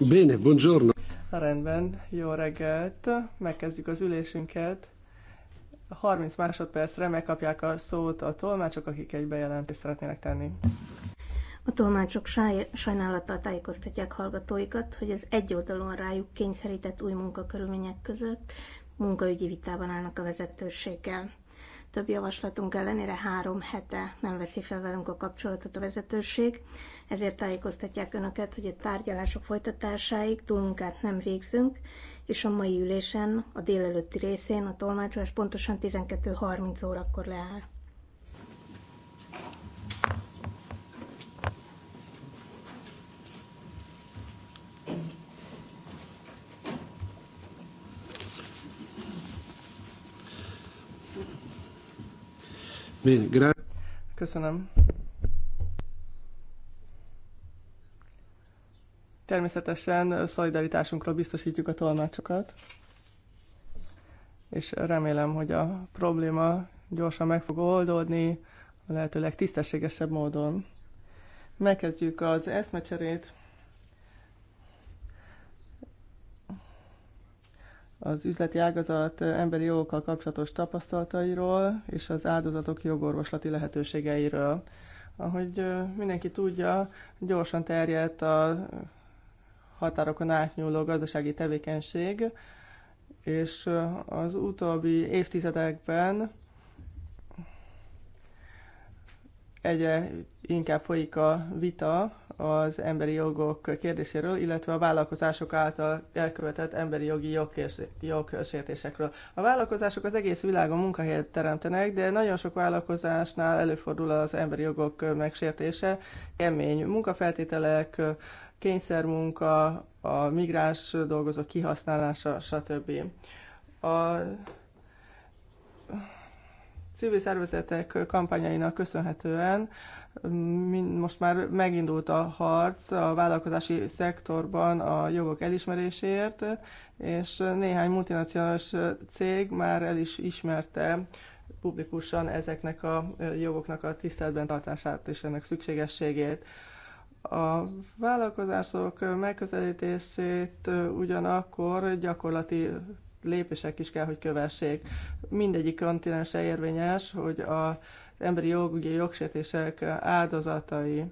Bene, buongiorno. Rendben, jó reggelt. Megkezdjük az ülésünket. 30 másodpercre megkapják a szót a tolmácsok, akik egy bejelentést szeretnének tenni. A tolmácsok saj, sajnálattal tájékoztatják hallgatóikat, hogy az egy oldalon rájuk kényszerített új munkakörülmények között munkaügyi vitában állnak a vezetőséggel. Több javaslatunk ellenére három hete nem veszi fel velünk a kapcsolatot a vezetőség, ezért tájékoztatják önöket, hogy a tárgyalások folytatásáig túlmunkát nem végzünk, és a mai ülésen, a délelőtti részén a tolmácsolás pontosan 12.30 órakor leáll. Bien, gra- Köszönöm. Természetesen szolidaritásunkról biztosítjuk a tolmácsokat, és remélem, hogy a probléma gyorsan meg fog oldódni, a lehető legtisztességesebb módon. Megkezdjük az eszmecserét. az üzleti ágazat emberi jogokkal kapcsolatos tapasztalatairól és az áldozatok jogorvoslati lehetőségeiről. Ahogy mindenki tudja, gyorsan terjedt a határokon átnyúló gazdasági tevékenység, és az utóbbi évtizedekben egyre inkább folyik a vita az emberi jogok kérdéséről, illetve a vállalkozások által elkövetett emberi jogi jogsértésekről. A vállalkozások az egész világon munkahelyet teremtenek, de nagyon sok vállalkozásnál előfordul az emberi jogok megsértése, kemény munkafeltételek, kényszermunka, a migráns dolgozók kihasználása, stb. A civil szervezetek kampányainak köszönhetően most már megindult a harc a vállalkozási szektorban a jogok elismeréséért, és néhány multinacionális cég már el is ismerte publikusan ezeknek a jogoknak a tiszteletben tartását és ennek szükségességét. A vállalkozások megközelítését ugyanakkor gyakorlati lépések is kell, hogy kövessék. Mindegyik kontinense érvényes, hogy a az emberi ugye jogsértések áldozatai,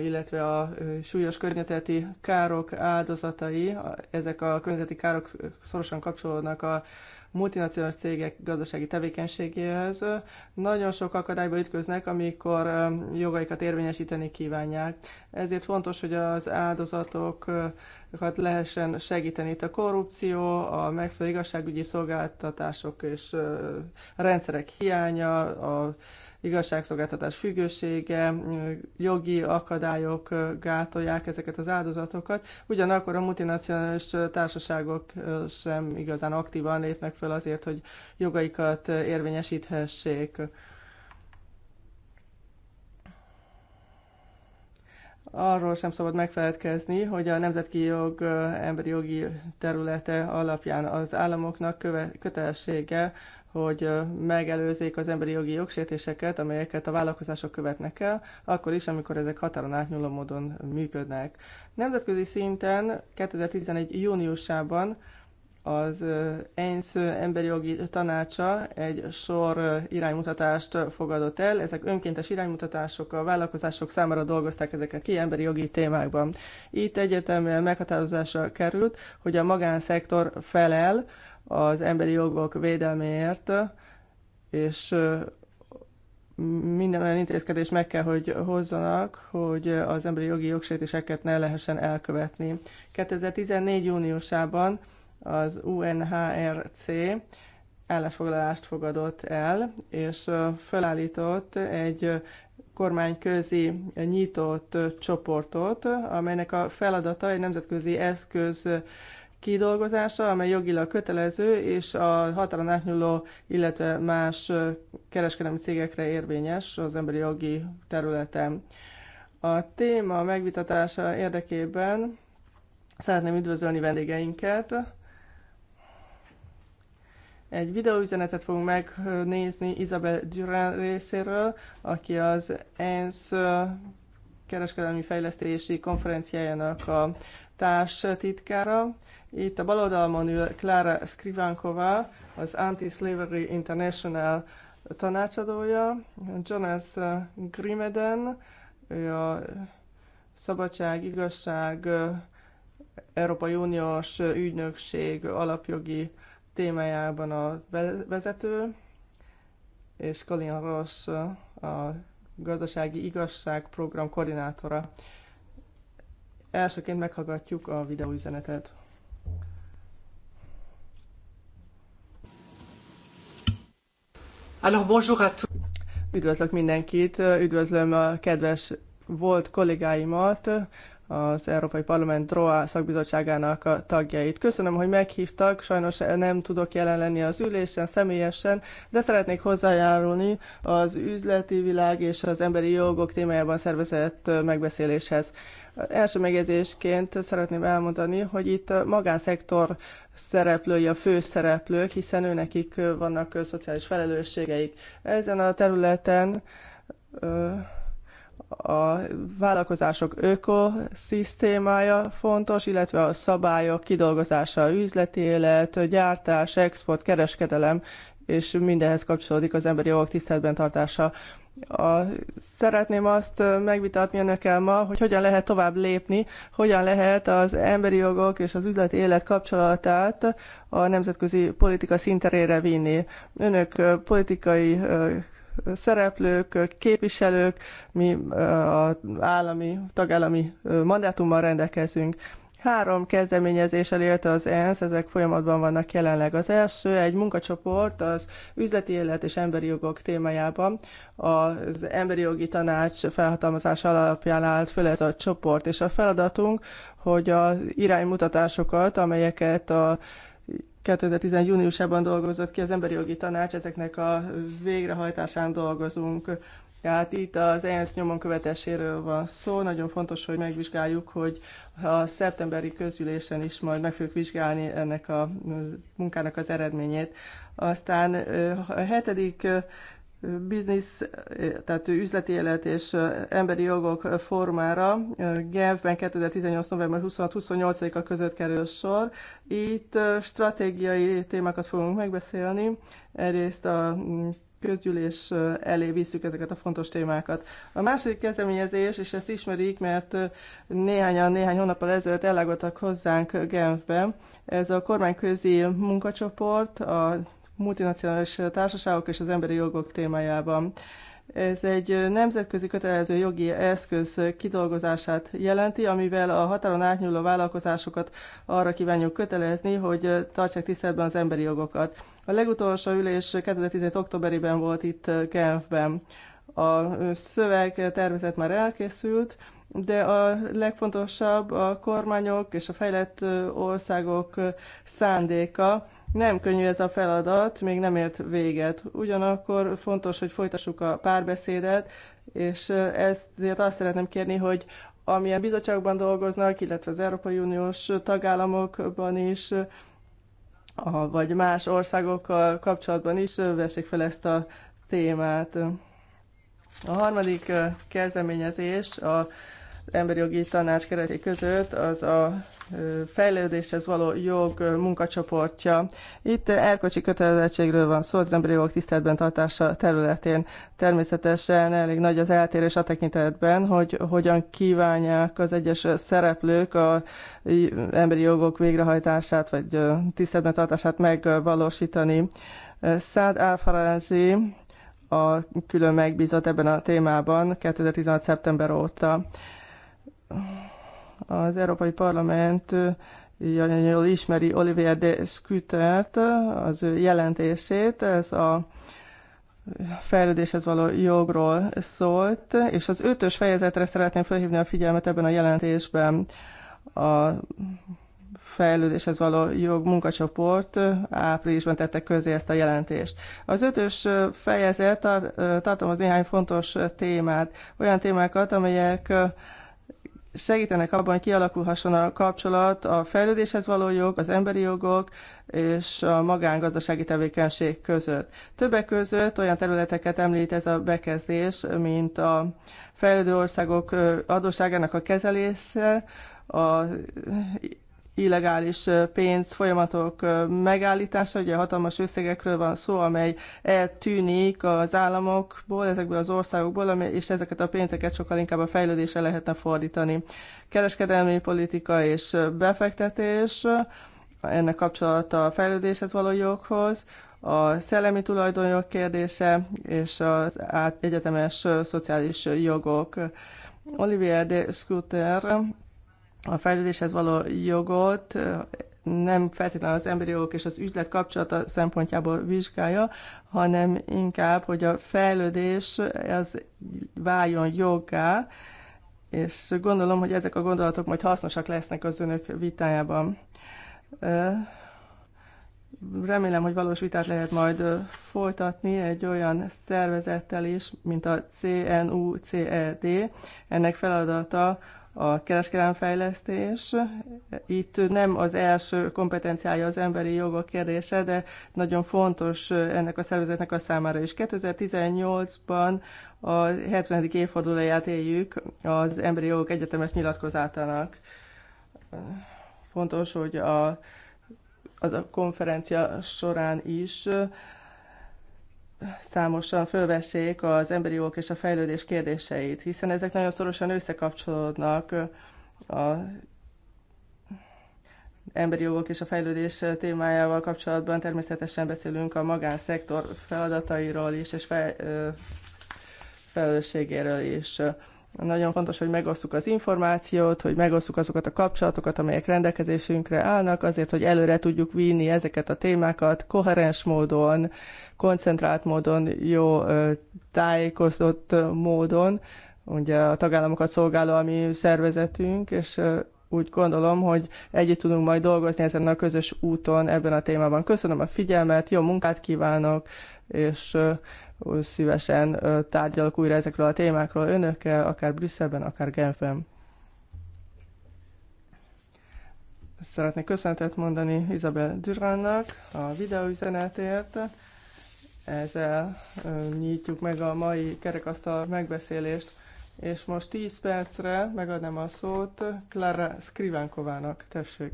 illetve a súlyos környezeti károk áldozatai, ezek a környezeti károk szorosan kapcsolódnak a multinacionális cégek gazdasági tevékenységéhez. Nagyon sok akadályba ütköznek, amikor jogaikat érvényesíteni kívánják. Ezért fontos, hogy az áldozatok lehessen segíteni. Itt a korrupció, a megfelelő igazságügyi szolgáltatások és rendszerek hiánya, a igazságszolgáltatás függősége, jogi akadályok gátolják ezeket az áldozatokat. Ugyanakkor a multinacionális társaságok sem igazán aktívan lépnek fel azért, hogy jogaikat érvényesíthessék. arról sem szabad megfeledkezni, hogy a nemzetki jog emberi jogi területe alapján az államoknak köve, kötelessége, hogy megelőzzék az emberi jogi jogsértéseket, amelyeket a vállalkozások követnek el, akkor is, amikor ezek határon átnyúló módon működnek. Nemzetközi szinten 2011. júniusában az ENSZ emberi jogi tanácsa egy sor iránymutatást fogadott el. Ezek önkéntes iránymutatások, a vállalkozások számára dolgozták ezeket ki emberi jogi témákban. Itt egyértelműen meghatározásra került, hogy a magánszektor felel az emberi jogok védelméért, és minden olyan intézkedést meg kell, hogy hozzanak, hogy az emberi jogi jogsértéseket ne lehessen elkövetni. 2014. júniusában az UNHRC állásfoglalást fogadott el, és felállított egy kormányközi nyitott csoportot, amelynek a feladata egy nemzetközi eszköz kidolgozása, amely jogilag kötelező, és a határon átnyúló, illetve más kereskedelmi cégekre érvényes az emberi jogi területen. A téma megvitatása érdekében szeretném üdvözölni vendégeinket, egy videóüzenetet fogunk megnézni Isabel Durán részéről, aki az ENSZ kereskedelmi fejlesztési konferenciájának a társ titkára. Itt a bal oldalon ül Klára Skrivankova, az Anti-Slavery International tanácsadója, Jonas Grimeden, ő a Szabadság, Igazság, Európai Uniós Ügynökség alapjogi témájában a vezető, és Kalin Ross a gazdasági igazság program koordinátora. Elsőként meghallgatjuk a videóüzenetet. Alors bonjour à tous. Üdvözlök mindenkit, üdvözlöm a kedves volt kollégáimat, az Európai Parlament DROA szakbizottságának a tagjait. Köszönöm, hogy meghívtak, sajnos nem tudok jelen lenni az ülésen személyesen, de szeretnék hozzájárulni az üzleti világ és az emberi jogok témájában szervezett megbeszéléshez. Első megjegyzésként szeretném elmondani, hogy itt a magánszektor szereplői a fő szereplők, hiszen őnekik vannak szociális felelősségeik. Ezen a területen a vállalkozások ökoszisztémája fontos, illetve a szabályok kidolgozása, üzleti élet, gyártás, export, kereskedelem, és mindenhez kapcsolódik az emberi jogok tiszteletben tartása. A, szeretném azt megvitatni önökkel ma, hogy hogyan lehet tovább lépni, hogyan lehet az emberi jogok és az üzleti élet kapcsolatát a nemzetközi politika szinterére vinni. Önök politikai szereplők, képviselők, mi a állami, tagállami mandátummal rendelkezünk. Három kezdeményezéssel élte az ENSZ, ezek folyamatban vannak jelenleg. Az első egy munkacsoport az üzleti élet és emberi jogok témájában. Az emberi jogi tanács felhatalmazása alapján állt föl ez a csoport, és a feladatunk, hogy az iránymutatásokat, amelyeket a 2010. júniusában dolgozott ki az Emberi Jogi Tanács, ezeknek a végrehajtásán dolgozunk. Tehát itt az ENSZ nyomon követéséről van szó, nagyon fontos, hogy megvizsgáljuk, hogy a szeptemberi közülésen is majd meg fogjuk vizsgálni ennek a munkának az eredményét. Aztán a hetedik biznisz, tehát üzleti élet és emberi jogok formára Genfben 2018. november 26-28-a között kerül sor. Itt stratégiai témákat fogunk megbeszélni. Egyrészt a mm, közgyűlés elé visszük ezeket a fontos témákat. A második kezdeményezés, és ezt ismerik, mert néhányan néhány hónappal ezelőtt ellágottak hozzánk Genfbe, ez a kormányközi munkacsoport, a multinacionális társaságok és az emberi jogok témájában. Ez egy nemzetközi kötelező jogi eszköz kidolgozását jelenti, amivel a határon átnyúló vállalkozásokat arra kívánjuk kötelezni, hogy tartsák tiszteletben az emberi jogokat. A legutolsó ülés 2017. októberében volt itt Genfben. A szöveg tervezet már elkészült, de a legfontosabb a kormányok és a fejlett országok szándéka, nem könnyű ez a feladat, még nem ért véget. Ugyanakkor fontos, hogy folytassuk a párbeszédet, és ezért azt szeretném kérni, hogy amilyen bizottságban dolgoznak, illetve az Európai Uniós tagállamokban is, vagy más országokkal kapcsolatban is vessék fel ezt a témát. A harmadik kezdeményezés a emberi jogi tanács kereté között az a fejlődéshez való jog munkacsoportja. Itt erkocsi kötelezettségről van szó az emberi jogok tiszteletben tartása területén. Természetesen elég nagy az eltérés a tekintetben, hogy hogyan kívánják az egyes szereplők a emberi jogok végrehajtását vagy tiszteletben tartását megvalósítani. Szád Alfarázi a külön megbízott ebben a témában 2016. szeptember óta az Európai Parlament jól ismeri Olivier de Scutert, az ő jelentését, ez a fejlődéshez való jogról szólt, és az ötös fejezetre szeretném felhívni a figyelmet ebben a jelentésben. A fejlődéshez való jog munkacsoport áprilisban tette közé ezt a jelentést. Az ötös fejezet tartalmaz néhány fontos témát, olyan témákat, amelyek segítenek abban, hogy kialakulhasson a kapcsolat a fejlődéshez való jog, az emberi jogok és a magángazdasági tevékenység között. Többek között olyan területeket említ ez a bekezdés, mint a fejlődő országok adósságának a kezelése, a illegális pénz folyamatok megállítása. Ugye hatalmas összegekről van szó, amely eltűnik az államokból, ezekből az országokból, és ezeket a pénzeket sokkal inkább a fejlődésre lehetne fordítani. Kereskedelmi politika és befektetés, ennek kapcsolata a fejlődéshez való joghoz, a szellemi tulajdonjog kérdése és az egyetemes szociális jogok. Olivier de Scooter a fejlődéshez való jogot nem feltétlenül az emberi jogok és az üzlet kapcsolata szempontjából vizsgálja, hanem inkább, hogy a fejlődés az váljon joggá, és gondolom, hogy ezek a gondolatok majd hasznosak lesznek az önök vitájában. Remélem, hogy valós vitát lehet majd folytatni egy olyan szervezettel is, mint a CNUCED. Ennek feladata a kereskedelemfejlesztés. Itt nem az első kompetenciája az emberi jogok kérdése, de nagyon fontos ennek a szervezetnek a számára is. 2018-ban a 70. évfordulóját éljük az emberi jogok egyetemes nyilatkozatának. Fontos, hogy a, az a konferencia során is számosan fölvessék az emberi jogok és a fejlődés kérdéseit, hiszen ezek nagyon szorosan összekapcsolódnak az emberi jogok és a fejlődés témájával kapcsolatban természetesen beszélünk a magánszektor feladatairól is, és fe, felelősségéről is. Nagyon fontos, hogy megosszuk az információt, hogy megosszuk azokat a kapcsolatokat, amelyek rendelkezésünkre állnak, azért, hogy előre tudjuk vinni ezeket a témákat koherens módon, koncentrált módon, jó tájékozott módon, ugye a tagállamokat szolgáló a mi szervezetünk, és úgy gondolom, hogy együtt tudunk majd dolgozni ezen a közös úton ebben a témában. Köszönöm a figyelmet, jó munkát kívánok, és szívesen tárgyalok újra ezekről a témákról önökkel, akár Brüsszelben, akár Genfben. Szeretnék köszönetet mondani Isabel Durannak a videóüzenetért ezzel nyitjuk meg a mai kerekasztal megbeszélést, és most 10 percre megadnám a szót Klara Skrivánkovának. Tessék!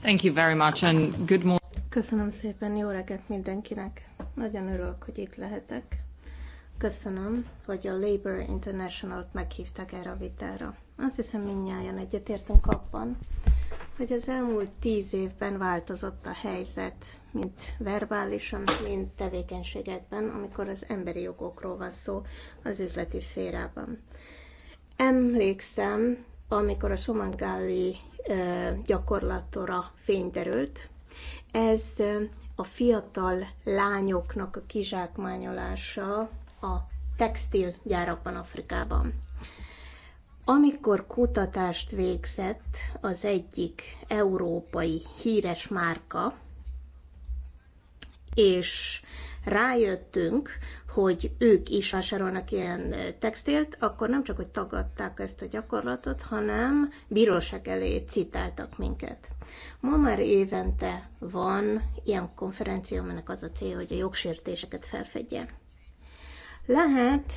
Thank you very much and good morning. Köszönöm szépen, jó reggelt mindenkinek. Nagyon örülök, hogy itt lehetek. Köszönöm, hogy a Labour International-t meghívták erre a vitára. Azt hiszem, mindnyáján egyetértünk abban, hogy az elmúlt tíz évben változott a helyzet, mint verbálisan, mint tevékenységekben, amikor az emberi jogokról van szó az üzleti szférában. Emlékszem, amikor a somangáli gyakorlatora derült, ez a fiatal lányoknak a kizsákmányolása a textilgyárakban Afrikában. Amikor kutatást végzett az egyik európai híres márka, és rájöttünk, hogy ők is vásárolnak ilyen textilt, akkor nem csak, hogy tagadták ezt a gyakorlatot, hanem bíróság elé citáltak minket. Ma már évente van ilyen konferencia, aminek az a cél, hogy a jogsértéseket felfedje. Lehet,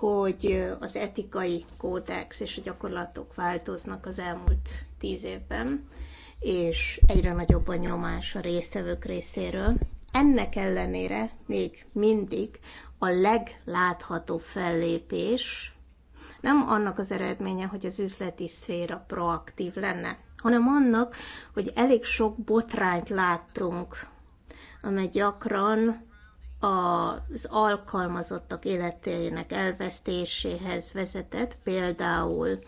hogy az etikai kódex és a gyakorlatok változnak az elmúlt tíz évben, és egyre nagyobb a nyomás a résztvevők részéről. Ennek ellenére még mindig a legláthatóbb fellépés nem annak az eredménye, hogy az üzleti szféra proaktív lenne, hanem annak, hogy elég sok botrányt láttunk, amely gyakran az alkalmazottak életének elvesztéséhez vezetett, például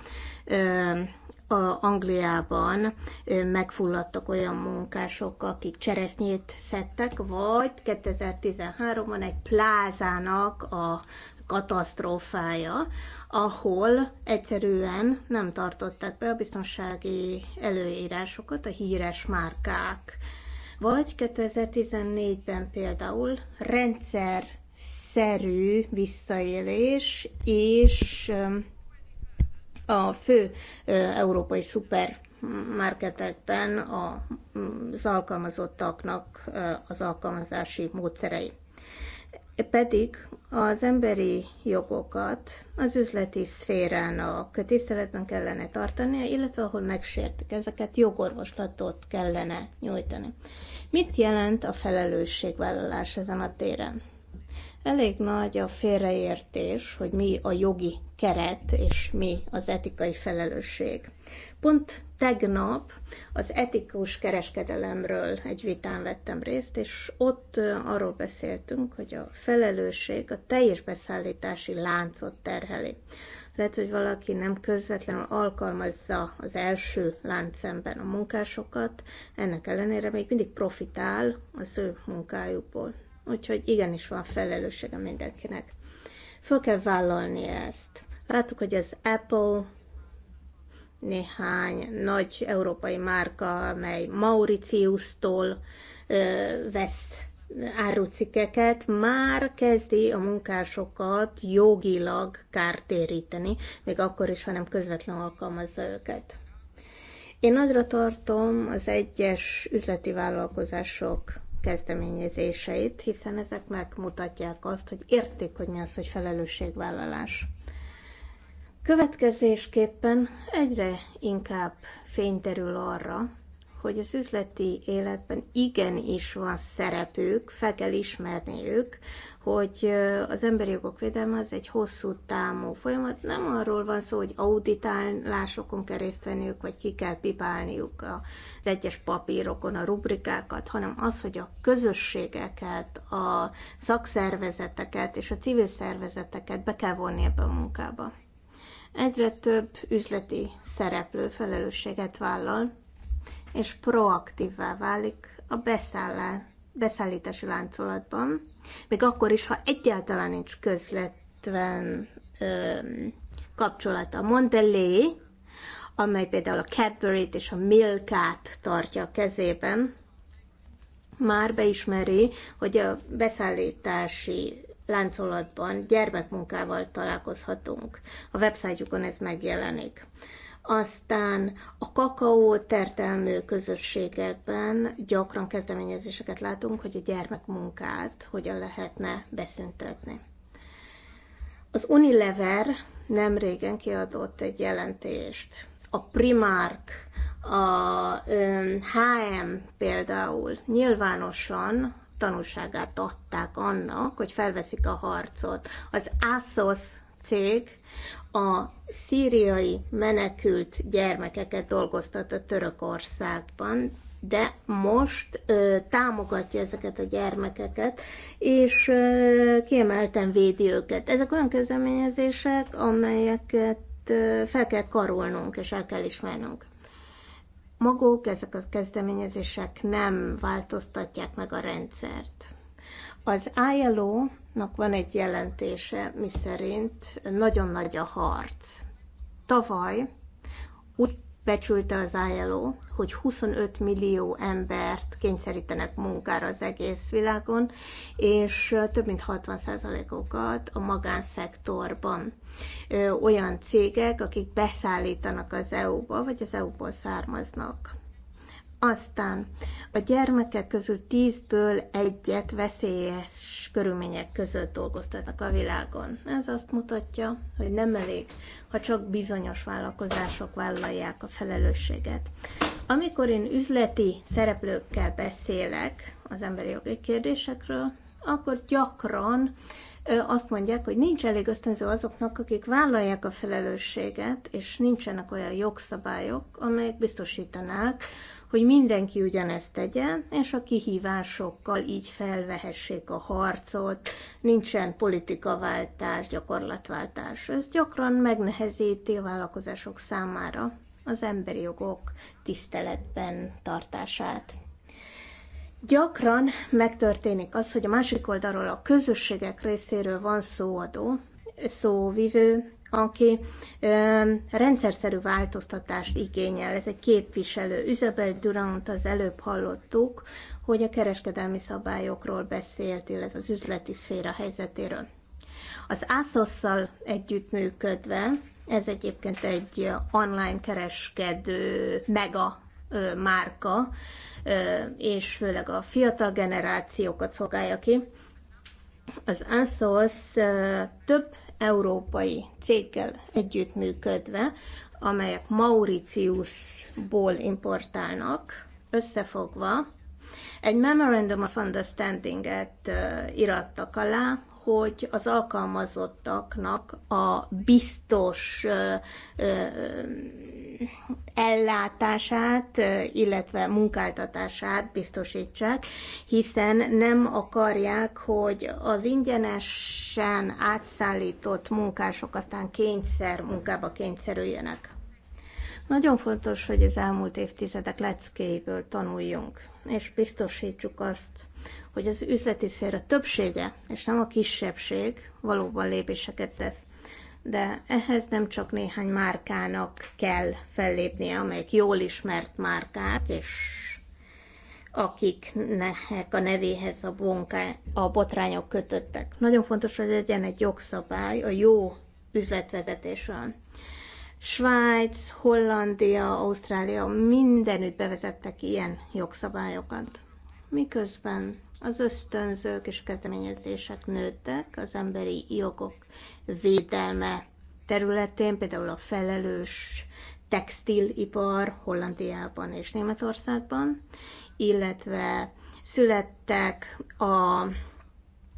a Angliában megfulladtak olyan munkások, akik cseresznyét szedtek, vagy 2013-ban egy plázának a katasztrófája, ahol egyszerűen nem tartották be a biztonsági előírásokat, a híres márkák vagy 2014-ben például rendszer szerű visszaélés és a fő európai szupermarketekben az alkalmazottaknak az alkalmazási módszerei pedig az emberi jogokat az üzleti szférának tiszteletben kellene tartania, illetve ahol megsértik ezeket, jogorvoslatot kellene nyújtani. Mit jelent a felelősségvállalás ezen a téren? Elég nagy a félreértés, hogy mi a jogi keret, és mi az etikai felelősség. Pont tegnap az etikus kereskedelemről egy vitán vettem részt, és ott arról beszéltünk, hogy a felelősség a teljes beszállítási láncot terheli. Lehet, hogy valaki nem közvetlenül alkalmazza az első láncemben a munkásokat, ennek ellenére még mindig profitál az ő munkájukból. Úgyhogy igenis van felelőssége mindenkinek. Föl kell vállalni ezt. Láttuk, hogy az Apple néhány nagy európai márka, amely Mauritiustól vesz árucikkeket, már kezdi a munkásokat jogilag kártéríteni, még akkor is, ha nem közvetlenül alkalmazza őket. Én nagyra tartom az egyes üzleti vállalkozások kezdeményezéseit, hiszen ezek megmutatják azt, hogy érték, hogy mi az, hogy felelősségvállalás. Következésképpen egyre inkább fényderül arra, hogy az üzleti életben igenis van szerepük, fel kell ismerni ők, hogy az emberi jogok védelme az egy hosszú támú folyamat. Nem arról van szó, hogy auditálásokon kell részt venniük, vagy ki kell pipálniuk az egyes papírokon a rubrikákat, hanem az, hogy a közösségeket, a szakszervezeteket és a civil szervezeteket be kell vonni ebbe a munkába. Egyre több üzleti szereplő felelősséget vállal, és proaktívvá válik a beszállás, beszállítási láncolatban, még akkor is, ha egyáltalán nincs közvetlen kapcsolata. A Mondelé, amely például a cadbury és a Milkát tartja a kezében, már beismeri, hogy a beszállítási láncolatban gyermekmunkával találkozhatunk. A websájtjukon ez megjelenik. Aztán a kakaó tertelmű közösségekben gyakran kezdeményezéseket látunk, hogy a gyermekmunkát hogyan lehetne beszüntetni. Az Unilever nem régen kiadott egy jelentést. A Primark, a H&M például nyilvánosan tanúságát adták annak, hogy felveszik a harcot. Az ASOS cég a szíriai menekült gyermekeket dolgoztat a Törökországban, de most ö, támogatja ezeket a gyermekeket, és ö, kiemelten védi őket. Ezek olyan kezdeményezések, amelyeket ö, fel kell karolnunk, és el kell ismernünk maguk, ezek a kezdeményezések nem változtatják meg a rendszert. Az ILO-nak van egy jelentése, miszerint nagyon nagy a harc. Tavaly becsülte az ILO, hogy 25 millió embert kényszerítenek munkára az egész világon, és több mint 60%-okat a magánszektorban. Olyan cégek, akik beszállítanak az EU-ba, vagy az EU-ból származnak. Aztán a gyermekek közül tízből egyet veszélyes körülmények között dolgoztatnak a világon. Ez azt mutatja, hogy nem elég, ha csak bizonyos vállalkozások vállalják a felelősséget. Amikor én üzleti szereplőkkel beszélek az emberi jogi kérdésekről, akkor gyakran azt mondják, hogy nincs elég ösztönző azoknak, akik vállalják a felelősséget, és nincsenek olyan jogszabályok, amelyek biztosítanák, hogy mindenki ugyanezt tegyen, és a kihívásokkal így felvehessék a harcot, nincsen politikaváltás, gyakorlatváltás. Ez gyakran megnehezíti a vállalkozások számára az emberi jogok tiszteletben tartását. Gyakran megtörténik az, hogy a másik oldalról a közösségek részéről van szóadó, szóvivő, aki rendszerszerű változtatást igényel. Ez egy képviselő. Isabel Durant az előbb hallottuk, hogy a kereskedelmi szabályokról beszélt, illetve az üzleti szféra helyzetéről. Az ASOS-szal együttműködve, ez egyébként egy online kereskedő mega márka, és főleg a fiatal generációkat szolgálja ki. Az ASOS több európai céggel együttműködve, amelyek Mauritiusból importálnak, összefogva egy Memorandum of Understanding-et irattak alá, hogy az alkalmazottaknak a biztos ellátását, illetve munkáltatását biztosítsák, hiszen nem akarják, hogy az ingyenesen átszállított munkások aztán kényszer munkába kényszerüljenek. Nagyon fontos, hogy az elmúlt évtizedek leckéből tanuljunk, és biztosítsuk azt, hogy az üzleti szféra többsége, és nem a kisebbség valóban lépéseket tesz de ehhez nem csak néhány márkának kell fellépnie, amelyek jól ismert márkák, és akiknek a nevéhez a, bonká, a botrányok kötöttek. Nagyon fontos, hogy legyen egy jogszabály a jó üzletvezetésről. Svájc, Hollandia, Ausztrália mindenütt bevezettek ilyen jogszabályokat. Miközben az ösztönzők és kezdeményezések nőttek, az emberi jogok védelme területén, például a felelős textilipar Hollandiában és Németországban, illetve születtek a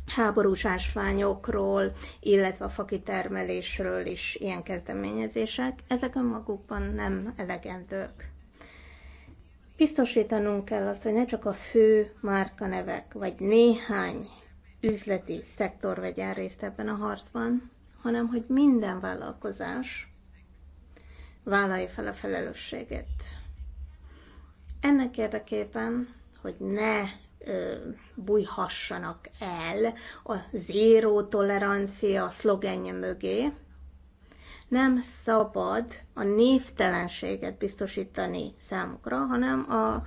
háborús ásványokról, illetve a fakitermelésről is ilyen kezdeményezések. Ezek önmagukban nem elegendők. Biztosítanunk kell azt, hogy ne csak a fő márkanevek, vagy néhány üzleti szektor vegyen részt ebben a harcban, hanem hogy minden vállalkozás vállalja fel a felelősségét. Ennek érdekében, hogy ne ö, bújhassanak el a zéró tolerancia a szlogenje mögé, nem szabad a névtelenséget biztosítani számukra, hanem a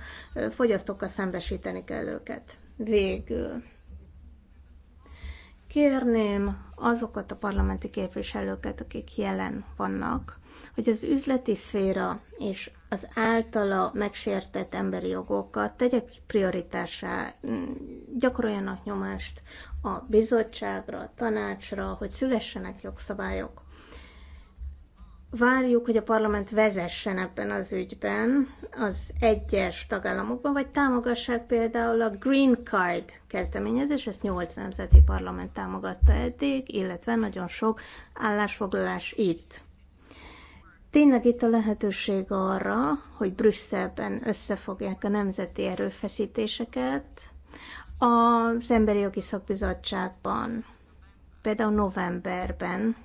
fogyasztókkal szembesíteni kell őket. Végül. Kérném azokat a parlamenti képviselőket, akik jelen vannak, hogy az üzleti szféra és az általa megsértett emberi jogokat tegyek prioritásá, gyakoroljanak nyomást a bizottságra, a tanácsra, hogy szülessenek jogszabályok várjuk, hogy a parlament vezessen ebben az ügyben az egyes tagállamokban, vagy támogassák például a Green Card kezdeményezés, ezt nyolc nemzeti parlament támogatta eddig, illetve nagyon sok állásfoglalás itt. Tényleg itt a lehetőség arra, hogy Brüsszelben összefogják a nemzeti erőfeszítéseket az Emberi Jogi Szakbizottságban, például novemberben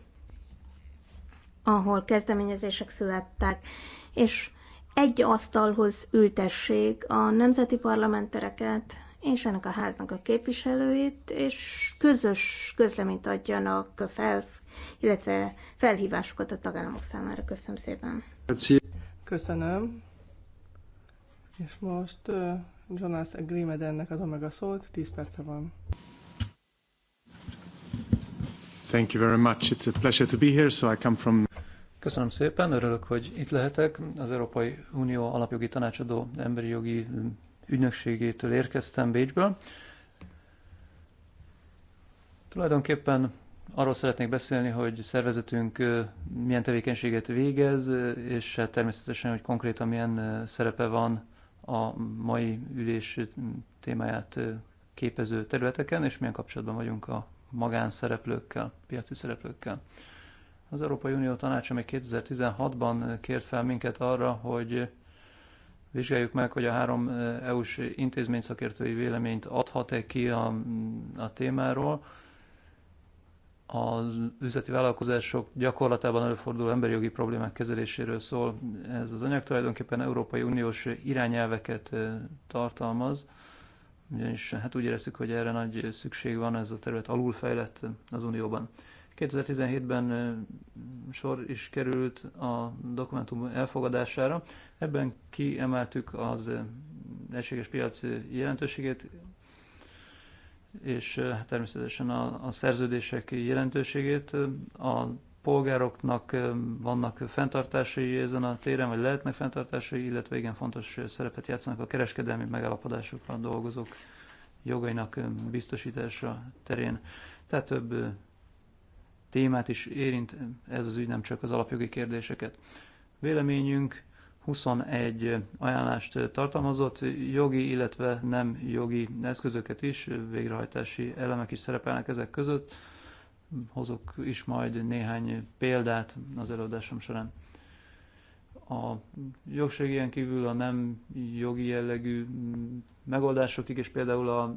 ahol kezdeményezések születtek, és egy asztalhoz ültessék a nemzeti parlamentereket és ennek a háznak a képviselőit, és közös közleményt adjanak fel, illetve felhívásokat a tagállamok számára. Köszönöm szépen. Köszönöm. És most Jonas Grimedennek adom meg a szót, 10 perce van. Thank you very much. It's a pleasure to be here. So I come from Köszönöm szépen, örülök, hogy itt lehetek. Az Európai Unió alapjogi tanácsadó emberi jogi ügynökségétől érkeztem Bécsből. Tulajdonképpen arról szeretnék beszélni, hogy szervezetünk milyen tevékenységet végez, és hát természetesen, hogy konkrétan milyen szerepe van a mai ülés témáját képező területeken, és milyen kapcsolatban vagyunk a magánszereplőkkel, piaci szereplőkkel. Az Európai Unió tanácsa még 2016-ban kért fel minket arra, hogy vizsgáljuk meg, hogy a három e, EU-s intézmény szakértői véleményt adhat-e ki a, a témáról. Az üzleti vállalkozások gyakorlatában előforduló emberi jogi problémák kezeléséről szól. Ez az anyag tulajdonképpen Európai Uniós irányelveket e, tartalmaz, ugyanis hát úgy érezzük, hogy erre nagy szükség van, ez a terület alulfejlett az Unióban. 2017-ben sor is került a dokumentum elfogadására. Ebben kiemeltük az egységes piac jelentőségét, és természetesen a, a szerződések jelentőségét. A polgároknak vannak fenntartásai ezen a téren, vagy lehetnek fenntartásai, illetve igen fontos szerepet játszanak a kereskedelmi megállapodásokban dolgozók jogainak biztosítása terén. Tehát több témát is érint, ez az ügy nem csak az alapjogi kérdéseket. Véleményünk 21 ajánlást tartalmazott, jogi, illetve nem jogi eszközöket is, végrehajtási elemek is szerepelnek ezek között. Hozok is majd néhány példát az előadásom során. A jogségén kívül a nem jogi jellegű megoldásokig, és például a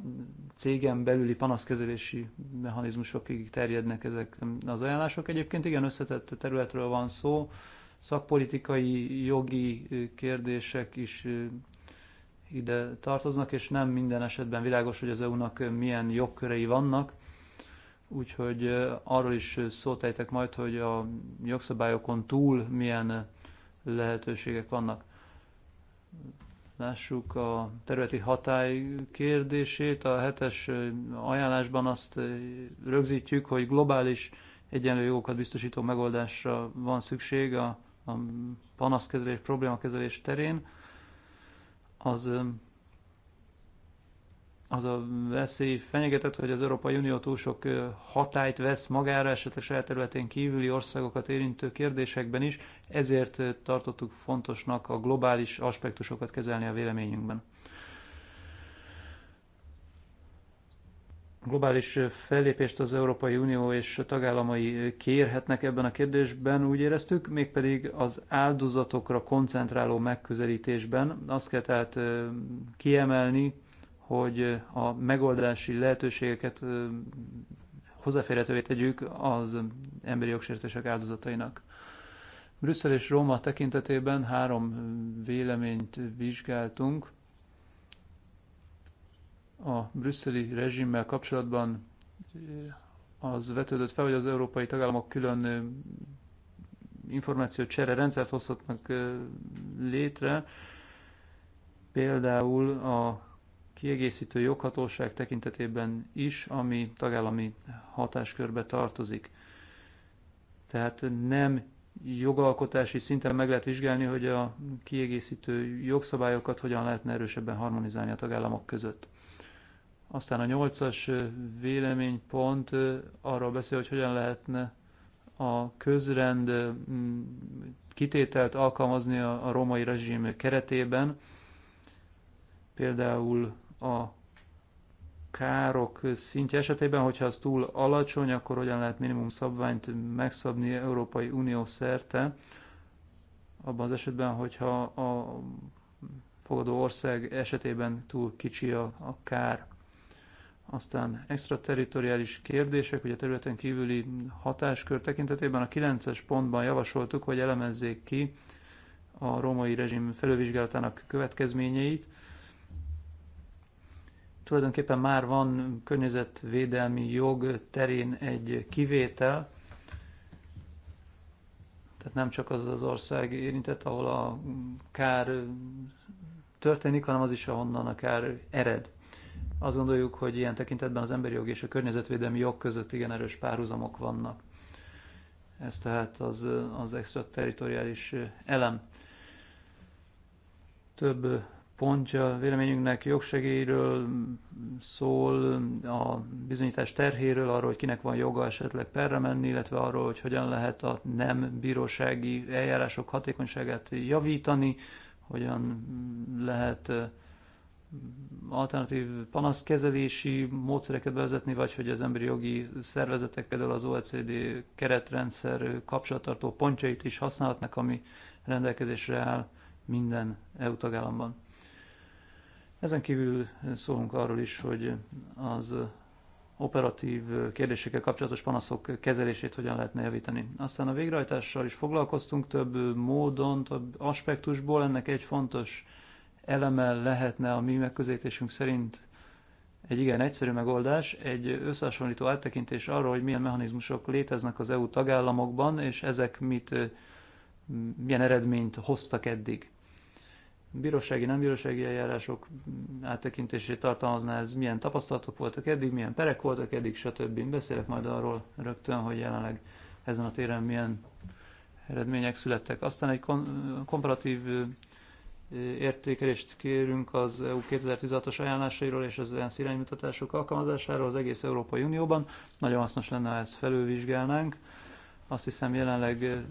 cégem belüli panaszkezelési mechanizmusokig terjednek ezek az ajánlások. Egyébként igen, összetett területről van szó, szakpolitikai, jogi kérdések is ide tartoznak, és nem minden esetben világos, hogy az EU-nak milyen jogkörei vannak, úgyhogy arról is szótejtek majd, hogy a jogszabályokon túl milyen lehetőségek vannak Lássuk a területi hatály kérdését. A hetes ajánlásban azt rögzítjük, hogy globális egyenlő jogokat biztosító megoldásra van szükség a, a panaszkezelés, problémakezelés terén. Az az a veszély fenyegetett, hogy az Európai Unió túl sok hatályt vesz magára, esetleg saját területén kívüli országokat érintő kérdésekben is, ezért tartottuk fontosnak a globális aspektusokat kezelni a véleményünkben. Globális fellépést az Európai Unió és tagállamai kérhetnek ebben a kérdésben, úgy éreztük, mégpedig az áldozatokra koncentráló megközelítésben. Azt kell tehát kiemelni, hogy a megoldási lehetőségeket hozzáférhetővé tegyük az emberi jogsértések áldozatainak. Brüsszel és Róma tekintetében három véleményt vizsgáltunk. A brüsszeli rezsimmel kapcsolatban az vetődött fel, hogy az európai tagállamok külön információcsere rendszert hozhatnak létre, például a kiegészítő joghatóság tekintetében is, ami tagállami hatáskörbe tartozik. Tehát nem jogalkotási szinten meg lehet vizsgálni, hogy a kiegészítő jogszabályokat hogyan lehetne erősebben harmonizálni a tagállamok között. Aztán a nyolcas véleménypont arról beszél, hogy hogyan lehetne a közrend kitételt alkalmazni a, a római rezsim keretében, például a károk szintje esetében, hogyha az túl alacsony, akkor hogyan lehet minimum szabványt megszabni Európai Unió szerte, abban az esetben, hogyha a fogadó ország esetében túl kicsi a, a kár. Aztán extraterritoriális kérdések, ugye a területen kívüli hatáskör tekintetében a 9-es pontban javasoltuk, hogy elemezzék ki a római rezsim felővizsgálatának következményeit, Tulajdonképpen már van környezetvédelmi jog terén egy kivétel, tehát nem csak az az ország érintett, ahol a kár történik, hanem az is, ahonnan a kár ered. Azt gondoljuk, hogy ilyen tekintetben az emberi jog és a környezetvédelmi jog között igen erős párhuzamok vannak. Ez tehát az, az extraterritoriális elem. Több pontja véleményünknek jogsegélyről szól, a bizonyítás terhéről, arról, hogy kinek van joga esetleg perre menni, illetve arról, hogy hogyan lehet a nem bírósági eljárások hatékonyságát javítani, hogyan lehet alternatív panaszkezelési módszereket bevezetni, vagy hogy az emberi jogi szervezetek például az OECD keretrendszer kapcsolattartó pontjait is használhatnak, ami rendelkezésre áll minden EU tagállamban. Ezen kívül szólunk arról is, hogy az operatív kérdésekkel kapcsolatos panaszok kezelését hogyan lehetne javítani. Aztán a végrehajtással is foglalkoztunk több módon, több aspektusból. Ennek egy fontos eleme lehetne a mi megközelítésünk szerint egy igen egyszerű megoldás, egy összehasonlító áttekintés arról, hogy milyen mechanizmusok léteznek az EU tagállamokban, és ezek mit, milyen eredményt hoztak eddig bírósági, nem bírósági eljárások áttekintését tartalmazná ez, milyen tapasztalatok voltak eddig, milyen perek voltak eddig, stb. Beszélek majd arról rögtön, hogy jelenleg ezen a téren milyen eredmények születtek. Aztán egy kon- komparatív értékelést kérünk az EU 2016-os ajánlásairól és az ENSZ iránymutatások alkalmazásáról az egész Európai Unióban. Nagyon hasznos lenne, ha ezt felülvizsgálnánk. Azt hiszem jelenleg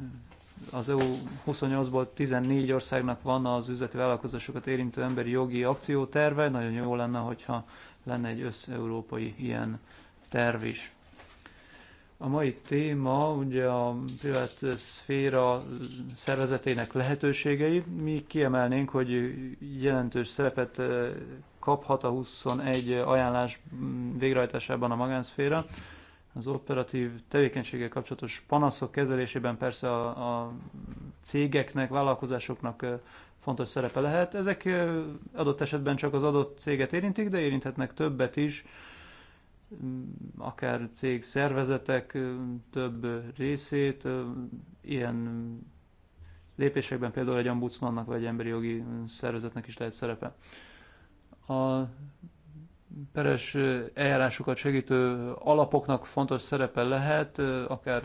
az EU 28-ból 14 országnak van az üzleti vállalkozásokat érintő emberi jogi akcióterve, nagyon jó lenne, hogyha lenne egy összeurópai ilyen terv is. A mai téma ugye a privát szféra szervezetének lehetőségei. Mi kiemelnénk, hogy jelentős szerepet eh, kaphat a 21 ajánlás mm, végrehajtásában a magánszféra. Az operatív tevékenységgel kapcsolatos panaszok kezelésében persze a, a cégeknek, vállalkozásoknak fontos szerepe lehet. Ezek adott esetben csak az adott céget érintik, de érinthetnek többet is, mm, akár cég szervezetek több részét, ilyen lépésekben például egy ombudsmannak vagy emberi jogi szervezetnek is lehet szerepe. A peres eljárásokat segítő alapoknak fontos szerepe lehet, akár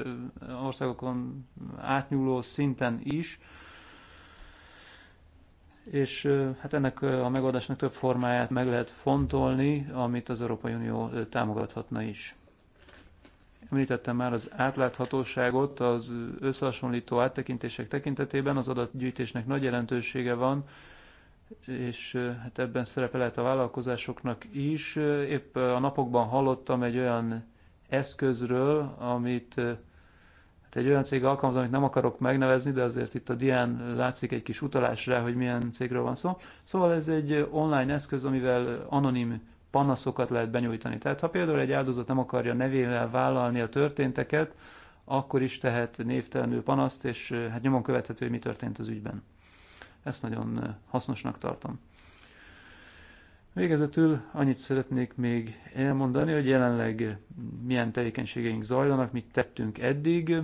országokon átnyúló szinten is, és hát ennek a megoldásnak több formáját meg lehet fontolni, amit az Európai Unió támogathatna is. Említettem már az átláthatóságot az összehasonlító áttekintések tekintetében, az adatgyűjtésnek nagy jelentősége van, és hát ebben szerepelhet a vállalkozásoknak is. Épp a napokban hallottam egy olyan eszközről, amit hát egy olyan cég alkalmaz, amit nem akarok megnevezni, de azért itt a dián látszik egy kis utalás rá, hogy milyen cégről van szó. Szóval ez egy online eszköz, amivel anonim panaszokat lehet benyújtani. Tehát ha például egy áldozat nem akarja nevével vállalni a történteket, akkor is tehet névtelenül panaszt, és hát nyomon követhető, hogy mi történt az ügyben. Ezt nagyon hasznosnak tartom. Végezetül annyit szeretnék még elmondani, hogy jelenleg milyen tevékenységeink zajlanak, mit tettünk eddig.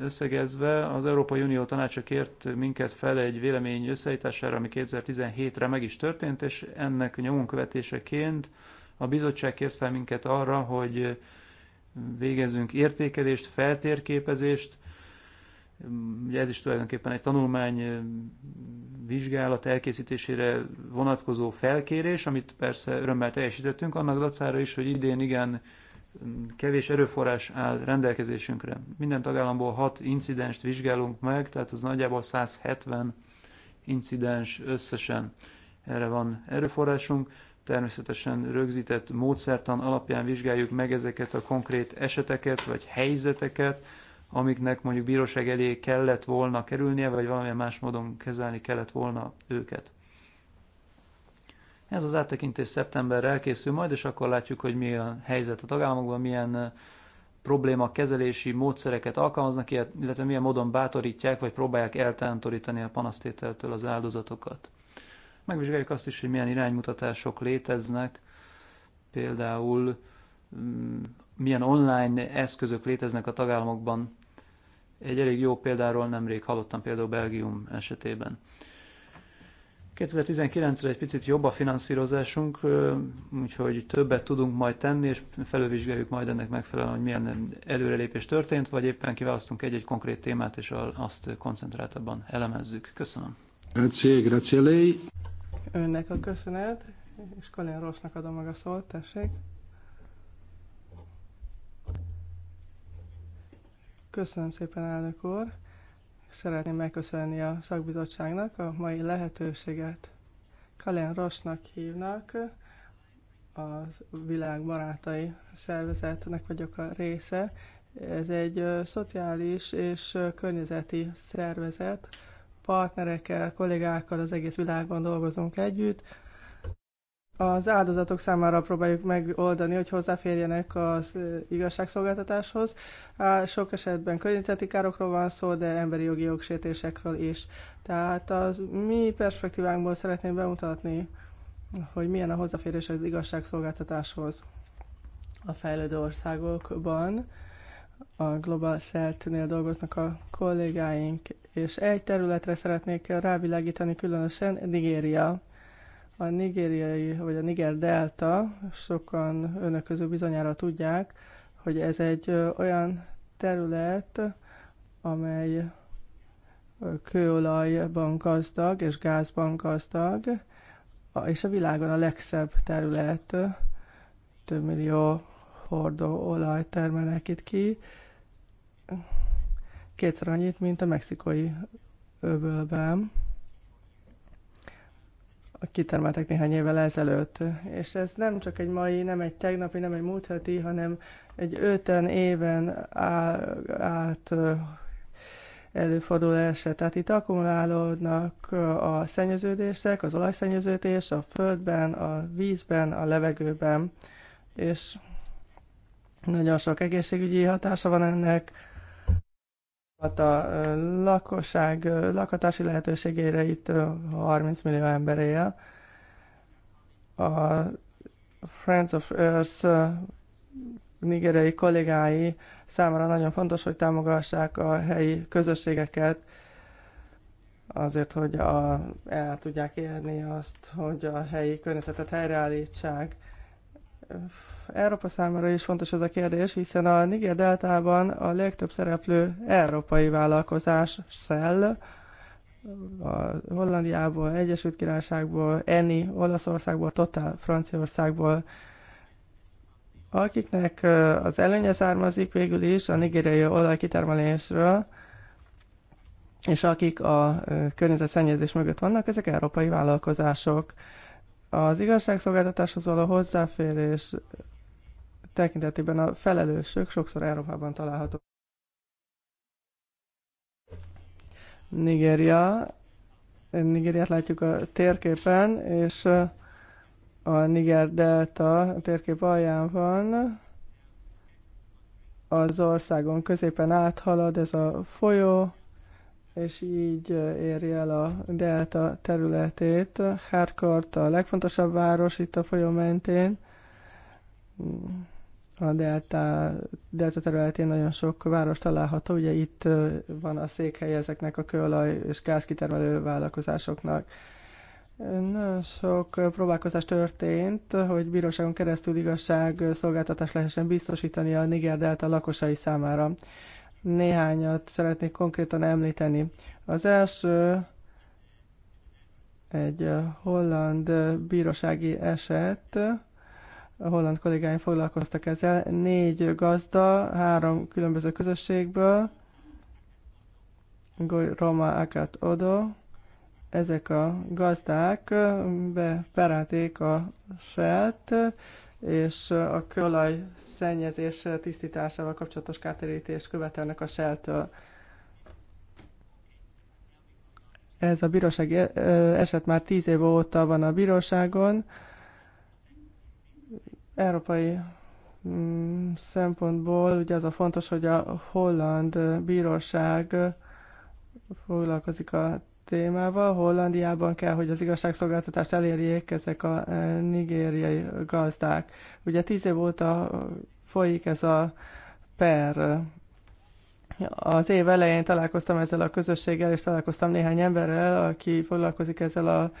Összegezve az Európai Unió tanácsa kért minket fel egy vélemény összeállítására, ami 2017-re meg is történt, és ennek nyomon követéseként a bizottság kért fel minket arra, hogy végezzünk értékelést, feltérképezést Ugye ez is tulajdonképpen egy tanulmány vizsgálat elkészítésére vonatkozó felkérés, amit persze örömmel teljesítettünk, annak dacára is, hogy idén igen kevés erőforrás áll rendelkezésünkre. Minden tagállamból 6 incidenst vizsgálunk meg, tehát az nagyjából 170 incidens összesen erre van erőforrásunk. Természetesen rögzített módszertan alapján vizsgáljuk meg ezeket a konkrét eseteket vagy helyzeteket, amiknek mondjuk bíróság elé kellett volna kerülnie, vagy valamilyen más módon kezelni kellett volna őket. Ez az áttekintés szeptemberre elkészül majd, és akkor látjuk, hogy mi a helyzet a tagállamokban, milyen probléma kezelési módszereket alkalmaznak, illetve milyen módon bátorítják, vagy próbálják eltántorítani a panasztételtől az áldozatokat. Megvizsgáljuk azt is, hogy milyen iránymutatások léteznek, például mm, milyen online eszközök léteznek a tagállamokban egy elég jó példáról nemrég hallottam például Belgium esetében. 2019-re egy picit jobb a finanszírozásunk, úgyhogy többet tudunk majd tenni, és felővizsgáljuk majd ennek megfelelően, hogy milyen előrelépés történt, vagy éppen kiválasztunk egy-egy konkrét témát, és azt koncentráltabban elemezzük. Köszönöm. Grazie, grazie lei. Önnek a köszönet, és Colin Rossnak adom meg a szót, tessék. Köszönöm szépen, elnök úr. Szeretném megköszönni a szakbizottságnak a mai lehetőséget. Kalen Rosnak hívnak, a világ barátai szervezetnek vagyok a része. Ez egy szociális és környezeti szervezet. Partnerekkel, kollégákkal az egész világban dolgozunk együtt, az áldozatok számára próbáljuk megoldani, hogy hozzáférjenek az igazságszolgáltatáshoz. Sok esetben környezeti károkról van szó, de emberi jogi jogsértésekről is. Tehát az mi perspektívánkból szeretném bemutatni, hogy milyen a hozzáférés az igazságszolgáltatáshoz a fejlődő országokban. A Global cell nél dolgoznak a kollégáink, és egy területre szeretnék rávilágítani, különösen Nigéria a nigériai, vagy a Niger Delta, sokan önök közül bizonyára tudják, hogy ez egy olyan terület, amely kőolajban gazdag és gázban gazdag, és a világon a legszebb terület, több millió hordó olaj termelnek itt ki, kétszer annyit, mint a mexikai öbölben kitermeltek néhány évvel ezelőtt. És ez nem csak egy mai, nem egy tegnapi, nem egy múlt heti, hanem egy öten éven át előfordul eset. Tehát itt akkumulálódnak a szennyeződések, az olajszennyeződés a földben, a vízben, a levegőben, és nagyon sok egészségügyi hatása van ennek, hat a lakosság lakhatási lehetőségére itt 30 millió ember él. A Friends of Earth nigerei kollégái számára nagyon fontos, hogy támogassák a helyi közösségeket, azért, hogy a, el tudják érni azt, hogy a helyi környezetet helyreállítsák. Európa számára is fontos ez a kérdés, hiszen a Niger deltában a legtöbb szereplő európai vállalkozás, Shell, a Hollandiából, Egyesült Királyságból, Eni, Olaszországból, Total, Franciaországból, akiknek az előnye származik végül is a nigériai olajkitermelésről, és akik a környezetszennyezés mögött vannak, ezek európai vállalkozások. Az igazságszolgáltatáshoz való hozzáférés tekintetében a felelősök sokszor Európában találhatók. Nigeria. Nigériát látjuk a térképen, és a Niger Delta térkép alján van. Az országon középen áthalad ez a folyó, és így éri el a delta területét. Harcourt a legfontosabb város itt a folyó mentén. A delta, delta területén nagyon sok város található, ugye itt van a székhely ezeknek a kőolaj és gázkitermelő vállalkozásoknak. Nagyon sok próbálkozás történt, hogy bíróságon keresztül igazság szolgáltatás lehessen biztosítani a Niger delta lakosai számára. Néhányat szeretnék konkrétan említeni. Az első egy holland bírósági eset, a holland kollégáim foglalkoztak ezzel, négy gazda, három különböző közösségből, Roma Akat Odo, ezek a gazdák beperelték a selt, és a kőolaj szennyezés tisztításával kapcsolatos kártérítést követelnek a Shell-től. Ez a bíróság eh, eset már tíz év óta van a bíróságon. Európai mm, szempontból ugye az a fontos, hogy a holland bíróság foglalkozik a témával. Hollandiában kell, hogy az igazságszolgáltatást elérjék ezek a e, nigériai gazdák. Ugye tíz év óta folyik ez a per. Az év elején találkoztam ezzel a közösséggel, és találkoztam néhány emberrel, aki foglalkozik ezzel a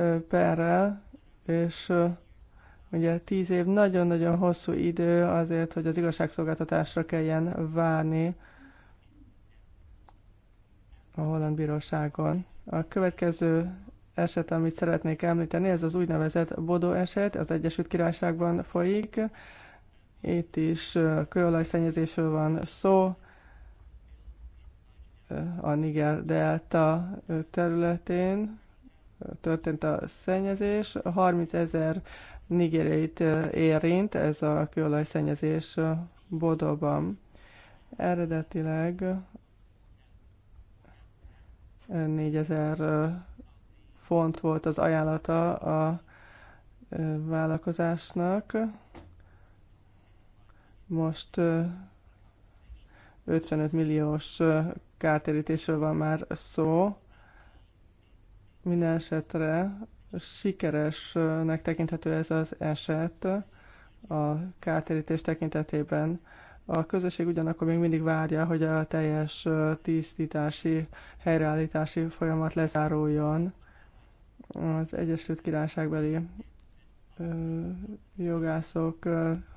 e, perrel, és e, ugye tíz év nagyon-nagyon hosszú idő azért, hogy az igazságszolgáltatásra kelljen várni, a holland bíróságon. A következő eset, amit szeretnék említeni, ez az úgynevezett bodo eset, az Egyesült Királyságban folyik. Itt is kőolajszennyezésről van szó, a Niger Delta területén történt a szennyezés. 30 ezer nigerét érint ez a kőolajszennyezés Bodóban. Eredetileg 4000 font volt az ajánlata a vállalkozásnak. Most 55 milliós kártérítésről van már szó. Minden esetre sikeresnek tekinthető ez az eset a kártérítés tekintetében. A közösség ugyanakkor még mindig várja, hogy a teljes tisztítási, helyreállítási folyamat lezáruljon az Egyesült Királyságbeli jogászok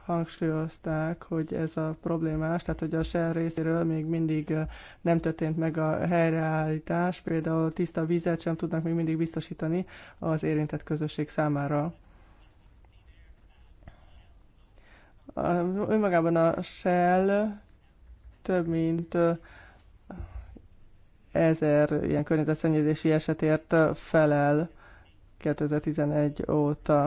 hangsúlyozták, hogy ez a problémás, tehát hogy a SER részéről még mindig nem történt meg a helyreállítás, például tiszta vizet sem tudnak még mindig biztosítani az érintett közösség számára. önmagában a Shell több mint ezer ilyen környezetszennyezési esetért felel 2011 óta.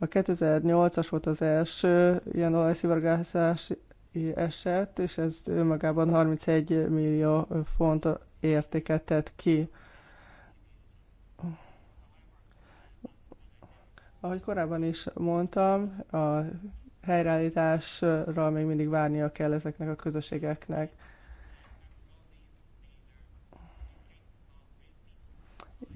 A 2008-as volt az első ilyen olajszivargászási eset, és ez önmagában 31 millió font értéket tett ki. Ahogy korábban is mondtam, a helyreállításra még mindig várnia kell ezeknek a közösségeknek.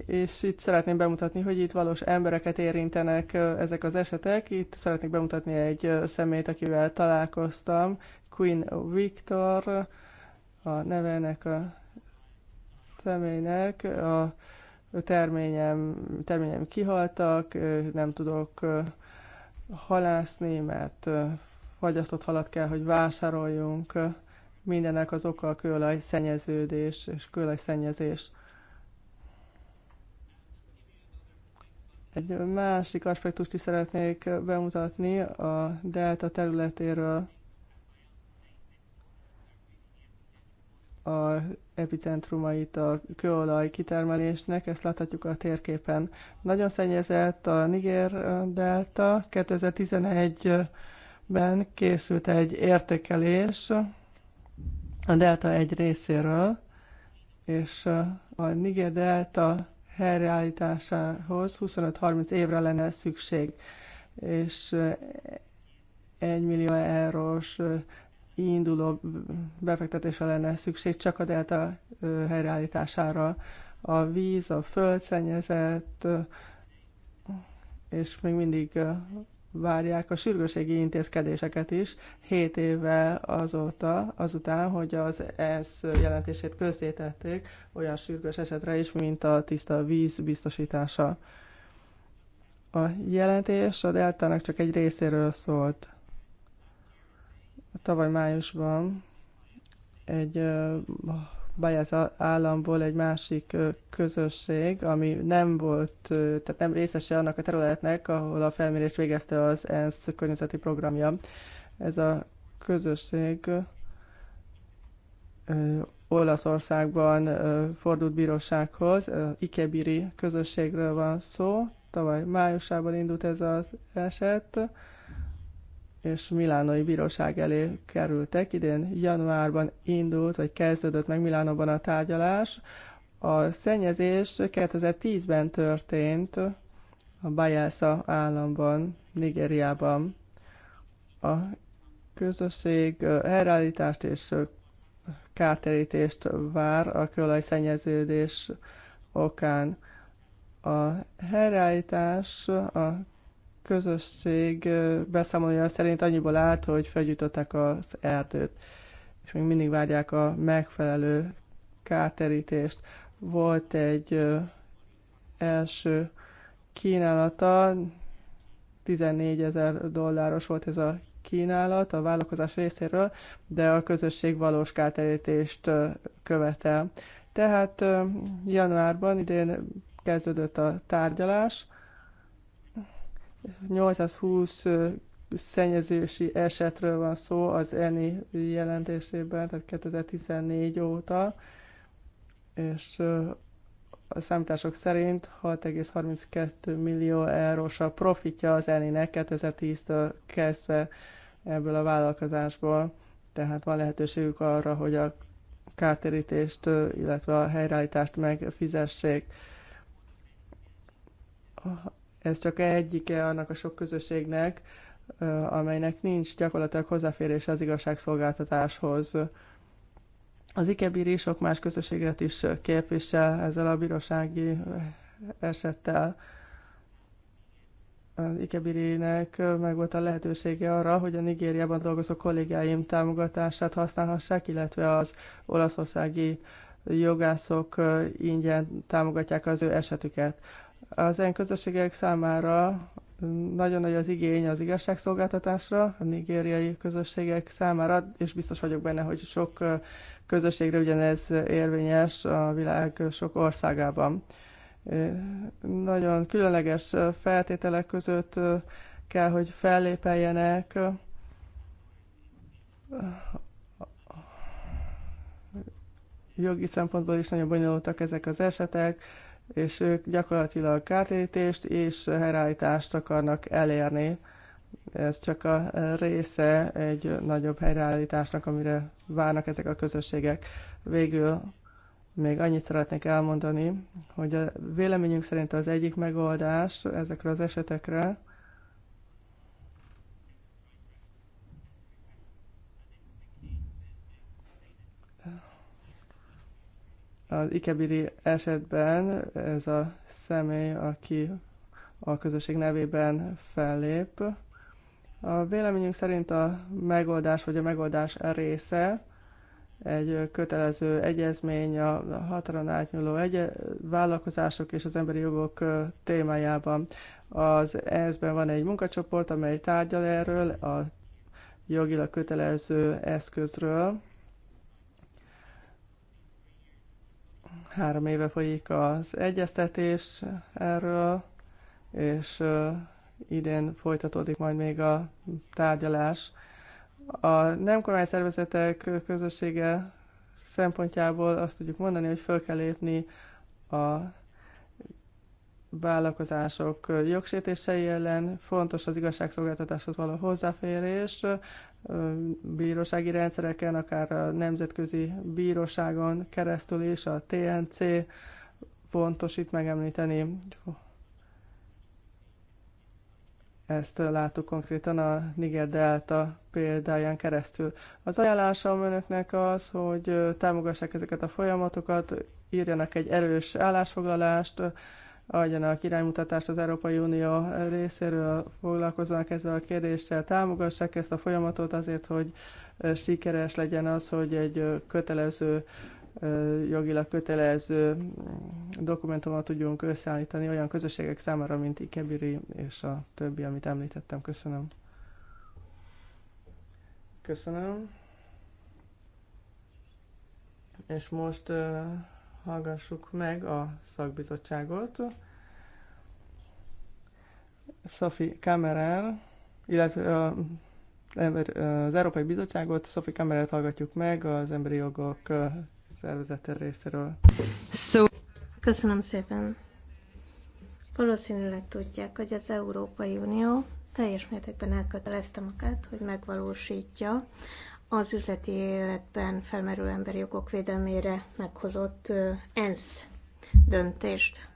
és itt szeretném bemutatni, hogy itt valós embereket érintenek ezek az esetek. Itt szeretnék bemutatni egy szemét, akivel találkoztam, Queen Victor, a nevenek a személynek, a terményem, terményem kihaltak, nem tudok halászni, mert fagyasztott halat kell, hogy vásároljunk. Mindenek az oka a kőolaj szennyeződés és kőolaj szennyezés. Egy másik aspektust is szeretnék bemutatni a delta területéről a epicentrumait a kőolaj kitermelésnek, ezt láthatjuk a térképen. Nagyon szennyezett a Niger delta. 2011-ben készült egy értékelés a delta egy részéről, és a Niger delta helyreállításához 25-30 évre lenne szükség, és 1 millió eurós induló befektetésre lenne szükség csak a delta helyreállítására. A víz, a földszennyezet, és még mindig várják a sürgőségi intézkedéseket is, 7 évvel azóta, azután, hogy az ENSZ jelentését közzétették olyan sürgős esetre is, mint a tiszta víz biztosítása. A jelentés a deltának csak egy részéről szólt tavaly májusban egy Baját államból egy másik közösség, ami nem volt, tehát nem részese annak a területnek, ahol a felmérést végezte az ENSZ környezeti programja. Ez a közösség Olaszországban fordult bírósághoz, Ikebiri közösségről van szó, tavaly májusában indult ez az eset, és Milánoi Bíróság elé kerültek. Idén januárban indult, vagy kezdődött meg Milánóban a tárgyalás. A szennyezés 2010-ben történt a Bajelsa államban, Nigériában. A közösség helyreállítást és kárterítést vár a szennyeződés okán. A helyreállítás a közösség beszámolója szerint annyiból állt, hogy felgyújtották az erdőt, és még mindig várják a megfelelő kárterítést. Volt egy első kínálata, 14 ezer dolláros volt ez a kínálat a vállalkozás részéről, de a közösség valós kárterítést követel. Tehát januárban idén kezdődött a tárgyalás, 820 szennyezési esetről van szó az ENI jelentésében, tehát 2014 óta, és a számítások szerint 6,32 millió eurós a profitja az ENI-nek 2010-től kezdve ebből a vállalkozásból, tehát van lehetőségük arra, hogy a kártérítést, illetve a helyreállítást megfizessék ez csak egyike annak a sok közösségnek, amelynek nincs gyakorlatilag hozzáférése az igazságszolgáltatáshoz. Az ikebíri sok más közösséget is képvisel ezzel a bírósági esettel. Az Ikebirinek meg volt a lehetősége arra, hogy a Nigériában dolgozó kollégáim támogatását használhassák, illetve az olaszországi jogászok ingyen támogatják az ő esetüket. Az ilyen közösségek számára nagyon nagy az igény az igazságszolgáltatásra, a nigériai közösségek számára, és biztos vagyok benne, hogy sok közösségre ugyanez érvényes a világ sok országában. Nagyon különleges feltételek között kell, hogy fellépeljenek jogi szempontból is nagyon bonyolultak ezek az esetek, és ők gyakorlatilag kártérítést és helyreállítást akarnak elérni. Ez csak a része egy nagyobb helyreállításnak, amire várnak ezek a közösségek. Végül még annyit szeretnék elmondani, hogy a véleményünk szerint az egyik megoldás ezekre az esetekre, Az Ikebiri esetben ez a személy, aki a közösség nevében fellép. A véleményünk szerint a megoldás vagy a megoldás része egy kötelező egyezmény a határon átnyúló egy vállalkozások és az emberi jogok témájában. Az esz ben van egy munkacsoport, amely tárgyal erről, a jogilag kötelező eszközről, Három éve folyik az egyeztetés erről, és idén folytatódik majd még a tárgyalás. A nem kormány szervezetek közössége szempontjából azt tudjuk mondani, hogy föl kell lépni a vállalkozások jogsértései ellen, fontos az igazságszolgáltatáshoz való hozzáférés, bírósági rendszereken, akár a Nemzetközi Bíróságon keresztül is, a TNC fontos itt megemlíteni. Ezt láttuk konkrétan a Niger Delta példáján keresztül. Az ajánlásom önöknek az, hogy támogassák ezeket a folyamatokat, írjanak egy erős állásfoglalást, adjanak iránymutatást az Európai Unió részéről, foglalkozzanak ezzel a kérdéssel, támogassák ezt a folyamatot azért, hogy sikeres legyen az, hogy egy kötelező jogilag kötelező mm, dokumentumot tudjunk összeállítani olyan közösségek számára, mint Ikebiri és a többi, amit említettem. Köszönöm. Köszönöm. És most hallgassuk meg a szakbizottságot. Sophie Kamerán, illetve a az Európai Bizottságot, Szofi Kamerát hallgatjuk meg az Emberi Jogok szervezete részéről. So... Köszönöm szépen. Valószínűleg tudják, hogy az Európai Unió teljes mértékben elkötelezte magát, hogy megvalósítja az üzleti életben felmerülő emberi jogok védelmére meghozott ENSZ döntést.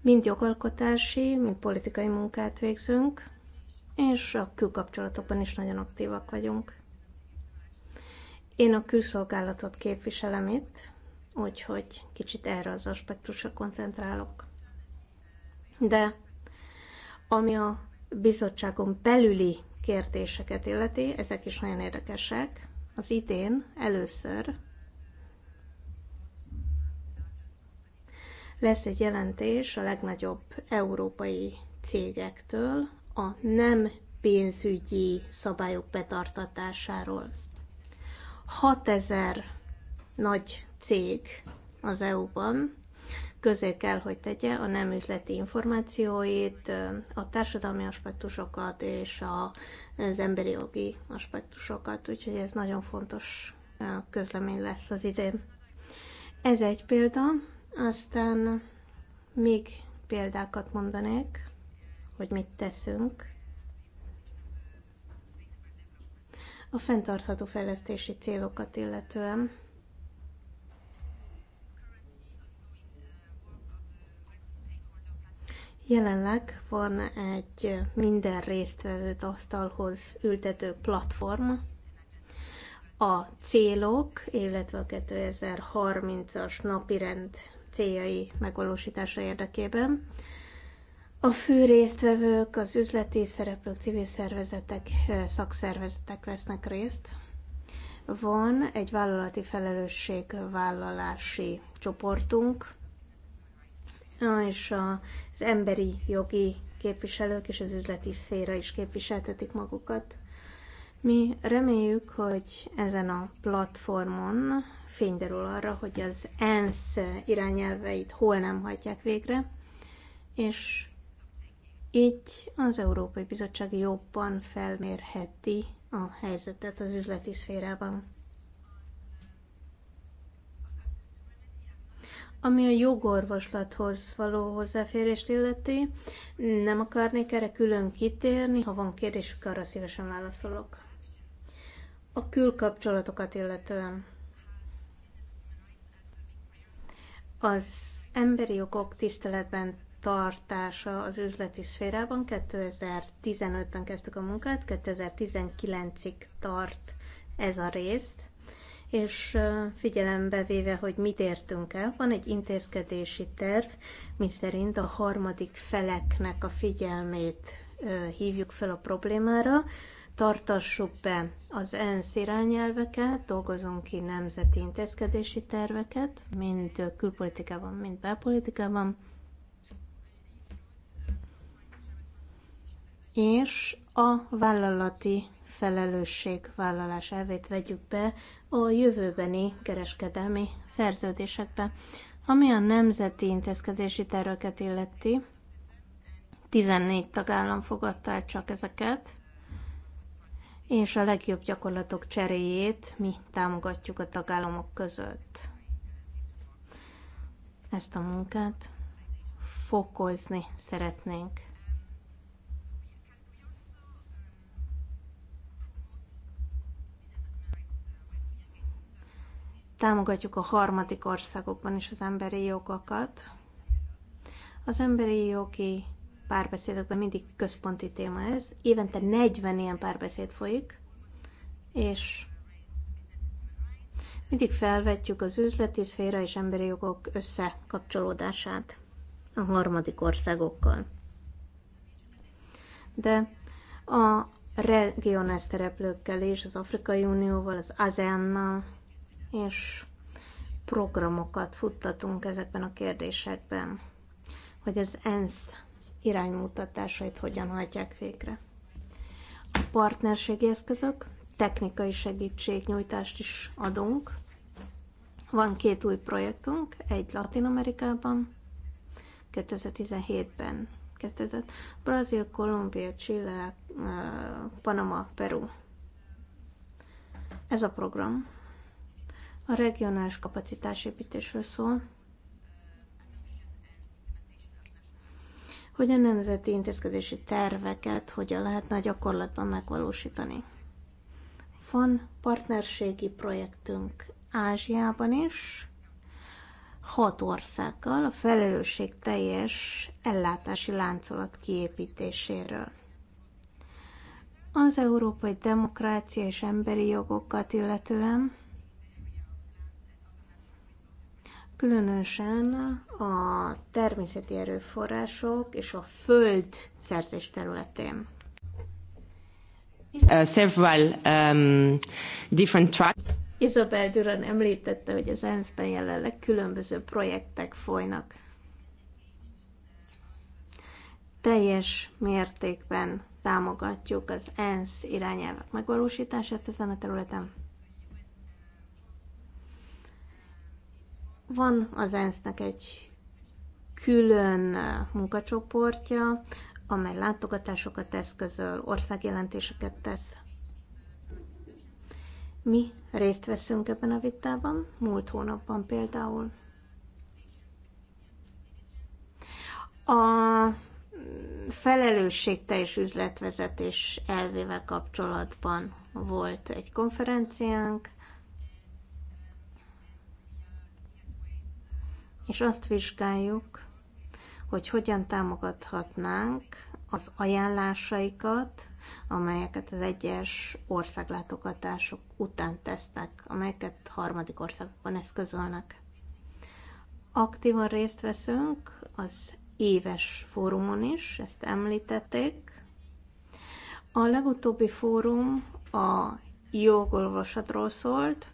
Mind jogalkotási, mind politikai munkát végzünk, és a külkapcsolatokban is nagyon aktívak vagyunk. Én a külszolgálatot képviselem itt, úgyhogy kicsit erre az aspektusra koncentrálok. De ami a bizottságon belüli kérdéseket illeti, ezek is nagyon érdekesek. Az idén először lesz egy jelentés a legnagyobb európai cégektől a nem pénzügyi szabályok betartatásáról. 6000 nagy cég az EU-ban közé kell, hogy tegye a nem üzleti információit, a társadalmi aspektusokat és a, az emberi jogi aspektusokat, úgyhogy ez nagyon fontos közlemény lesz az idén. Ez egy példa, aztán még példákat mondanék, hogy mit teszünk. A fenntartható fejlesztési célokat illetően Jelenleg van egy minden résztvevőt asztalhoz ültető platform, a célok, illetve a 2030-as napirend céljai megvalósítása érdekében. A fő résztvevők, az üzleti szereplők, civil szervezetek, szakszervezetek vesznek részt. Van egy vállalati felelősségvállalási csoportunk, és az emberi jogi képviselők és az üzleti szféra is képviseltetik magukat. Mi reméljük, hogy ezen a platformon fényderül arra, hogy az ENSZ irányelveit hol nem hajtják végre, és így az Európai Bizottság jobban felmérheti a helyzetet az üzleti szférában. Ami a jogorvoslathoz való hozzáférést illeti, nem akarnék erre külön kitérni, ha van akkor arra szívesen válaszolok. A külkapcsolatokat illetően az emberi jogok tiszteletben tartása az üzleti szférában. 2015-ben kezdtük a munkát, 2019-ig tart ez a részt és figyelembe véve, hogy mit értünk el, van egy intézkedési terv, mi szerint a harmadik feleknek a figyelmét hívjuk fel a problémára, tartassuk be az ENSZ irányelveket, dolgozunk ki nemzeti intézkedési terveket, mind külpolitikában, mind belpolitikában, és a vállalati felelősségvállalás elvét vegyük be a jövőbeni kereskedelmi szerződésekbe. Ami a nemzeti intézkedési terveket illeti, 14 tagállam fogadta el csak ezeket, és a legjobb gyakorlatok cseréjét mi támogatjuk a tagállamok között. Ezt a munkát fokozni szeretnénk. Támogatjuk a harmadik országokban is az emberi jogokat. Az emberi jogi párbeszédekben mindig központi téma ez. Évente 40 ilyen párbeszéd folyik, és mindig felvetjük az üzleti szféra és emberi jogok összekapcsolódását a harmadik országokkal. De a regionális szereplőkkel és az Afrikai Unióval, az ASEAN-nal és programokat futtatunk ezekben a kérdésekben, hogy az ENSZ iránymutatásait hogyan hajtják végre. A partnerségi eszközök, technikai segítségnyújtást is adunk. Van két új projektunk, egy Latin Amerikában, 2017-ben kezdődött, Brazil, Kolumbia, Chile, Panama, Peru. Ez a program a regionális kapacitásépítésről szól, hogy a nemzeti intézkedési terveket hogyan lehetne a gyakorlatban megvalósítani. Van partnerségi projektünk Ázsiában is, hat országgal a felelősség teljes ellátási láncolat kiépítéséről. Az európai demokrácia és emberi jogokat illetően Különösen a természeti erőforrások és a föld szerzés területén. Uh, several um, different tracks. Isabel Duran említette, hogy az ENSZ-ben jelenleg különböző projektek folynak. Teljes mértékben támogatjuk az ENSZ irányelvek megvalósítását ezen a területen. Van az ENSZ-nek egy külön munkacsoportja, amely látogatásokat eszközöl, országjelentéseket tesz. Mi részt veszünk ebben a vitában, múlt hónapban például. a felelősségteljes üzletvezetés elvével kapcsolatban volt egy konferenciánk, és azt vizsgáljuk, hogy hogyan támogathatnánk az ajánlásaikat, amelyeket az egyes országlátogatások után tesznek, amelyeket harmadik országokban eszközölnek. Aktívan részt veszünk az éves fórumon is, ezt említették. A legutóbbi fórum a jogolvasatról szólt,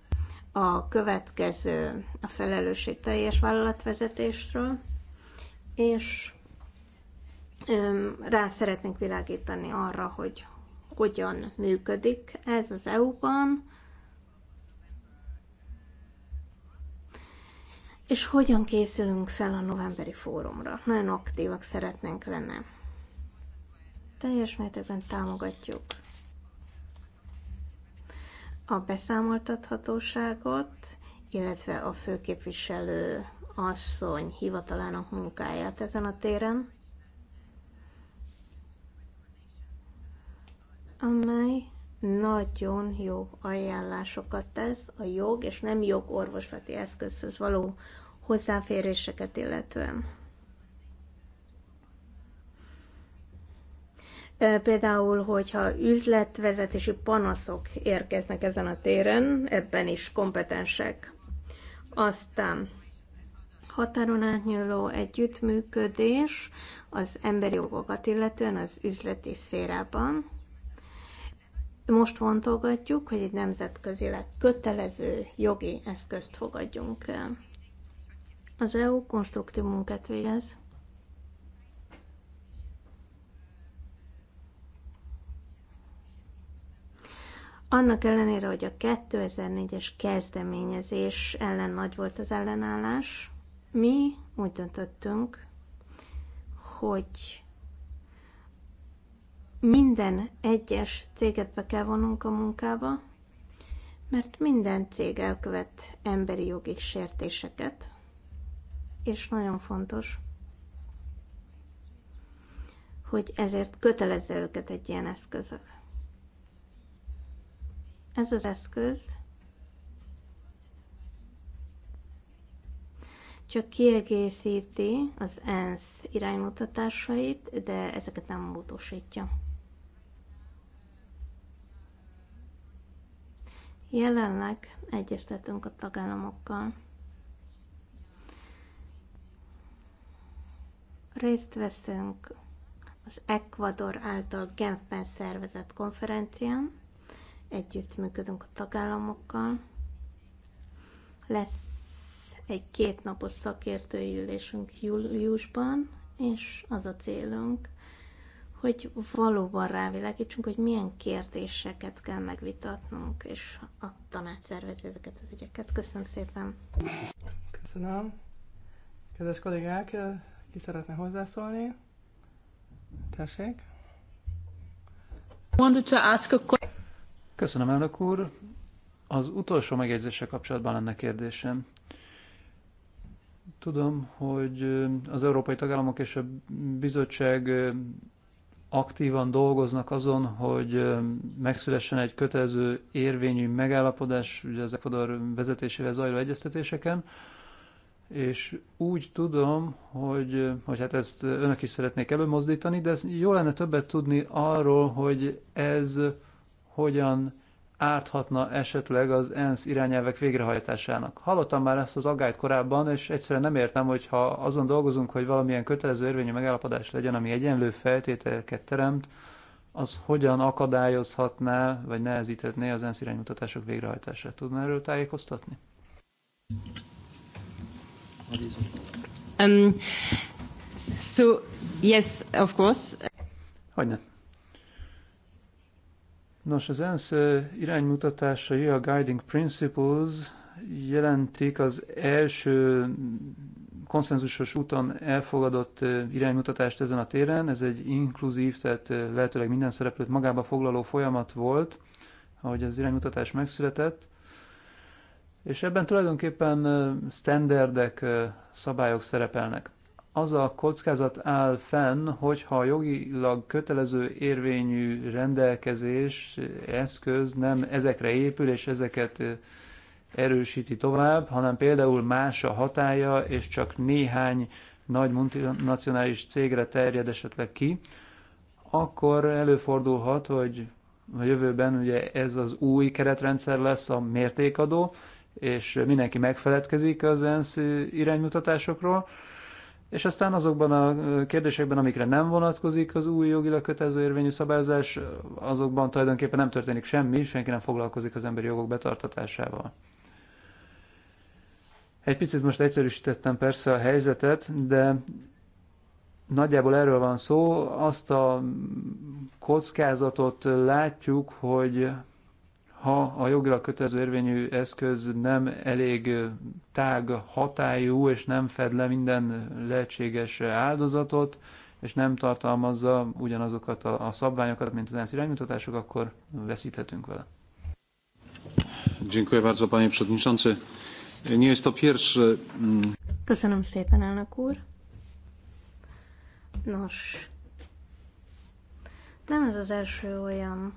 a következő a teljes vállalatvezetésről, és rá szeretnénk világítani arra, hogy hogyan működik ez az EU-ban, és hogyan készülünk fel a novemberi fórumra. Nagyon aktívak szeretnénk lenni. Teljes mértékben támogatjuk a beszámoltathatóságot, illetve a főképviselő asszony hivatalának munkáját ezen a téren, amely nagyon jó ajánlásokat tesz a jog és nem jogorvoslati eszközhöz való hozzáféréseket illetően. Például, hogyha üzletvezetési panaszok érkeznek ezen a téren, ebben is kompetensek. Aztán határon átnyúló együttműködés az emberi jogokat illetően az üzleti szférában. Most fontolgatjuk, hogy egy nemzetközileg kötelező jogi eszközt fogadjunk el. Az EU konstruktív munkát végez Annak ellenére, hogy a 2004-es kezdeményezés ellen nagy volt az ellenállás, mi úgy döntöttünk, hogy minden egyes céget be kell vonnunk a munkába, mert minden cég elkövet emberi jogi sértéseket, és nagyon fontos, hogy ezért kötelezze őket egy ilyen eszközök. Ez az eszköz csak kiegészíti az ENSZ iránymutatásait, de ezeket nem módosítja. Jelenleg egyeztetünk a tagállamokkal. Részt veszünk az Ecuador által Genfben szervezett konferencián, együttműködünk a tagállamokkal. Lesz egy kétnapos szakértői ülésünk júliusban, és az a célunk, hogy valóban rávilágítsunk, hogy milyen kérdéseket kell megvitatnunk, és a tanács szervezi ezeket az ügyeket. Köszönöm szépen! Köszönöm! Kedves kollégák, ki szeretne hozzászólni? Tessék! Wanted to ask a Köszönöm, elnök úr. Az utolsó megjegyzése kapcsolatban lenne kérdésem. Tudom, hogy az európai tagállamok és a bizottság aktívan dolgoznak azon, hogy megszülessen egy kötelező érvényű megállapodás ugye az Ecuador vezetésével zajló egyeztetéseken, és úgy tudom, hogy, hogy hát ezt önök is szeretnék előmozdítani, de ez jó lenne többet tudni arról, hogy ez hogyan árthatna esetleg az ENSZ irányelvek végrehajtásának. Hallottam már ezt az aggályt korábban, és egyszerűen nem értem, hogy ha azon dolgozunk, hogy valamilyen kötelező érvényű megállapodás legyen, ami egyenlő feltételeket teremt, az hogyan akadályozhatná, vagy nehezíthetné az ENSZ iránymutatások végrehajtását. Tudná erről tájékoztatni? Um, so, yes, of course. Hogyne. Nos, az ENSZ iránymutatásai, a Guiding Principles jelentik az első konszenzusos úton elfogadott iránymutatást ezen a téren. Ez egy inkluzív, tehát lehetőleg minden szereplőt magába foglaló folyamat volt, ahogy az iránymutatás megszületett. És ebben tulajdonképpen standardek, szabályok szerepelnek az a kockázat áll fenn, hogyha a jogilag kötelező érvényű rendelkezés, eszköz nem ezekre épül, és ezeket erősíti tovább, hanem például más a hatája, és csak néhány nagy multinacionális cégre terjed esetleg ki, akkor előfordulhat, hogy a jövőben ugye ez az új keretrendszer lesz a mértékadó, és mindenki megfeledkezik az ENSZ iránymutatásokról, és aztán azokban a kérdésekben, amikre nem vonatkozik az új jogilag kötelező érvényű szabályozás, azokban tulajdonképpen nem történik semmi, senki nem foglalkozik az emberi jogok betartatásával. Egy picit most egyszerűsítettem persze a helyzetet, de nagyjából erről van szó. Azt a kockázatot látjuk, hogy ha a jogilag kötelező érvényű eszköz nem elég tág hatályú, és nem fed le minden lehetséges áldozatot, és nem tartalmazza ugyanazokat a, a szabványokat, mint az ENSZ iránymutatások, akkor veszíthetünk vele. Dziękuję bardzo, panie przewodniczący. Nie jest to pierwszy... Mm, Köszönöm szépen, elnök úr. Nos, nem ez az első olyan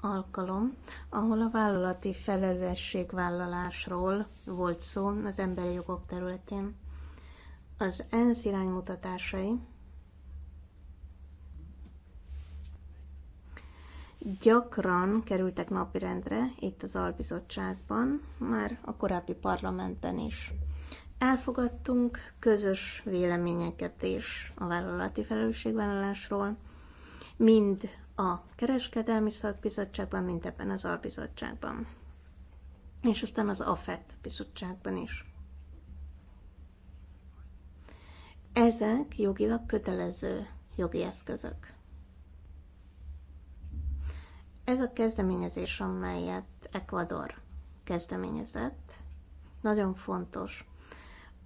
alkalom, ahol a vállalati felelősségvállalásról volt szó az emberi jogok területén. Az ENSZ iránymutatásai gyakran kerültek napirendre itt az albizottságban, már a korábbi parlamentben is. Elfogadtunk közös véleményeket is a vállalati felelősségvállalásról, mind a kereskedelmi szakbizottságban, mint ebben az albizottságban. És aztán az AFET bizottságban is. Ezek jogilag kötelező jogi eszközök. Ez a kezdeményezés, amelyet Ecuador kezdeményezett, nagyon fontos.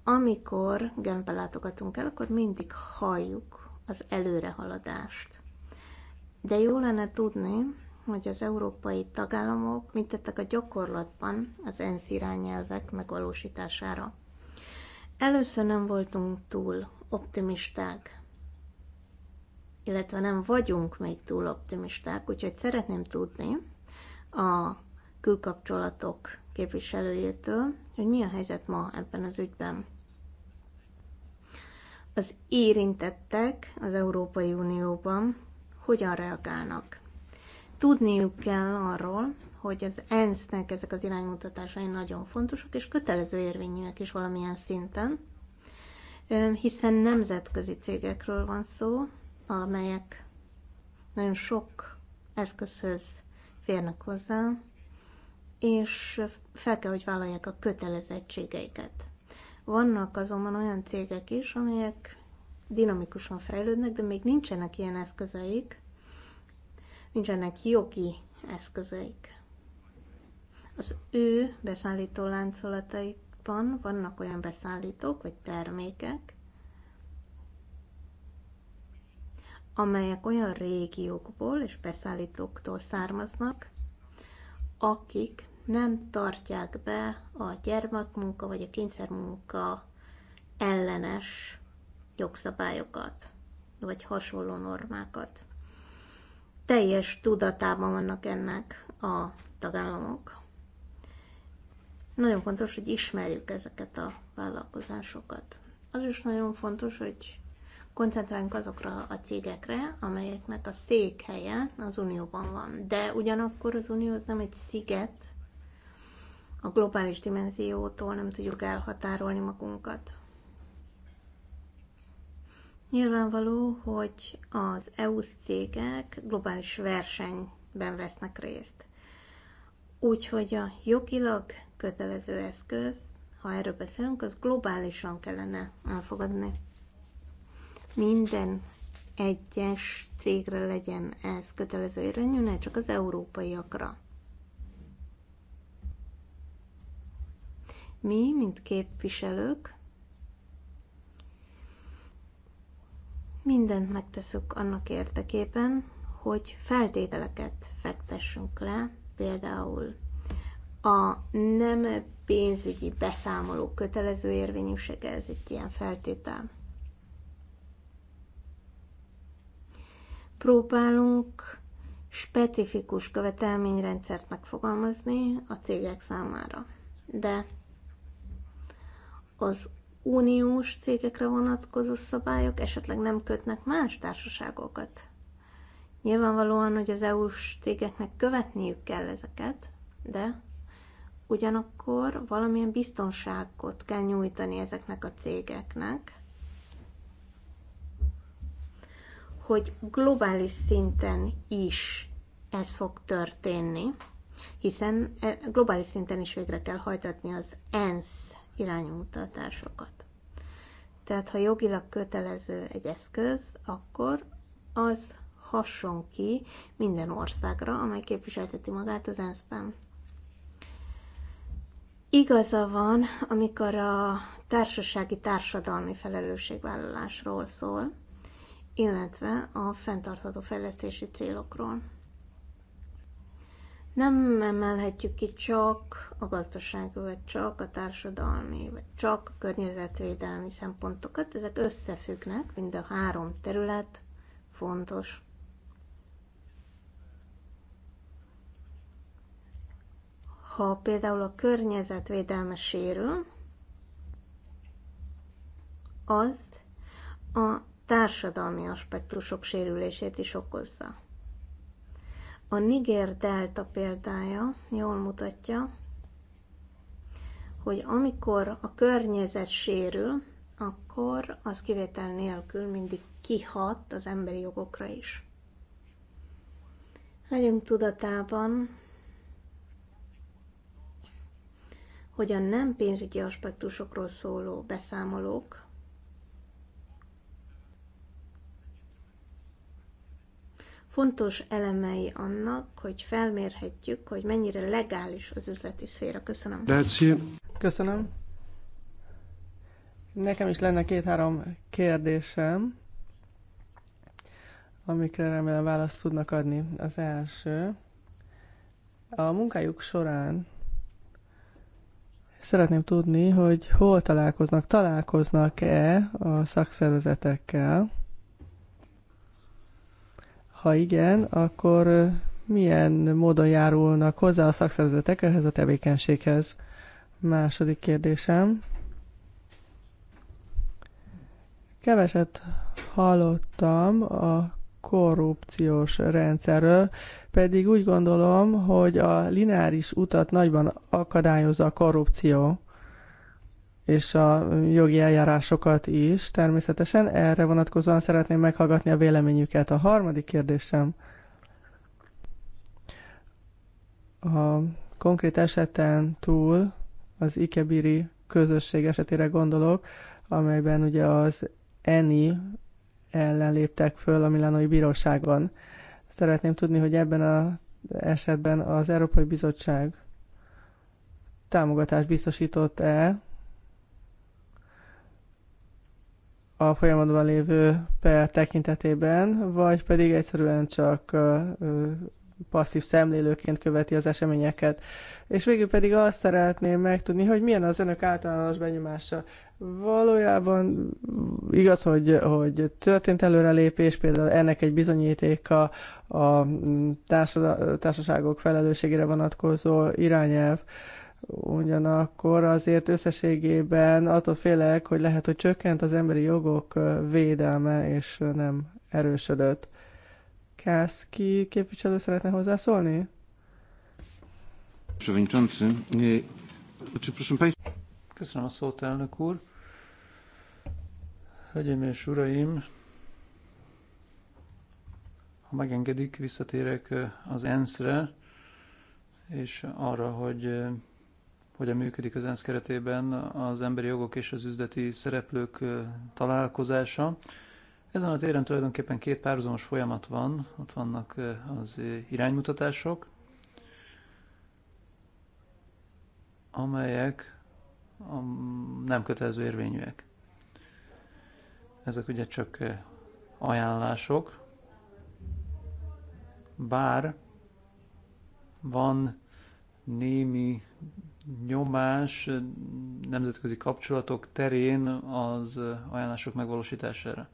Amikor Genbe látogatunk el, akkor mindig halljuk az előrehaladást. De jó lenne tudni, hogy az európai tagállamok mit tettek a gyakorlatban az ENSZ irányelvek megvalósítására. Először nem voltunk túl optimisták, illetve nem vagyunk még túl optimisták, úgyhogy szeretném tudni a külkapcsolatok képviselőjétől, hogy mi a helyzet ma ebben az ügyben. Az érintettek az Európai Unióban hogyan reagálnak. Tudniuk kell arról, hogy az ENSZ-nek ezek az iránymutatásai nagyon fontosak, és kötelező érvényűek is valamilyen szinten, hiszen nemzetközi cégekről van szó, amelyek nagyon sok eszközhöz férnek hozzá, és fel kell, hogy vállalják a kötelezettségeiket. Vannak azonban olyan cégek is, amelyek dinamikusan fejlődnek, de még nincsenek ilyen eszközeik, nincsenek jogi eszközeik. Az ő beszállító láncolataikban vannak olyan beszállítók vagy termékek, amelyek olyan régiókból és beszállítóktól származnak, akik nem tartják be a gyermekmunka vagy a kényszermunka ellenes jogszabályokat, vagy hasonló normákat. Teljes tudatában vannak ennek a tagállamok. Nagyon fontos, hogy ismerjük ezeket a vállalkozásokat. Az is nagyon fontos, hogy koncentráljunk azokra a cégekre, amelyeknek a székhelye az Unióban van. De ugyanakkor az Unió az nem egy sziget, a globális dimenziótól nem tudjuk elhatárolni magunkat. Nyilvánvaló, hogy az eu cégek globális versenyben vesznek részt. Úgyhogy a jogilag kötelező eszköz, ha erről beszélünk, az globálisan kellene elfogadni. Minden egyes cégre legyen ez kötelező érvényű, ne csak az európaiakra. Mi, mint képviselők, Mindent megteszünk annak érdekében, hogy feltételeket fektessünk le, például a nem pénzügyi beszámoló kötelező érvényűsége, ez egy ilyen feltétel. Próbálunk specifikus követelményrendszert megfogalmazni a cégek számára, de az uniós cégekre vonatkozó szabályok esetleg nem kötnek más társaságokat? Nyilvánvalóan, hogy az EU-s cégeknek követniük kell ezeket, de ugyanakkor valamilyen biztonságot kell nyújtani ezeknek a cégeknek, hogy globális szinten is ez fog történni, hiszen eh, globális szinten is végre kell hajtatni az ENSZ iránymutatásokat. Tehát, ha jogilag kötelező egy eszköz, akkor az hasson ki minden országra, amely képviselteti magát az ENSZ-ben. Igaza van, amikor a társasági társadalmi felelősségvállalásról szól, illetve a fenntartható fejlesztési célokról. Nem emelhetjük ki csak a gazdasági, vagy csak a társadalmi, vagy csak a környezetvédelmi szempontokat. Ezek összefüggnek, mind a három terület fontos. Ha például a környezetvédelme sérül, az a társadalmi aspektusok sérülését is okozza. A Niger Delta példája jól mutatja, hogy amikor a környezet sérül, akkor az kivétel nélkül mindig kihat az emberi jogokra is. Legyünk tudatában, hogy a nem pénzügyi aspektusokról szóló beszámolók fontos elemei annak, hogy felmérhetjük, hogy mennyire legális az üzleti szféra. Köszönöm. Grazie. Köszönöm. Nekem is lenne két-három kérdésem, amikre remélem választ tudnak adni. Az első, a munkájuk során szeretném tudni, hogy hol találkoznak, találkoznak-e a szakszervezetekkel, ha igen, akkor milyen módon járulnak hozzá a szakszervezetek ehhez a tevékenységhez? Második kérdésem. Keveset hallottam a korrupciós rendszerről, pedig úgy gondolom, hogy a lineáris utat nagyban akadályozza a korrupció és a jogi eljárásokat is természetesen. Erre vonatkozóan szeretném meghallgatni a véleményüket. A harmadik kérdésem a konkrét eseten túl az Ikebiri közösség esetére gondolok, amelyben ugye az ENI ellen léptek föl a Milánói Bíróságon. Szeretném tudni, hogy ebben az esetben az Európai Bizottság támogatást biztosított-e a folyamatban lévő per tekintetében, vagy pedig egyszerűen csak passzív szemlélőként követi az eseményeket. És végül pedig azt szeretném megtudni, hogy milyen az önök általános benyomása. Valójában igaz, hogy, hogy történt előrelépés, például ennek egy bizonyítéka a társaságok felelősségére vonatkozó irányelv, Ugyanakkor azért összességében attól félek, hogy lehet, hogy csökkent az emberi jogok védelme, és nem erősödött. Kászki képviselő szeretne hozzászólni? Köszönöm a szót, elnök úr. Hölgyeim és uraim, ha megengedik, visszatérek az ENSZ-re, és arra, hogy hogyan működik az ENSZ keretében az emberi jogok és az üzleti szereplők találkozása. Ezen a téren tulajdonképpen két párhuzamos folyamat van, ott vannak az iránymutatások, amelyek nem kötelező érvényűek. Ezek ugye csak ajánlások, bár van némi nyomás nemzetközi kapcsolatok terén az ajánlások megvalósítására.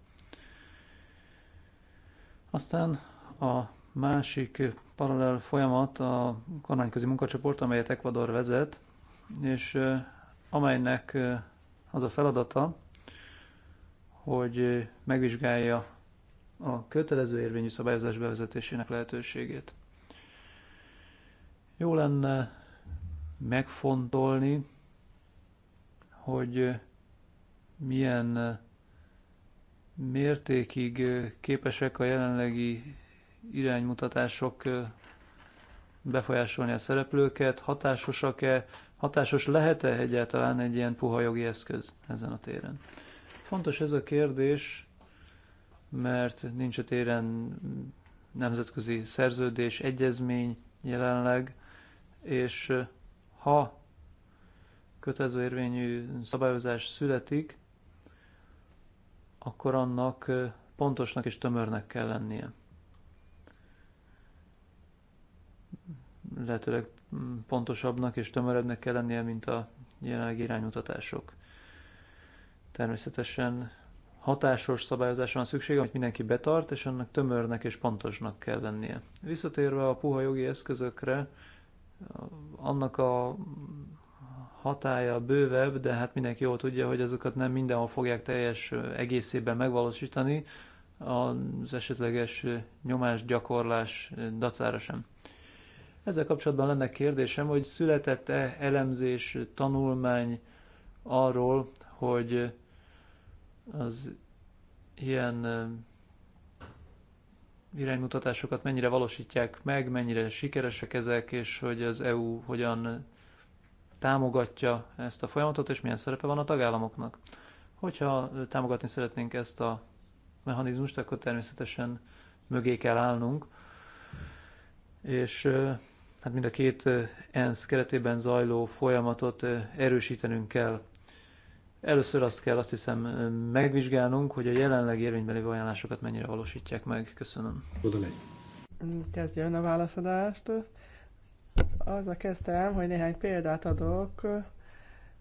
Aztán a másik paralel folyamat a kormányközi munkacsoport, amelyet Ecuador vezet, és amelynek az a feladata, hogy megvizsgálja a kötelező érvényű szabályozás bevezetésének lehetőségét. Jó lenne megfontolni, hogy milyen mértékig képesek a jelenlegi iránymutatások befolyásolni a szereplőket, hatásosak-e, hatásos lehet-e egyáltalán egy ilyen puha jogi eszköz ezen a téren? Fontos ez a kérdés, mert nincs a téren nemzetközi szerződés, egyezmény jelenleg, és ha kötelező érvényű szabályozás születik, akkor annak pontosnak és tömörnek kell lennie. Lehetőleg mm, pontosabbnak és tömörebbnek kell lennie, mint a jelenlegi iránymutatások. Természetesen hatásos szabályozásra van szükség, amit mindenki betart, és annak tömörnek és pontosnak kell lennie. Visszatérve a puha jogi eszközökre, annak a hatája bővebb, de hát mindenki jól tudja, hogy azokat nem mindenhol fogják teljes egészében megvalósítani, az esetleges nyomásgyakorlás dacára sem. Ezzel kapcsolatban lenne kérdésem, hogy született-e elemzés, tanulmány arról, hogy az ilyen iránymutatásokat mennyire valósítják meg, mennyire sikeresek ezek, és hogy az EU hogyan támogatja ezt a folyamatot, és milyen szerepe van a tagállamoknak. Hogyha támogatni szeretnénk ezt a mechanizmust, akkor természetesen mögé kell állnunk, és hát mind a két ENSZ keretében zajló folyamatot erősítenünk kell. Először azt kell azt hiszem megvizsgálnunk, hogy a jelenleg érvényben lévő ajánlásokat mennyire valósítják meg. Köszönöm. Tudom Kezdjön a válaszadást. Azzal kezdtem, hogy néhány példát adok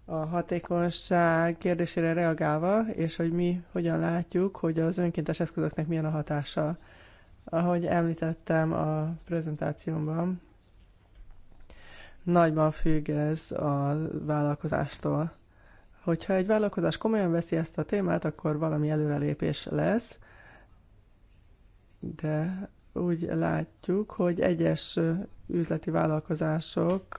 a hatékonyság kérdésére reagálva, és hogy mi hogyan látjuk, hogy az önkéntes eszközöknek milyen a hatása. Ahogy említettem a prezentációmban, nagyban függ ez a vállalkozástól Hogyha egy vállalkozás komolyan veszi ezt a témát, akkor valami előrelépés lesz, de úgy látjuk, hogy egyes üzleti vállalkozások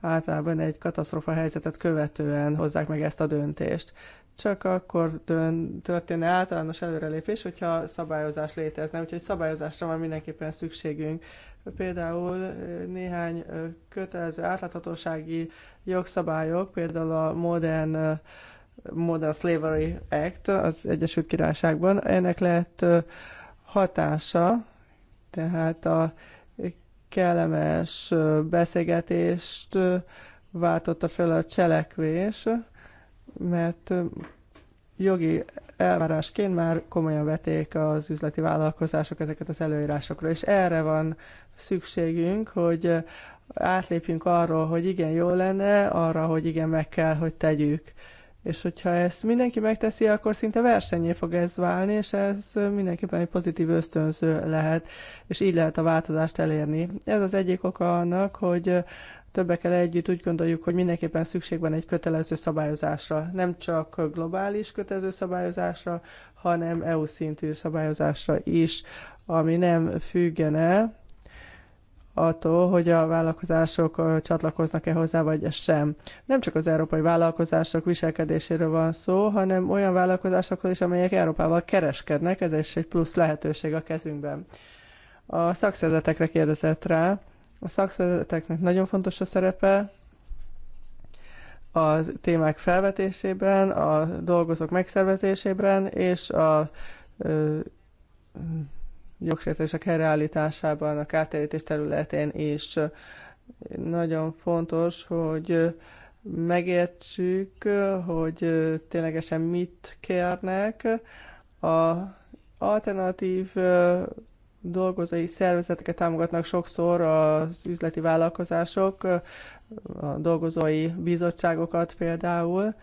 általában egy katasztrofa helyzetet követően hozzák meg ezt a döntést. Csak akkor történne általános előrelépés, hogyha szabályozás létezne. Úgyhogy szabályozásra van mindenképpen szükségünk. Például néhány kötelező átláthatósági jogszabályok, például a modern Modern Slavery Act az Egyesült Királyságban. Ennek lehet hatása, tehát a kellemes beszélgetést váltotta fel a cselekvés, mert jogi elvárásként már komolyan vették az üzleti vállalkozások ezeket az előírásokra, és erre van szükségünk, hogy átlépjünk arról, hogy igen, jó lenne, arra, hogy igen, meg kell, hogy tegyük. És hogyha ezt mindenki megteszi, akkor szinte versenyé fog ez válni, és ez mindenképpen egy pozitív ösztönző lehet, és így lehet a változást elérni. Ez az egyik oka annak, hogy Többekkel együtt úgy gondoljuk, hogy mindenképpen szükség van egy kötelező szabályozásra. Nem csak globális kötelező szabályozásra, hanem EU szintű szabályozásra is, ami nem függene attól, hogy a vállalkozások csatlakoznak-e hozzá, vagy sem. Nem csak az európai vállalkozások viselkedéséről van szó, hanem olyan vállalkozásokról is, amelyek Európával kereskednek, ez is egy plusz lehetőség a kezünkben. A szakszerzetekre kérdezett rá, a szakszervezeteknek nagyon fontos a szerepe a témák felvetésében, a dolgozók megszervezésében és a jogsértések helyreállításában, a kártérítés területén is. Nagyon fontos, hogy megértsük, hogy ténylegesen mit kérnek. A alternatív dolgozói szervezeteket támogatnak sokszor az üzleti vállalkozások, a dolgozói bizottságokat például,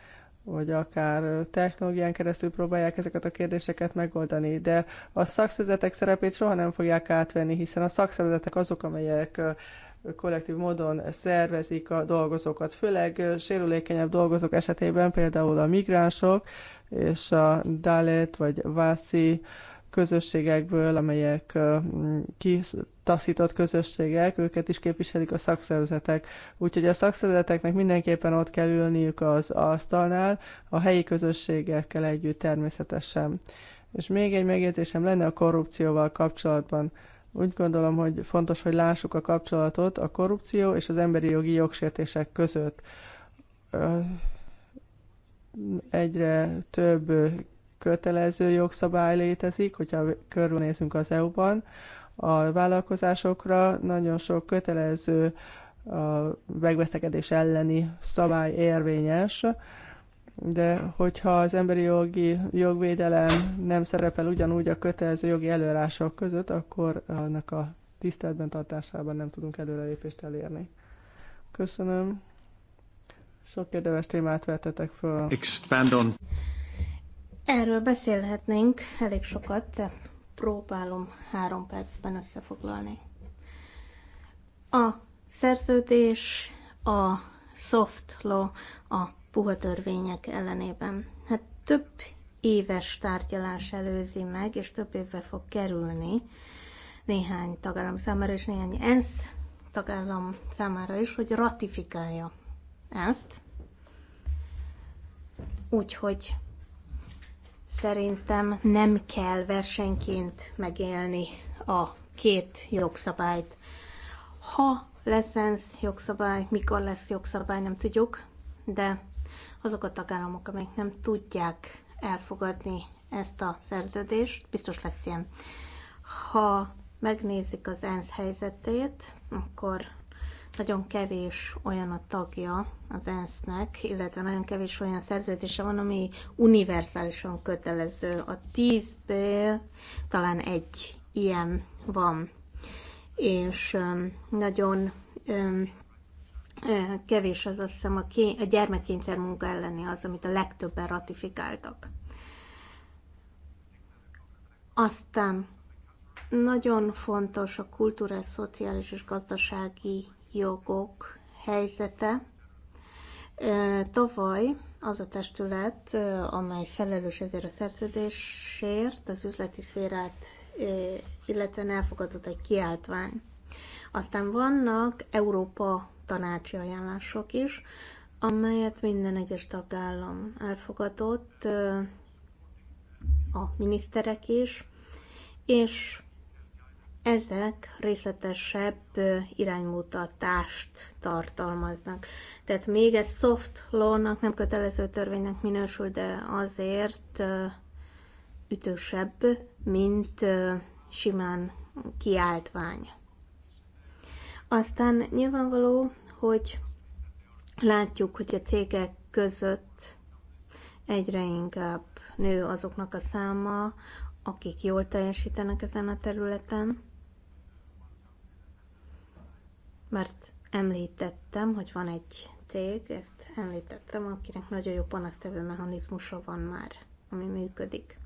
vagy akár technológián keresztül próbálják ezeket a kérdéseket megoldani, de a szakszervezetek szerepét soha nem fogják átvenni, hiszen a szakszervezetek azok, amelyek kollektív módon szervezik a dolgozókat, főleg sérülékenyebb dolgozók esetében, például a migránsok és a Dalet vagy Vászi közösségekből, amelyek kitaszított közösségek, őket is képviselik a szakszervezetek. Úgyhogy a szakszervezeteknek mindenképpen ott kell ülniük az asztalnál, a helyi közösségekkel együtt természetesen. És még egy megjegyzésem lenne a korrupcióval kapcsolatban. Úgy gondolom, hogy fontos, hogy lássuk a kapcsolatot a korrupció és az emberi jogi jogsértések között egyre több kötelező jogszabály létezik, hogyha körülnézünk az EU-ban, a vállalkozásokra nagyon sok kötelező megvesztekedés elleni szabály érvényes, de hogyha az emberi jogi jogvédelem nem szerepel ugyanúgy a kötelező jogi előírások között, akkor annak a tiszteletben tartásában nem tudunk előrelépést elérni. Köszönöm. Sok érdemes témát vettetek föl. Expand on. Erről beszélhetnénk elég sokat, de próbálom három percben összefoglalni. A szerződés, a soft law, a puha törvények ellenében. Hát több éves tárgyalás előzi meg, és több évbe fog kerülni néhány tagállam számára, és néhány ENSZ tagállam számára is, hogy ratifikálja ezt. Úgyhogy Szerintem nem kell versenként megélni a két jogszabályt. Ha lesz ENSZ jogszabály, mikor lesz jogszabály, nem tudjuk, de azok a tagállamok, amelyek nem tudják elfogadni ezt a szerződést, biztos lesz ilyen. Ha megnézik az ENSZ helyzetét, akkor nagyon kevés olyan a tagja az ENSZ-nek, illetve nagyon kevés olyan szerződése van, ami univerzálisan kötelező. A tízből talán egy ilyen van. És nagyon kevés az azt hiszem a, ké- a gyermekkényszer munka elleni az, amit a legtöbben ratifikáltak. Aztán nagyon fontos a kultúrás, szociális és gazdasági jogok helyzete. Tavaly az a testület, amely felelős ezért a szerződésért, az üzleti szférát illetve elfogadott egy kiáltvány. Aztán vannak Európa tanácsi ajánlások is, amelyet minden egyes tagállam elfogadott, a miniszterek is, és ezek részletesebb iránymutatást tartalmaznak. Tehát még ez soft law-nak nem kötelező törvénynek minősül, de azért ütősebb, mint simán kiáltvány. Aztán nyilvánvaló, hogy látjuk, hogy a cégek között egyre inkább nő azoknak a száma, akik jól teljesítenek ezen a területen mert említettem, hogy van egy cég, ezt említettem, akinek nagyon jó panasztevő mechanizmusa van már, ami működik.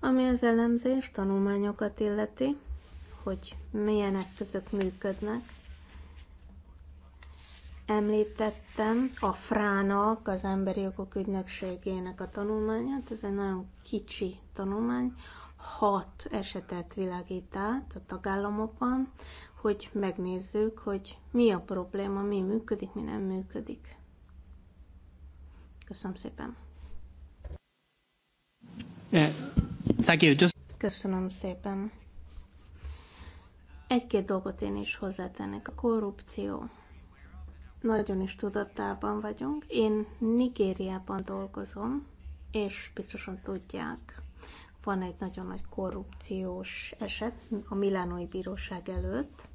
Ami az elemzés, tanulmányokat illeti, hogy milyen eszközök működnek. Említettem a Frának, az Emberi Jogok Ügynökségének a tanulmányát, ez egy nagyon kicsi tanulmány, hat esetet világít át a tagállamokban, hogy megnézzük, hogy mi a probléma, mi működik, mi nem működik. Köszönöm szépen. Thank you. Köszönöm szépen. Egy-két dolgot én is hozzátennék. A korrupció. Nagyon is tudatában vagyunk. Én Nigériában dolgozom, és biztosan tudják, van egy nagyon nagy korrupciós eset a Milánói Bíróság előtt,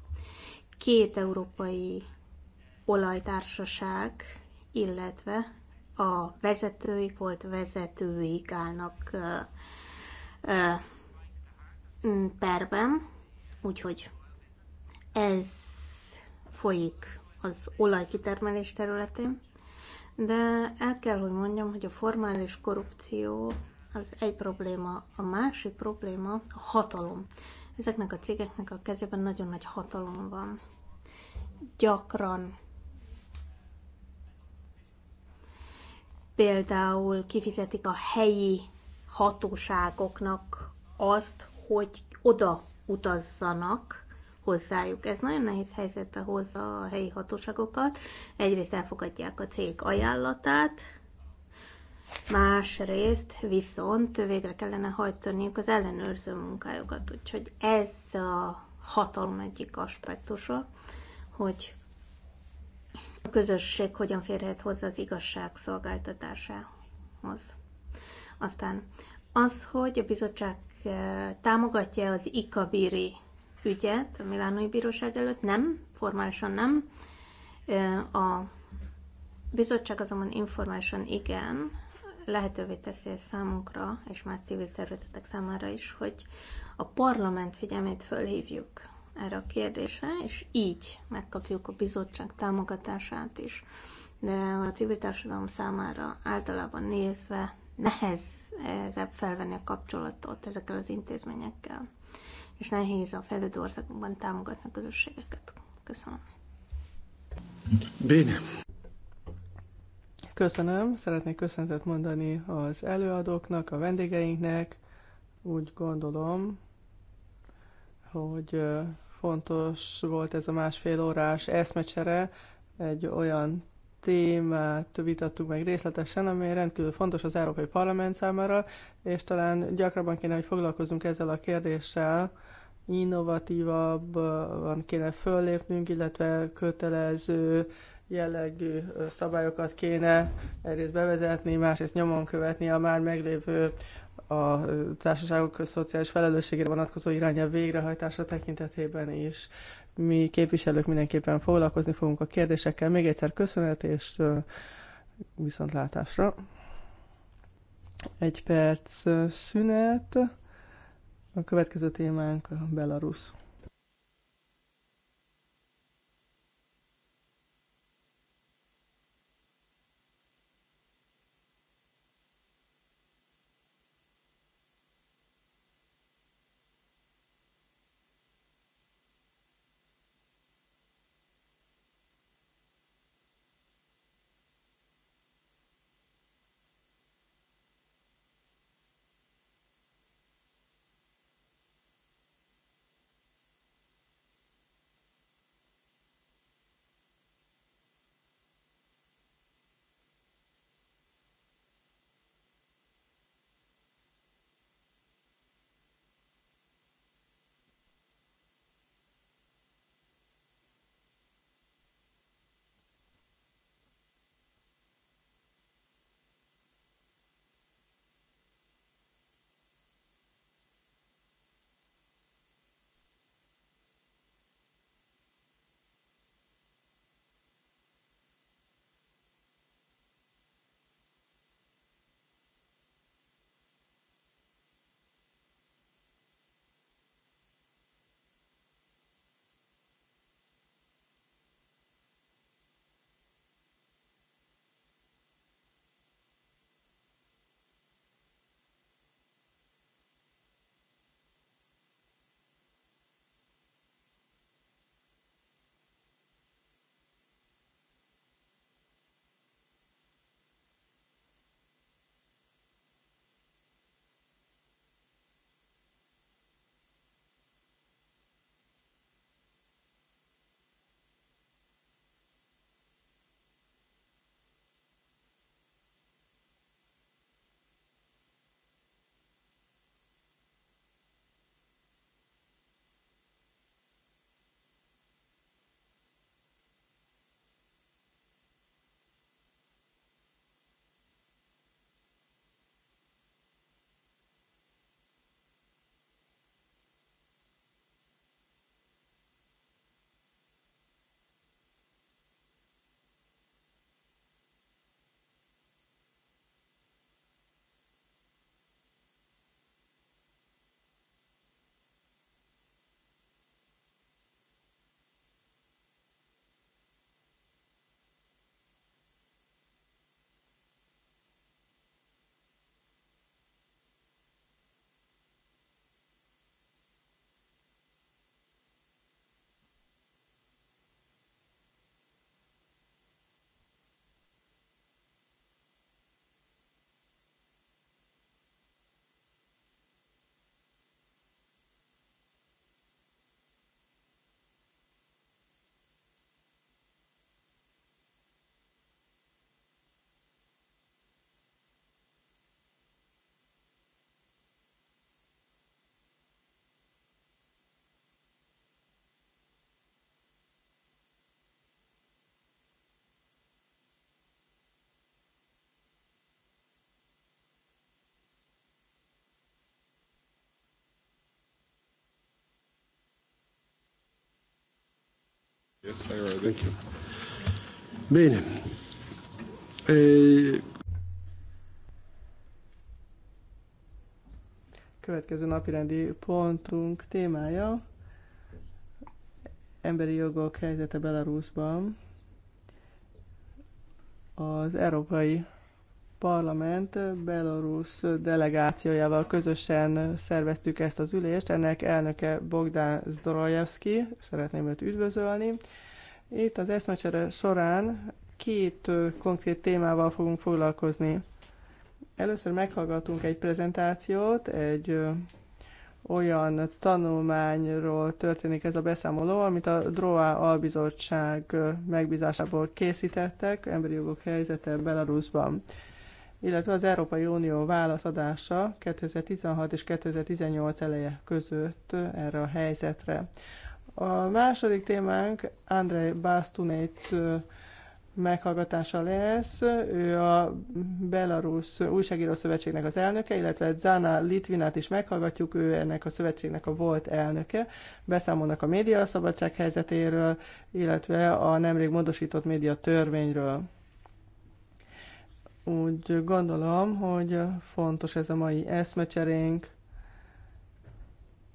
két európai olajtársaság, illetve a vezetőik volt vezetőik állnak perben, úgyhogy ez folyik az olajkitermelés területén, de el kell, hogy mondjam, hogy a formális korrupció az egy probléma, a másik probléma a hatalom. Ezeknek a cégeknek a kezében nagyon nagy hatalom van. Gyakran például kifizetik a helyi hatóságoknak azt, hogy oda utazzanak hozzájuk. Ez nagyon nehéz helyzetbe hozza a helyi hatóságokat. Egyrészt elfogadják a cég ajánlatát, Másrészt viszont végre kellene hajtaniuk az ellenőrző munkájukat. Úgyhogy ez a hatalom egyik aspektusa, hogy a közösség hogyan férhet hozzá az igazság szolgáltatásához. Aztán az, hogy a bizottság eh, támogatja az ikabíri ügyet a Milánói Bíróság előtt, nem, formálisan nem. Eh, a bizottság azonban informálisan igen, lehetővé teszi ez számunkra, és más civil szervezetek számára is, hogy a parlament figyelmét fölhívjuk erre a kérdésre, és így megkapjuk a bizottság támogatását is. De a civil társadalom számára általában nézve nehezebb eh, felvenni a kapcsolatot ezekkel az intézményekkel, és nehéz a fejlődő országokban támogatni a közösségeket. Köszönöm. Béne. Köszönöm, szeretnék köszönetet mondani az előadóknak, a vendégeinknek. Úgy gondolom, hogy fontos volt ez a másfél órás eszmecsere, egy olyan témát vitattuk meg részletesen, ami rendkívül fontos az Európai Parlament számára, és talán gyakrabban kéne, hogy foglalkozunk ezzel a kérdéssel, innovatívabban kéne föllépnünk, illetve kötelező jellegű szabályokat kéne egyrészt bevezetni, másrészt nyomon követni a már meglévő a társaságok szociális felelősségére vonatkozó irányelv végrehajtása tekintetében is. Mi képviselők mindenképpen foglalkozni fogunk a kérdésekkel. Még egyszer köszönet és viszontlátásra. Egy perc szünet. A következő témánk Belarus. Bene. E... Következő napirendi pontunk témája emberi jogok helyzete Belarusban. Az európai parlament Belarus delegációjával közösen szerveztük ezt az ülést. Ennek elnöke Bogdán Zdorojevski, szeretném őt üdvözölni. Itt az eszmecsere során két konkrét témával fogunk foglalkozni. Először meghallgatunk egy prezentációt, egy olyan tanulmányról történik ez a beszámoló, amit a DROA albizottság megbízásából készítettek, emberi jogok helyzete Belarusban illetve az Európai Unió válaszadása 2016 és 2018 eleje között erre a helyzetre. A második témánk Andrei Bastunét meghallgatása lesz. Ő a Belarus Újságíró Szövetségnek az elnöke, illetve Zana Litvinát is meghallgatjuk, ő ennek a szövetségnek a volt elnöke. Beszámolnak a média szabadság helyzetéről, illetve a nemrég módosított média törvényről úgy gondolom, hogy fontos ez a mai eszmecserénk,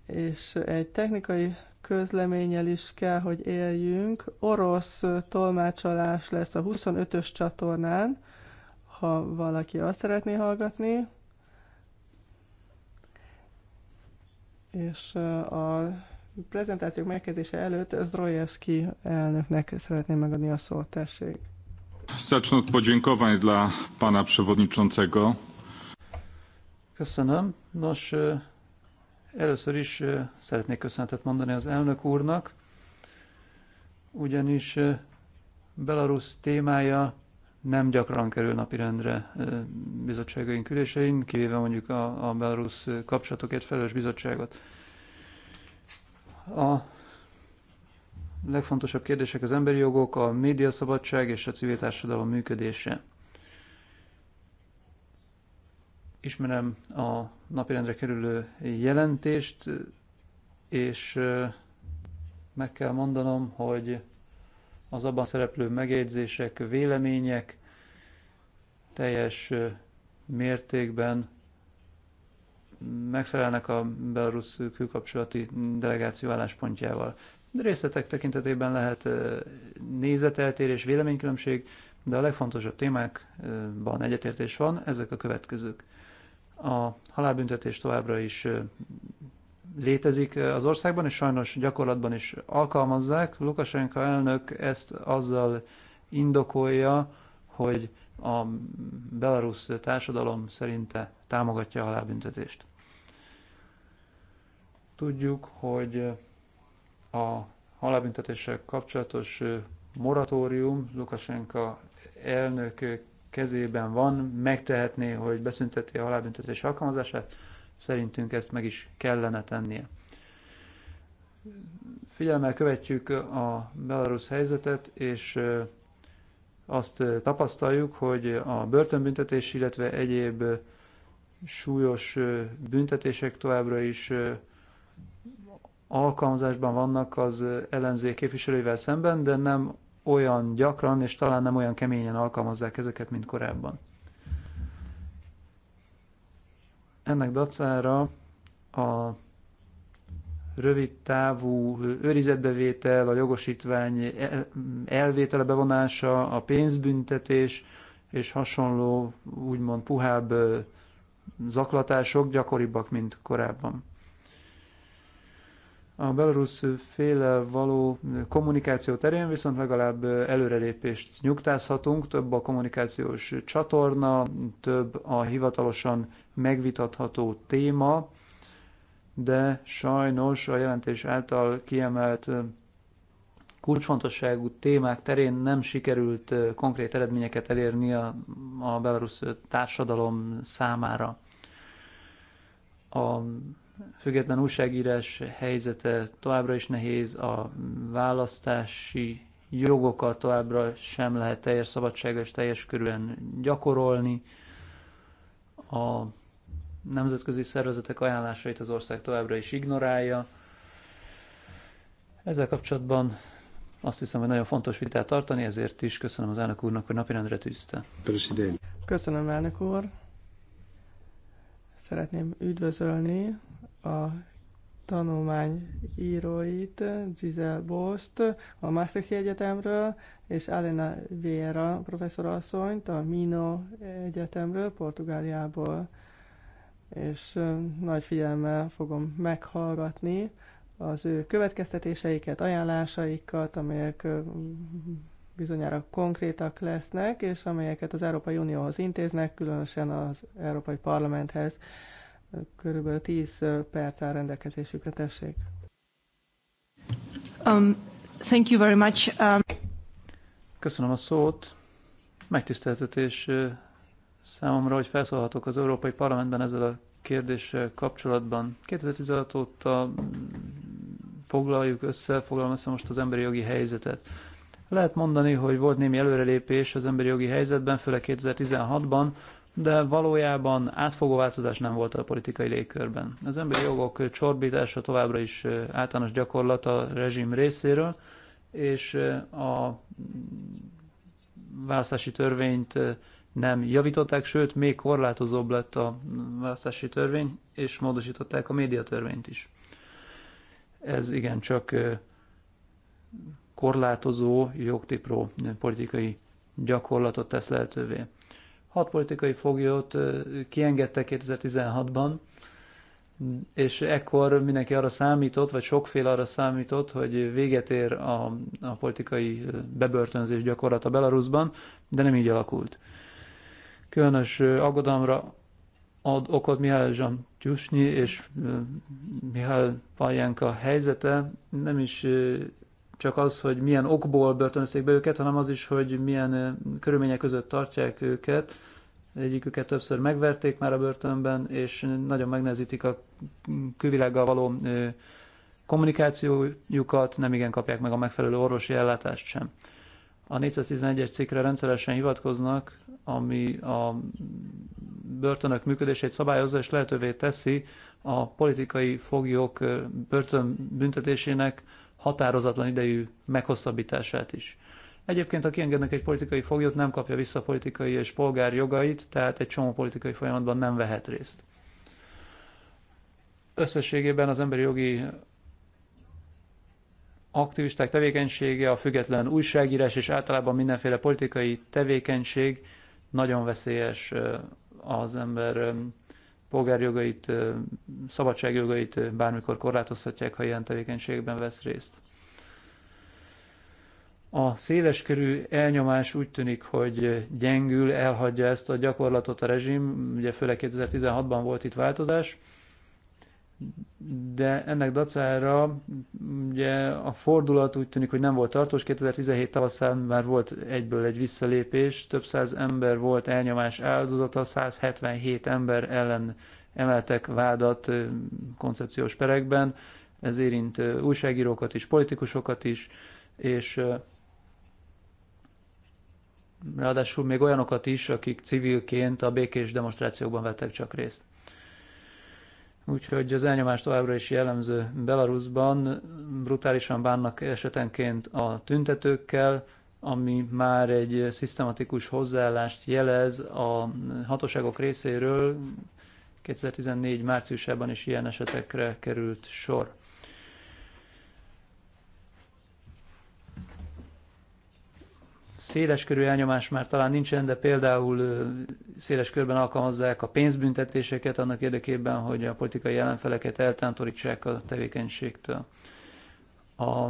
és egy technikai közleménnyel is kell, hogy éljünk. Orosz tolmácsolás lesz a 25-ös csatornán, ha valaki azt szeretné hallgatni. És a prezentációk megkezdése előtt Zdrojevski elnöknek szeretném megadni a szót, tessék. Zacznę od podziękowań dla pana przewodniczącego. Köszönöm. Nos, először is szeretnék köszönetet mondani az elnök úrnak, ugyanis Belarus témája nem gyakran kerül napirendre bizottságaink ülésein, kivéve mondjuk a, a Belarus kapcsolatokért felelős bizottságot. A legfontosabb kérdések az emberi jogok, a médiaszabadság és a civil társadalom működése. Ismerem a napirendre kerülő jelentést, és meg kell mondanom, hogy az abban szereplő megjegyzések, vélemények teljes mértékben megfelelnek a belarusz külkapcsolati delegáció álláspontjával. Részletek tekintetében lehet nézeteltérés, véleménykülönbség, de a legfontosabb témákban egyetértés van, ezek a következők. A halálbüntetés továbbra is létezik az országban, és sajnos gyakorlatban is alkalmazzák. Lukasenka elnök ezt azzal indokolja, hogy a belarusz társadalom szerinte támogatja a halálbüntetést. Tudjuk, hogy a halálbüntetéssel kapcsolatos moratórium Lukasenka elnök kezében van, megtehetné, hogy beszünteti a halálbüntetés alkalmazását, szerintünk ezt meg is kellene tennie. Figyelemmel követjük a belarusz helyzetet, és azt tapasztaljuk, hogy a börtönbüntetés, illetve egyéb súlyos büntetések továbbra is alkalmazásban vannak az ellenző képviselővel szemben, de nem olyan gyakran és talán nem olyan keményen alkalmazzák ezeket, mint korábban. Ennek dacára a rövid távú őrizetbevétel, a jogosítvány e-, elvétele bevonása, a pénzbüntetés és hasonló úgymond puhább zaklatások gyakoribbak, mint korábban. A belarusz féle való kommunikáció terén viszont legalább előrelépést nyugtázhatunk, több a kommunikációs csatorna, több a hivatalosan megvitatható téma, de sajnos a jelentés által kiemelt kulcsfontosságú témák terén nem sikerült konkrét eredményeket elérni a, a belarusz társadalom számára. A független újságírás helyzete továbbra is nehéz, a választási jogokat továbbra sem lehet teljes szabadsága és teljes körülön gyakorolni. A nemzetközi szervezetek ajánlásait az ország továbbra is ignorálja. Ezzel kapcsolatban azt hiszem, hogy nagyon fontos vitát tartani, ezért is köszönöm az elnök úrnak, hogy napirendre tűzte. Köszönöm, elnök úr. Szeretném üdvözölni a tanulmány íróit, Giselle Bost a Maastrichti Egyetemről, és Alena Vieira professzorasszonyt a Mino Egyetemről, Portugáliából. És nagy figyelemmel fogom meghallgatni az ő következtetéseiket, ajánlásaikat, amelyek bizonyára konkrétak lesznek, és amelyeket az Európai Unióhoz intéznek, különösen az Európai Parlamenthez. Körülbelül 10 perc áll rendelkezésükre, tessék. Um, thank you very much. Um... Köszönöm a szót. Megtiszteltetés számomra, hogy felszólhatok az Európai Parlamentben ezzel a kérdéssel kapcsolatban. 2016 óta foglaljuk össze, foglalom össze most az emberi jogi helyzetet. Lehet mondani, hogy volt némi előrelépés az emberi jogi helyzetben, főleg 2016-ban, de valójában átfogó változás nem volt a politikai légkörben. Az emberi jogok csorbítása továbbra is általános gyakorlat a rezsim részéről, és a választási törvényt nem javították, sőt, még korlátozóbb lett a választási törvény, és módosították a médiatörvényt is. Ez igen csak korlátozó, jogtipró politikai gyakorlatot tesz lehetővé. Hat politikai foglyot kiengedtek 2016-ban, és ekkor mindenki arra számított, vagy sokféle arra számított, hogy véget ér a, a politikai bebörtönzés gyakorlata Belarusban, de nem így alakult. Különös aggodalomra ad okot Mihály Zsamtyusnyi és Mihály Pajenka helyzete, nem is csak az, hogy milyen okból börtönözték be őket, hanem az is, hogy milyen körülmények között tartják őket. Egyiküket többször megverték már a börtönben, és nagyon megnehezítik a külvilággal való kommunikációjukat, nem igen kapják meg a megfelelő orvosi ellátást sem. A 411-es cikkre rendszeresen hivatkoznak, ami a börtönök működését szabályozza és lehetővé teszi a politikai foglyok börtön büntetésének határozatlan idejű meghosszabbítását is. Egyébként, ha kiengednek egy politikai foglyot, nem kapja vissza politikai és polgár jogait, tehát egy csomó politikai folyamatban nem vehet részt. Összességében az emberi jogi aktivisták tevékenysége, a független újságírás és általában mindenféle politikai tevékenység nagyon veszélyes az ember polgárjogait, szabadságjogait bármikor korlátozhatják, ha ilyen tevékenységben vesz részt. A széleskörű elnyomás úgy tűnik, hogy gyengül, elhagyja ezt a gyakorlatot a rezsim, ugye főleg 2016-ban volt itt változás, de ennek dacára ugye a fordulat úgy tűnik, hogy nem volt tartós. 2017 tavaszán már volt egyből egy visszalépés, több száz ember volt elnyomás áldozata, 177 ember ellen emeltek vádat koncepciós perekben, ez érint újságírókat is, politikusokat is, és ráadásul még olyanokat is, akik civilként a békés demonstrációkban vettek csak részt úgyhogy az elnyomás továbbra is jellemző Belarusban, brutálisan bánnak esetenként a tüntetőkkel, ami már egy szisztematikus hozzáállást jelez a hatóságok részéről. 2014 márciusában is ilyen esetekre került sor. széleskörű elnyomás már talán nincsen, de például széles körben alkalmazzák a pénzbüntetéseket annak érdekében, hogy a politikai ellenfeleket eltántorítsák a tevékenységtől. A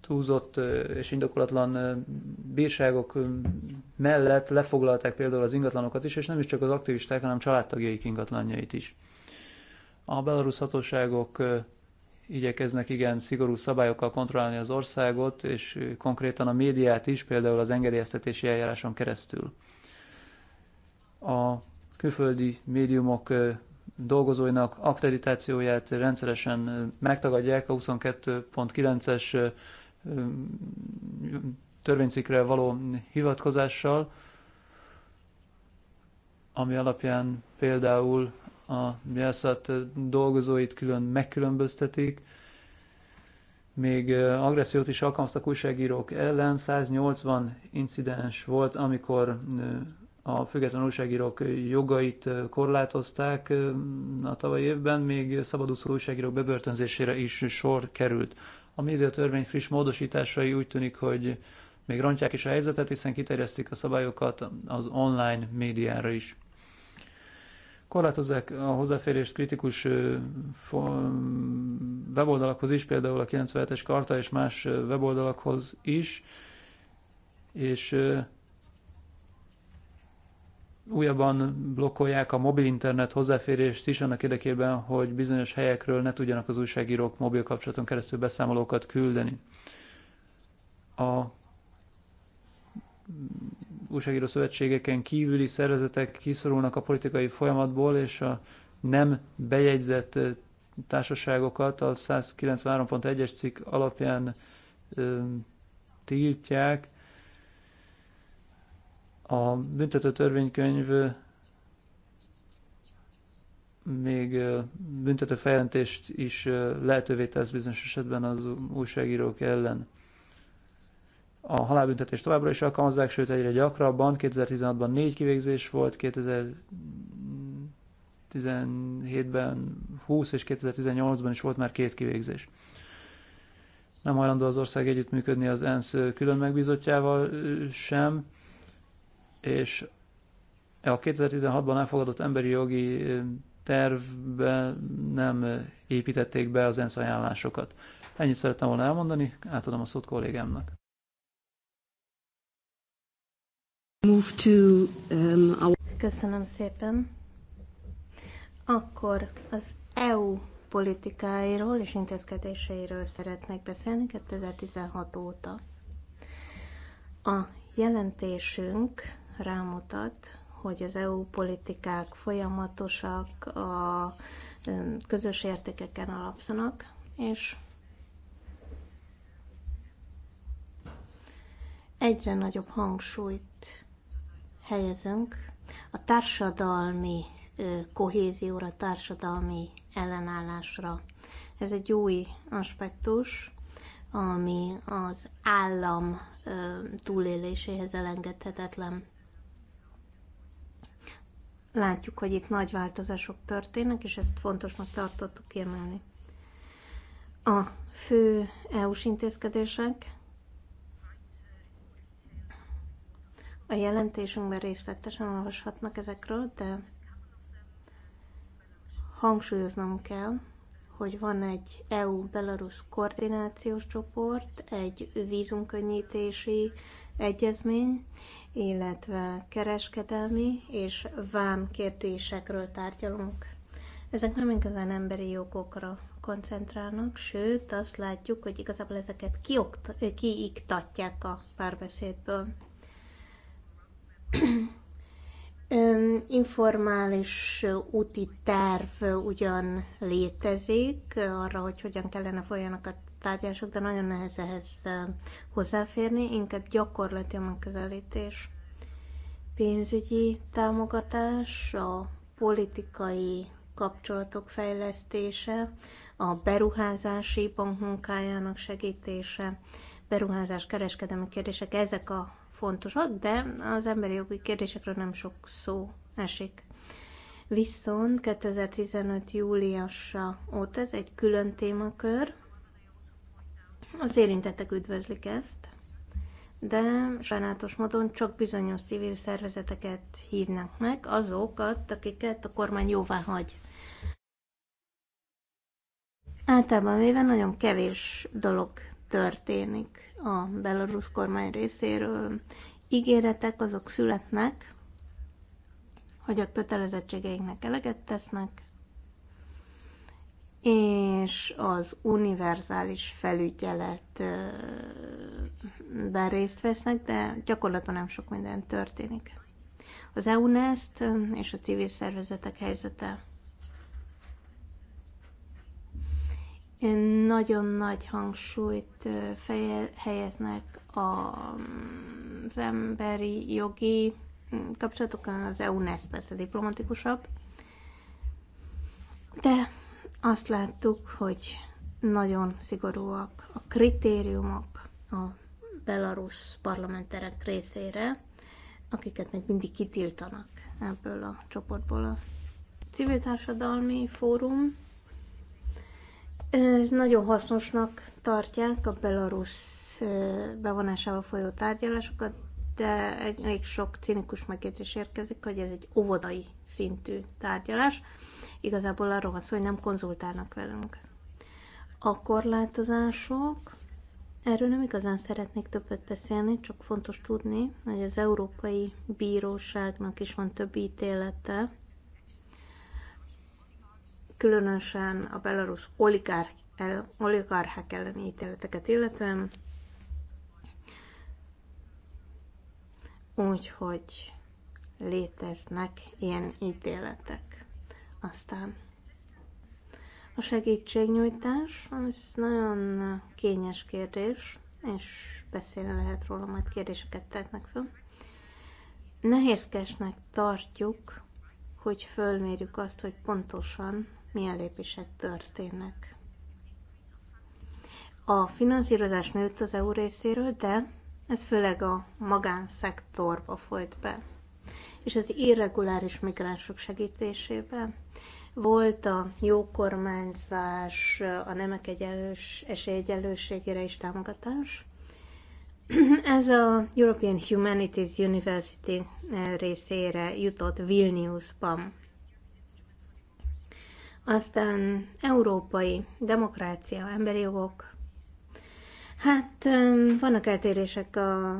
túlzott és indokolatlan bírságok mellett lefoglalták például az ingatlanokat is, és nem is csak az aktivisták, hanem családtagjaik ingatlanjait is. A belarusz hatóságok igyekeznek igen szigorú szabályokkal kontrollálni az országot, és konkrétan a médiát is, például az engedélyeztetési eljáráson keresztül. A külföldi médiumok dolgozóinak akkreditációját rendszeresen megtagadják a 22.9-es törvénycikre való hivatkozással, ami alapján például a gyászat dolgozóit külön megkülönböztetik, még agressziót is alkalmaztak újságírók ellen, 180 incidens volt, amikor a független újságírók jogait korlátozták a tavalyi évben, még szabadúszó újságírók bebörtönzésére is sor került. A médiatörvény friss módosításai úgy tűnik, hogy még rontják is a helyzetet, hiszen kiterjesztik a szabályokat az online médiára is korlátozzák a hozzáférést kritikus weboldalakhoz is, például a 97-es karta és más weboldalakhoz is, és újabban blokkolják a mobil internet hozzáférést is annak érdekében, hogy bizonyos helyekről ne tudjanak az újságírók mobil kapcsolaton keresztül beszámolókat küldeni. A újságíró szövetségeken kívüli szervezetek kiszorulnak a politikai folyamatból, és a nem bejegyzett társaságokat a 193.1-es cikk alapján ö, tiltják. A büntető törvénykönyv még büntető fejlentést is lehetővé tesz bizonyos esetben az újságírók ellen a halálbüntetést továbbra is alkalmazzák, sőt egyre gyakrabban. 2016-ban négy kivégzés volt, 2017-ben 20 és 2018-ban is volt már két kivégzés. Nem hajlandó az ország együttműködni az ENSZ külön megbízottjával sem, és a 2016-ban elfogadott emberi jogi tervbe nem építették be az ENSZ ajánlásokat. Ennyit szerettem volna elmondani, átadom a szót kollégámnak. Um, Köszönöm szépen. Akkor az EU politikáiról és intézkedéseiről szeretnék beszélni 2016 óta. A jelentésünk rámutat, hogy az EU politikák folyamatosak, a um, közös értékeken alapszanak, és egyre nagyobb hangsúlyt helyezünk a társadalmi kohézióra, társadalmi ellenállásra. Ez egy új aspektus, ami az állam túléléséhez elengedhetetlen. Látjuk, hogy itt nagy változások történnek, és ezt fontosnak tartottuk kiemelni. A fő EU-s intézkedések A jelentésünkben részletesen olvashatnak ezekről, de hangsúlyoznom kell, hogy van egy EU-Belarus koordinációs csoport, egy vízumkönnyítési egyezmény, illetve kereskedelmi és vám kérdésekről tárgyalunk. Ezek nem igazán emberi jogokra koncentrálnak, sőt azt látjuk, hogy igazából ezeket kiiktatják a párbeszédből informális úti terv ugyan létezik arra, hogy hogyan kellene folyanak a tárgyalások, de nagyon nehéz ehhez hozzáférni, inkább gyakorlati a megközelítés. Pénzügyi támogatás, a politikai kapcsolatok fejlesztése, a beruházási bankmunkájának segítése, beruházás, kereskedelmi kérdések, ezek a fontosak, de az emberi jogi kérdésekről nem sok szó esik. Viszont 2015. júliusa óta ez egy külön témakör. Az érintettek üdvözlik ezt, de sajnálatos módon csak bizonyos civil szervezeteket hívnak meg, azokat, akiket a kormány jóvá hagy. Általában véve nagyon kevés dolog történik a belarus kormány részéről. Ígéretek azok születnek, hogy a kötelezettségeiknek eleget tesznek, és az univerzális felügyeletben részt vesznek, de gyakorlatban nem sok minden történik. Az EUNEST és a civil szervezetek helyzete nagyon nagy hangsúlyt feje, helyeznek mm, az emberi jogi mm, kapcsolatokon, az EU lesz persze diplomatikusabb, de azt láttuk, hogy nagyon szigorúak a kritériumok a belarusz parlamenterek részére, akiket még mindig kitiltanak ebből a csoportból a civil társadalmi fórum nagyon hasznosnak tartják a belarusz bevonásával folyó tárgyalásokat, de elég sok cinikus megjegyzés érkezik, hogy ez egy óvodai szintű tárgyalás. Igazából arról van szó, hogy nem konzultálnak velünk. A korlátozások, erről nem igazán szeretnék többet beszélni, csak fontos tudni, hogy az Európai Bíróságnak is van több ítélete, különösen a belarus oligarchák elleni ítéleteket illetően. Úgyhogy léteznek ilyen ítéletek. Aztán a segítségnyújtás, ez nagyon kényes kérdés, és beszélni lehet róla, majd kérdéseket tettnek föl. Nehézkesnek tartjuk, hogy fölmérjük azt, hogy pontosan milyen lépések történnek. A finanszírozás nőtt az EU részéről, de ez főleg a magánszektorba folyt be. És az irreguláris migránsok segítésében volt a jó kormányzás, a nemek egyenlős, esélyegyenlőségére is támogatás. Ez a European Humanities University részére jutott Vilniusban. Aztán európai demokrácia, emberi jogok. Hát vannak eltérések a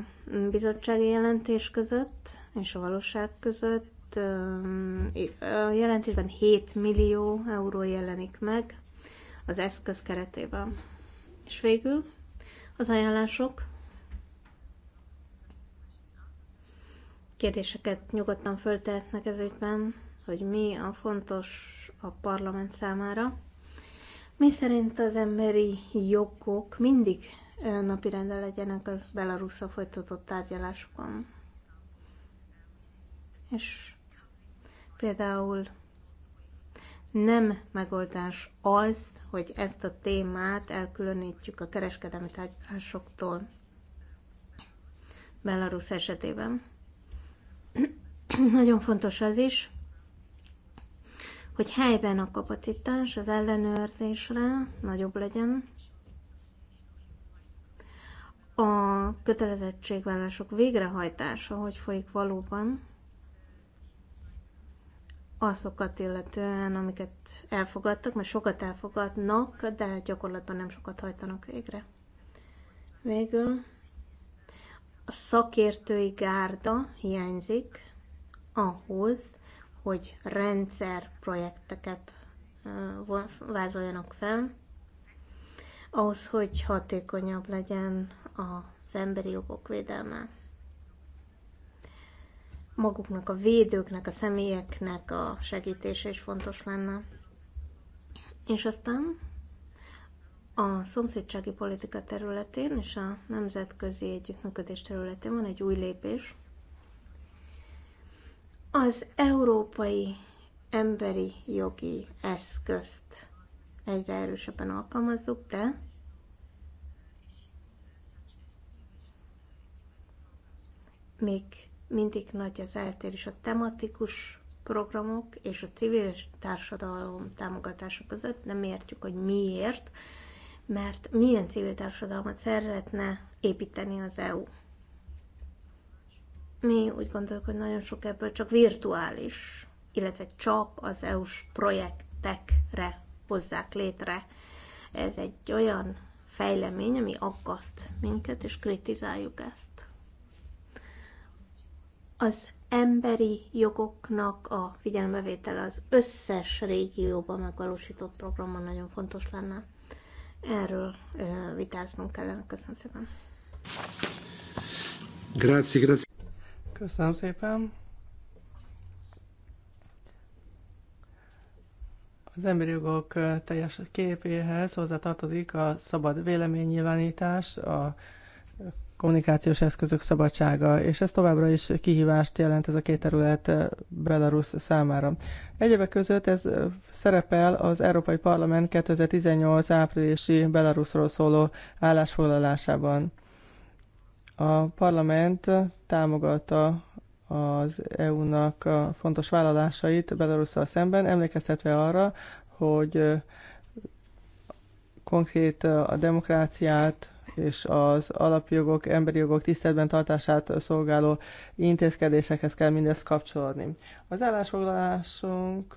bizottsági jelentés között és a valóság között. A jelentésben 7 millió euró jelenik meg az eszköz keretében. És végül az ajánlások. Kérdéseket nyugodtan föltehetnek ez hogy mi a fontos a parlament számára. Mi szerint az emberi jogok mindig napirendre legyenek az Belarusza folytatott tárgyalásokon. És például nem megoldás az, hogy ezt a témát elkülönítjük a kereskedelmi tárgyalásoktól Belarus esetében. Nagyon fontos az is, hogy helyben a kapacitás az ellenőrzésre nagyobb legyen, a kötelezettségvállások végrehajtása, hogy folyik valóban, azokat illetően, amiket elfogadtak, mert sokat elfogadnak, de gyakorlatban nem sokat hajtanak végre. Végül a szakértői gárda hiányzik ahhoz, hogy rendszerprojekteket vázoljanak fel, ahhoz, hogy hatékonyabb legyen az emberi jogok védelme. Maguknak, a védőknek, a személyeknek a segítése is fontos lenne. És aztán a szomszédsági politika területén és a nemzetközi együttműködés területén van egy új lépés, az európai emberi jogi eszközt egyre erősebben alkalmazzuk, de még mindig nagy az eltérés a tematikus programok és a civil társadalom támogatása között. Nem értjük, hogy miért, mert milyen civil társadalmat szeretne építeni az EU. Mi úgy gondoljuk, hogy nagyon sok ebből csak virtuális, illetve csak az EU-s projektekre hozzák létre. Ez egy olyan fejlemény, ami aggaszt minket, és kritizáljuk ezt. Az emberi jogoknak a figyelmevétele az összes régióban megvalósított programban nagyon fontos lenne. Erről vitáznunk kellene. Köszönöm szépen. Grazie, grazie. Köszönöm szépen. Az emberi jogok teljes képéhez hozzátartozik a szabad véleménynyilvánítás, a kommunikációs eszközök szabadsága, és ez továbbra is kihívást jelent ez a két terület Belarus számára. Egyebek között ez szerepel az Európai Parlament 2018 áprilisi Belarusról szóló állásfoglalásában. A parlament támogatta az EU-nak fontos vállalásait Belarusszal szemben, emlékeztetve arra, hogy konkrét a demokráciát és az alapjogok, emberi jogok tiszteletben tartását szolgáló intézkedésekhez kell mindezt kapcsolódni. Az állásfoglalásunk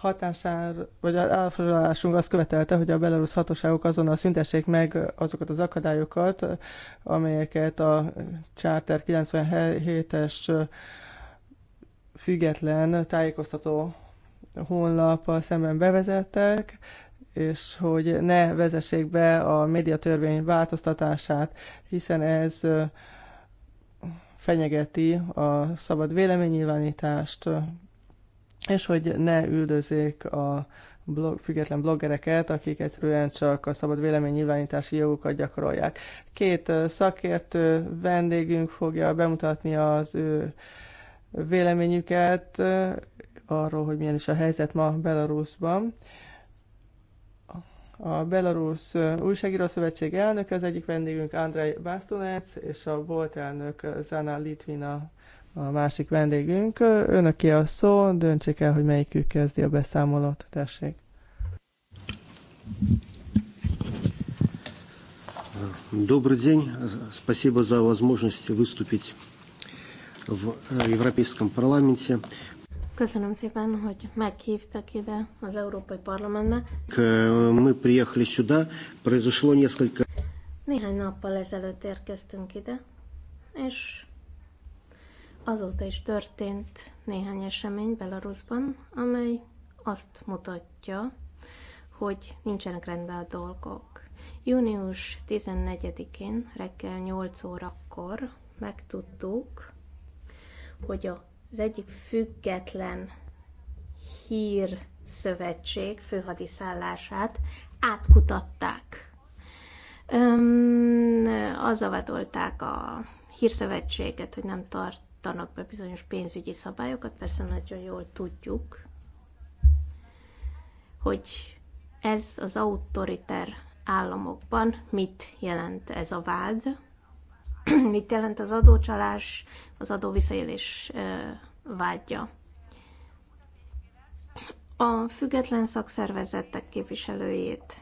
hatására, vagy elfoglalásunk azt követelte, hogy a belarusz hatóságok azonnal szüntessék meg azokat az akadályokat, amelyeket a Charter 97-es független tájékoztató honlapa szemben bevezettek, és hogy ne vezessék be a médiatörvény változtatását, hiszen ez fenyegeti a szabad véleménynyilvánítást, és hogy ne üldözzék a blog, független bloggereket, akik egyszerűen csak a szabad nyilvánítási jogukat gyakorolják. Két szakértő vendégünk fogja bemutatni az ő véleményüket arról, hogy milyen is a helyzet ma Belarusban. A Belarus Újságíró Szövetség elnöke, az egyik vendégünk Andrei Bastunec, és a volt elnök Zana Litvina a másik vendégünk. Önöké a szó, döntsék el, hogy melyikük kezdi a beszámolót. Tessék. Добрый день. Спасибо за возможность выступить в э, Европейском парламенте. Köszönöm szépen, hogy meghívtak ide az Európai Parlamentbe. Мы приехали сюда, произошло несколько... Néhány nappal ezelőtt érkeztünk ide, és Azóta is történt néhány esemény Belarusban, amely azt mutatja, hogy nincsenek rendben a dolgok. Június 14-én reggel 8 órakor megtudtuk, hogy az egyik független hírszövetség főhadiszállását átkutatták. Öm, azzal vadolták a hírszövetséget, hogy nem tart tartanak be bizonyos pénzügyi szabályokat, persze nagyon jól tudjuk, hogy ez az autoriter államokban mit jelent ez a vád, mit jelent az adócsalás, az adóvisszaélés vágya. A független szakszervezetek képviselőjét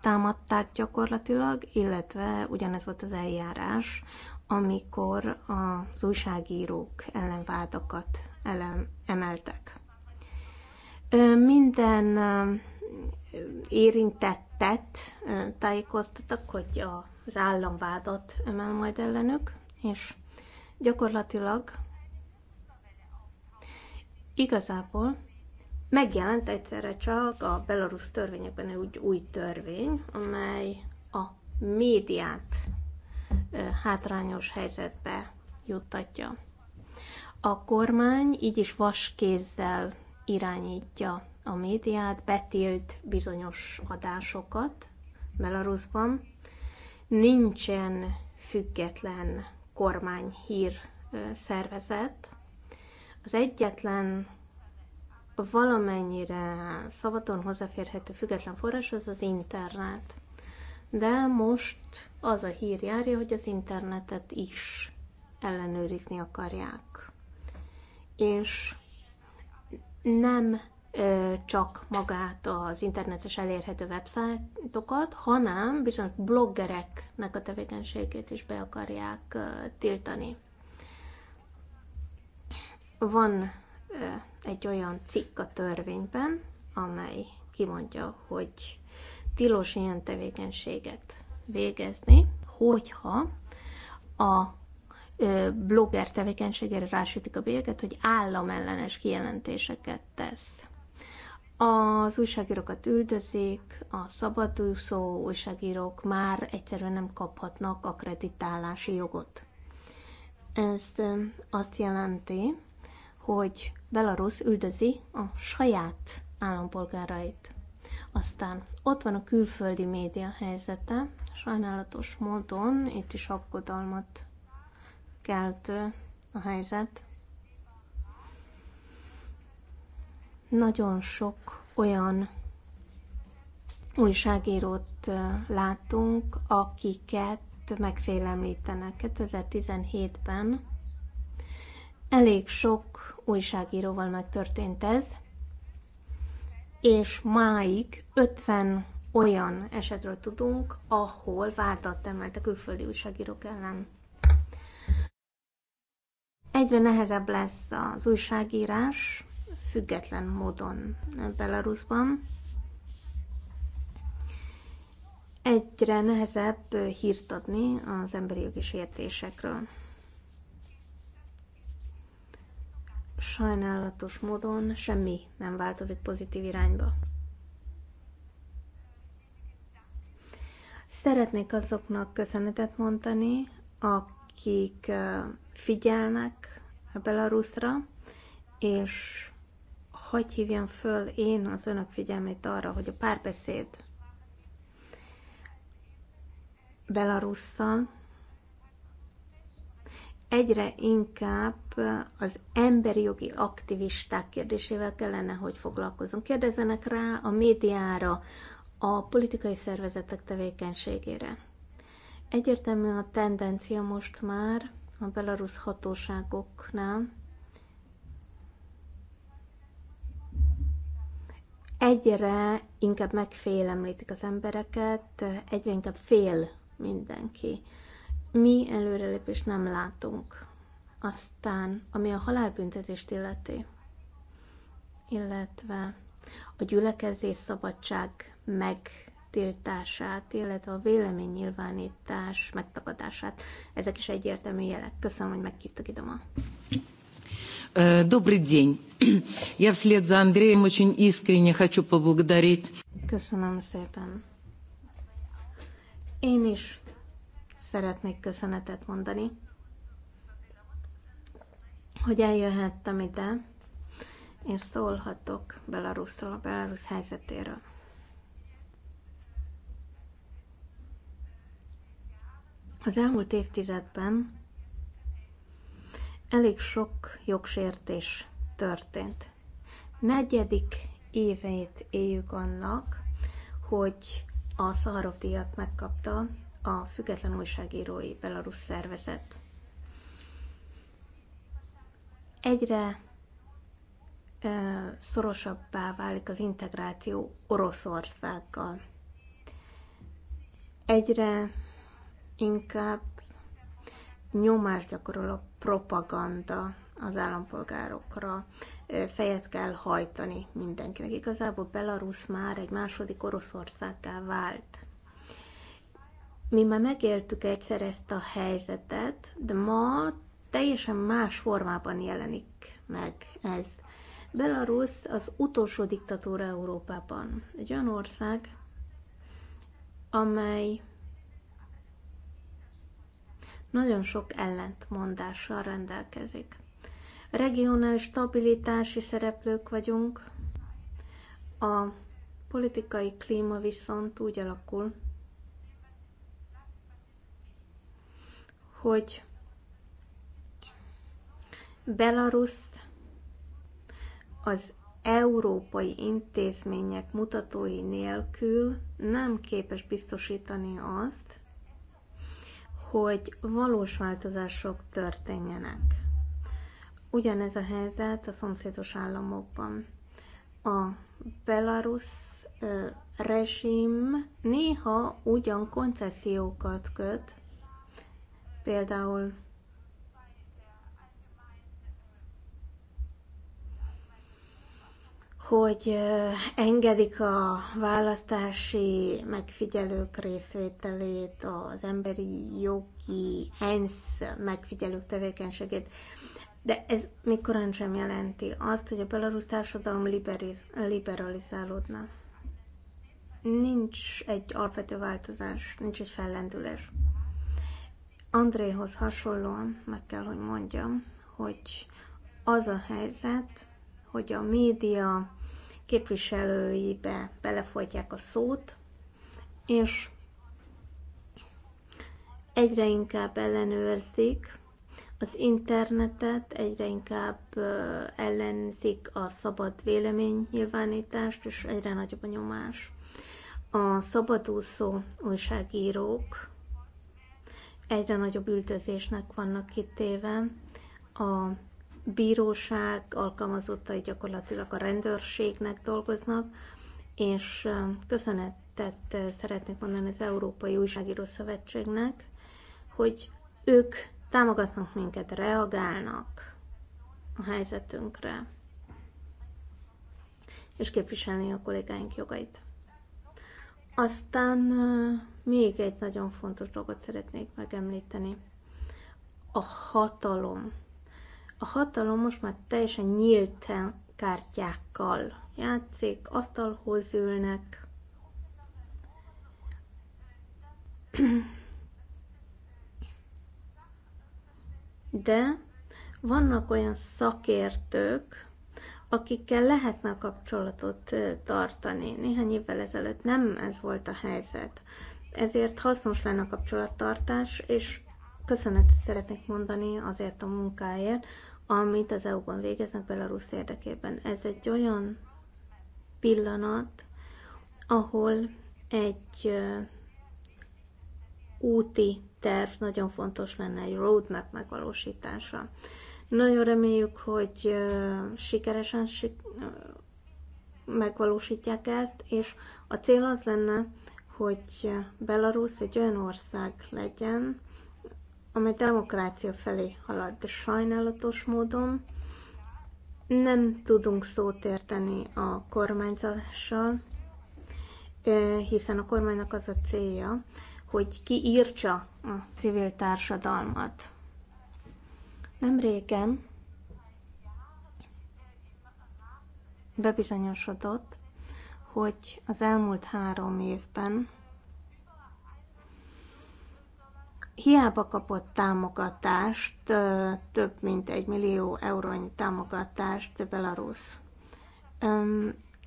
támadták gyakorlatilag, illetve ugyanez volt az eljárás amikor az újságírók ellen vádakat ellen emeltek. Minden érintettet tájékoztattak, hogy az államvádat emel majd ellenük, és gyakorlatilag igazából megjelent egyszerre csak a belarusz törvényekben egy új törvény, amely a médiát hátrányos helyzetbe juttatja. A kormány így is vaskézzel irányítja a médiát, betilt bizonyos adásokat Belarusban. Nincsen független kormányhír szervezet. Az egyetlen valamennyire szabadon hozzáférhető független forrás az az internet de most az a hír járja, hogy az internetet is ellenőrizni akarják. És nem ö, csak magát az internetes elérhető websájtokat, hanem bizonyos bloggereknek a tevékenységét is be akarják ö, tiltani. Van ö, egy olyan cikk a törvényben, amely kimondja, hogy tilos ilyen tevékenységet végezni, hogyha a blogger tevékenységére rásütik a bélyeget, hogy államellenes kijelentéseket tesz. Az újságírókat üldözik, a szabadúszó újságírók már egyszerűen nem kaphatnak akreditálási jogot. Ez azt jelenti, hogy Belarus üldözi a saját állampolgárait. Aztán ott van a külföldi média helyzete, sajnálatos módon itt is aggodalmat kelt a helyzet. Nagyon sok olyan újságírót látunk, akiket megfélemlítenek. 2017-ben elég sok újságíróval megtörtént ez, és máig 50 olyan esetről tudunk, ahol vádat emelt a külföldi újságírók ellen. Egyre nehezebb lesz az újságírás, független módon Belarusban. Egyre nehezebb hírt adni az emberi jogi sértésekről. Sajnálatos módon semmi nem változik pozitív irányba. Szeretnék azoknak köszönetet mondani, akik figyelnek a Belarusra, és hogy hívjam föl én az önök figyelmét arra, hogy a párbeszéd Belarusszal egyre inkább az emberi jogi aktivisták kérdésével kellene, hogy foglalkozunk. Kérdezzenek rá a médiára, a politikai szervezetek tevékenységére. Egyértelmű a tendencia most már a belarusz hatóságoknál, egyre inkább megfélemlítik az embereket, egyre inkább fél mindenki mi előrelépést nem látunk. Aztán, ami a halálbüntetést illeti, illetve a gyülekezés szabadság megtiltását, illetve a véleménynyilvánítás megtagadását. Ezek is egyértelmű jelek. Köszönöm, hogy meghívtak ide ma. Добрый день. Я вслед за Андреем очень искренне хочу поблагодарить. Köszönöm szépen. Én is szeretnék köszönetet mondani, hogy eljöhettem ide, és szólhatok Belarusról, Belarus helyzetéről. Az elmúlt évtizedben elég sok jogsértés történt. Negyedik éveit éljük annak, hogy a Szaharov díjat megkapta a Független Újságírói Belarus Szervezet. Egyre ö, szorosabbá válik az integráció Oroszországgal. Egyre inkább nyomást gyakorol a propaganda az állampolgárokra, fejet kell hajtani mindenkinek. Igazából Belarus már egy második Oroszországgá vált. Mi már megéltük egyszer ezt a helyzetet, de ma teljesen más formában jelenik meg ez. Belarus az utolsó diktatúra Európában. Egy olyan ország, amely nagyon sok ellentmondással rendelkezik. Regionális stabilitási szereplők vagyunk, a politikai klíma viszont úgy alakul, hogy Belarus az európai intézmények mutatói nélkül nem képes biztosítani azt, hogy valós változások történjenek. Ugyanez a helyzet a szomszédos államokban. A belarusz rezsim néha ugyan koncesziókat köt, Például hogy engedik a választási megfigyelők részvételét, az emberi jogi ENSZ megfigyelők tevékenységét. De ez mikorán sem jelenti azt, hogy a belarusz társadalom liberiz, liberalizálódna. Nincs egy alapvető változás, nincs egy fellendülés. Andréhoz hasonlóan meg kell, hogy mondjam, hogy az a helyzet, hogy a média képviselőibe belefolytják a szót, és egyre inkább ellenőrzik az internetet, egyre inkább ellenzik a szabad véleménynyilvánítást, és egyre nagyobb a nyomás. A szabadúszó újságírók egyre nagyobb üldözésnek vannak kitéve. A bíróság alkalmazottai gyakorlatilag a rendőrségnek dolgoznak, és köszönetet szeretnék mondani az Európai Újságíró Szövetségnek, hogy ők támogatnak minket, reagálnak a helyzetünkre, és képviselni a kollégáink jogait. Aztán még egy nagyon fontos dolgot szeretnék megemlíteni. A hatalom. A hatalom most már teljesen nyílt kártyákkal játszik, asztalhoz ülnek. De vannak olyan szakértők, akikkel lehetne a kapcsolatot tartani. Néhány évvel ezelőtt nem ez volt a helyzet. Ezért hasznos lenne a kapcsolattartás, és köszönetet szeretnék mondani azért a munkáért, amit az EU-ban végeznek Belarus érdekében. Ez egy olyan pillanat, ahol egy úti terv nagyon fontos lenne, egy roadmap megvalósítása. Nagyon reméljük, hogy sikeresen megvalósítják ezt, és a cél az lenne, hogy Belarus egy olyan ország legyen, amely demokrácia felé halad, de sajnálatos módon nem tudunk szót érteni a kormányzással, hiszen a kormánynak az a célja, hogy kiírtsa a civil társadalmat. Nem régen bebizonyosodott, hogy az elmúlt három évben hiába kapott támogatást, több mint egy millió eurónyi támogatást Belarus.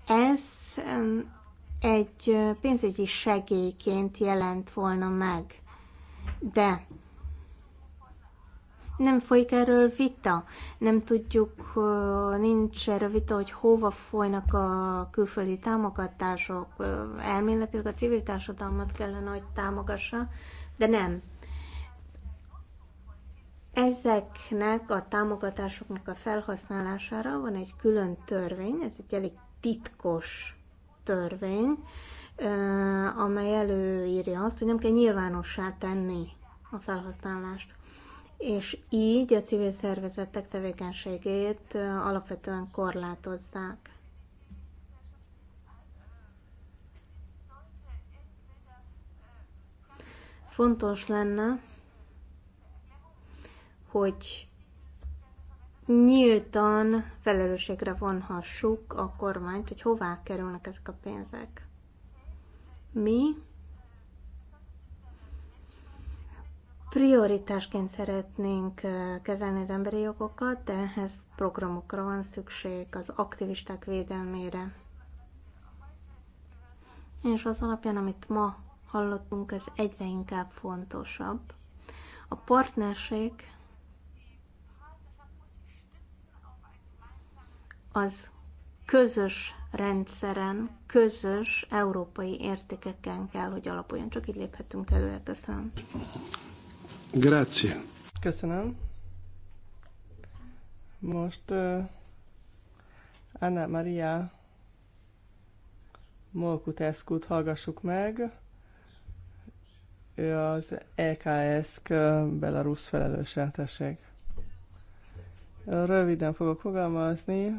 Ez egy pénzügyi segélyként jelent volna meg, de nem folyik erről vita. Nem tudjuk, nincs erről vita, hogy hova folynak a külföldi támogatások. Elméletileg a civil társadalmat kellene, hogy támogassa, de nem. Ezeknek a támogatásoknak a felhasználására van egy külön törvény, ez egy elég titkos törvény, amely előírja azt, hogy nem kell nyilvánossá tenni a felhasználást és így a civil szervezetek tevékenységét alapvetően korlátozzák. Fontos lenne, hogy nyíltan felelősségre vonhassuk a kormányt, hogy hová kerülnek ezek a pénzek. Mi prioritásként szeretnénk kezelni az emberi jogokat, de ehhez programokra van szükség, az aktivisták védelmére. És az alapján, amit ma hallottunk, ez egyre inkább fontosabb. A partnerség az közös rendszeren, közös európai értékeken kell, hogy alapuljon. Csak így léphetünk előre. Köszönöm. Grazie. Köszönöm. Most uh, Anna Maria Molkuteszkút hallgassuk meg. Ő az EKS Belarus felelőse, tessék. Röviden fogok fogalmazni,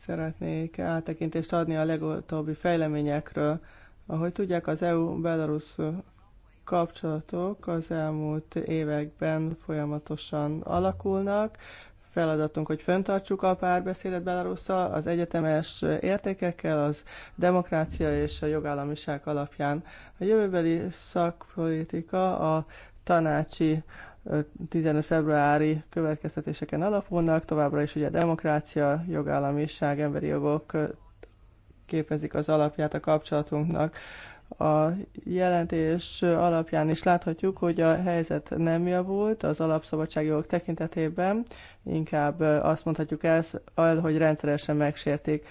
szeretnék áttekintést adni a legutóbbi fejleményekről. Ahogy tudják, az EU-Belarus kapcsolatok az elmúlt években folyamatosan alakulnak. Feladatunk, hogy fenntartsuk a párbeszédet Belarusszal az egyetemes értékekkel, az demokrácia és a jogállamiság alapján. A jövőbeli szakpolitika a tanácsi 15 februári következtetéseken alapulnak, továbbra is ugye a demokrácia, jogállamiság, emberi jogok képezik az alapját a kapcsolatunknak. A jelentés alapján is láthatjuk, hogy a helyzet nem javult az alapszabadságjogok tekintetében, inkább azt mondhatjuk el, hogy rendszeresen megsértik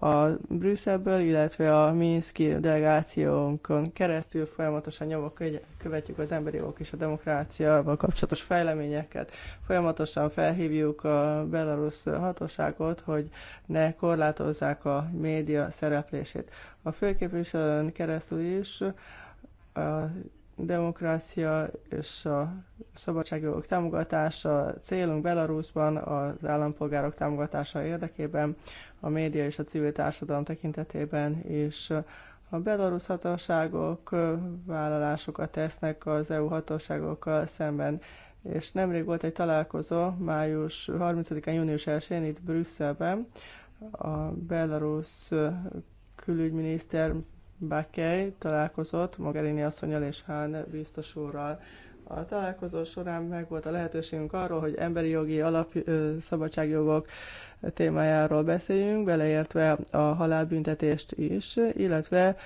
a Brüsszelből, illetve a Minszki delegációnkon keresztül folyamatosan nyomok, követjük az emberi jogok és a demokráciával kapcsolatos fejleményeket. Folyamatosan felhívjuk a belarusz hatóságot, hogy ne korlátozzák a média szereplését. A főképviselőn keresztül is a demokrácia és a szabadságjogok támogatása célunk Belarusban az állampolgárok támogatása érdekében a média és a civil társadalom tekintetében is. A belarusz hatóságok vállalásokat tesznek az EU hatóságokkal szemben, és nemrég volt egy találkozó május 30-án, június 1-én itt Brüsszelben, a belarusz külügyminiszter Bakely találkozott Mogherini asszonyal és Hán biztos úrral. A találkozó során megvolt a lehetőségünk arról, hogy emberi jogi, alap, szabadságjogok, témájáról beszéljünk, beleértve a halálbüntetést is, illetve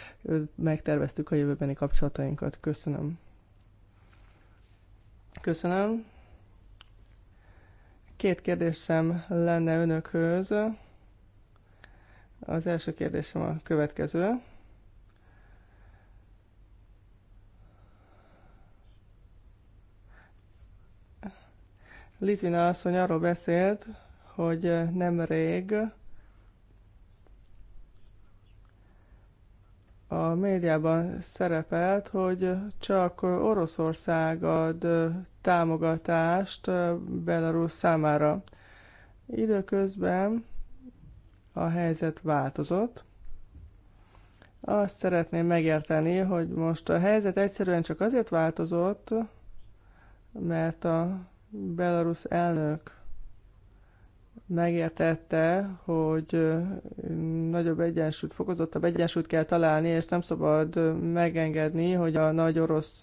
megterveztük a jövőbeni kapcsolatainkat. Köszönöm. Köszönöm. Két kérdésem lenne önökhöz. Az első kérdésem a következő. Litvina asszony arról beszélt, hogy nem rég a médiában szerepelt, hogy csak Oroszország ad támogatást Belarus számára. Időközben a helyzet változott. Azt szeretném megérteni, hogy most a helyzet egyszerűen csak azért változott, mert a belarusz elnök megértette, hogy nagyobb egyensúlyt, fokozottabb egyensúlyt kell találni, és nem szabad megengedni, hogy a nagy orosz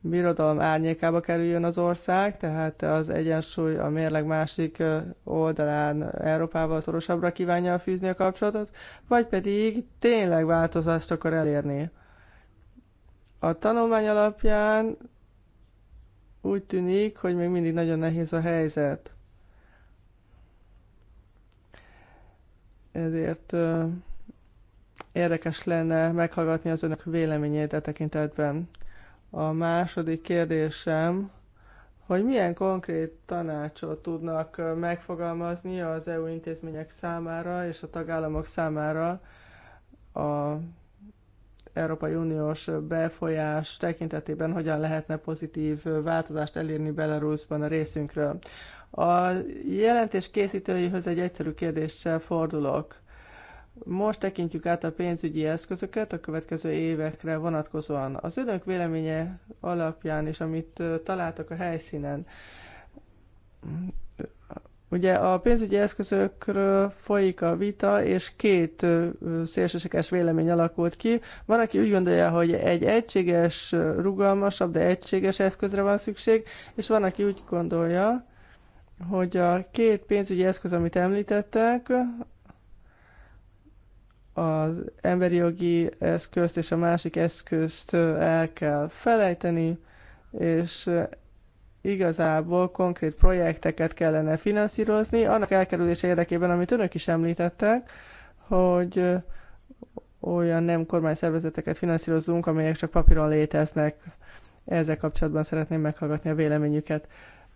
birodalom árnyékába kerüljön az ország, tehát az egyensúly a mérleg másik oldalán Európával szorosabbra kívánja fűzni a kapcsolatot, vagy pedig tényleg változást akar elérni. A tanulmány alapján úgy tűnik, hogy még mindig nagyon nehéz a helyzet ezért érdekes lenne meghallgatni az önök véleményét a e tekintetben. A második kérdésem, hogy milyen konkrét tanácsot tudnak megfogalmazni az EU intézmények számára és a tagállamok számára a Európai Uniós befolyás tekintetében hogyan lehetne pozitív változást elérni Belarusban a részünkről. A jelentés készítőihöz egy egyszerű kérdéssel fordulok. Most tekintjük át a pénzügyi eszközöket a következő évekre vonatkozóan. Az önök véleménye alapján és amit találtak a helyszínen, Ugye a pénzügyi eszközökről folyik a vita, és két szélsőséges vélemény alakult ki. Van, aki úgy gondolja, hogy egy egységes, rugalmasabb, de egységes eszközre van szükség, és van, aki úgy gondolja, hogy a két pénzügyi eszköz, amit említettek, az emberi jogi eszközt és a másik eszközt el kell felejteni, és igazából konkrét projekteket kellene finanszírozni, annak elkerülése érdekében, amit önök is említettek, hogy olyan nem szervezeteket finanszírozunk, amelyek csak papíron léteznek. Ezzel kapcsolatban szeretném meghallgatni a véleményüket.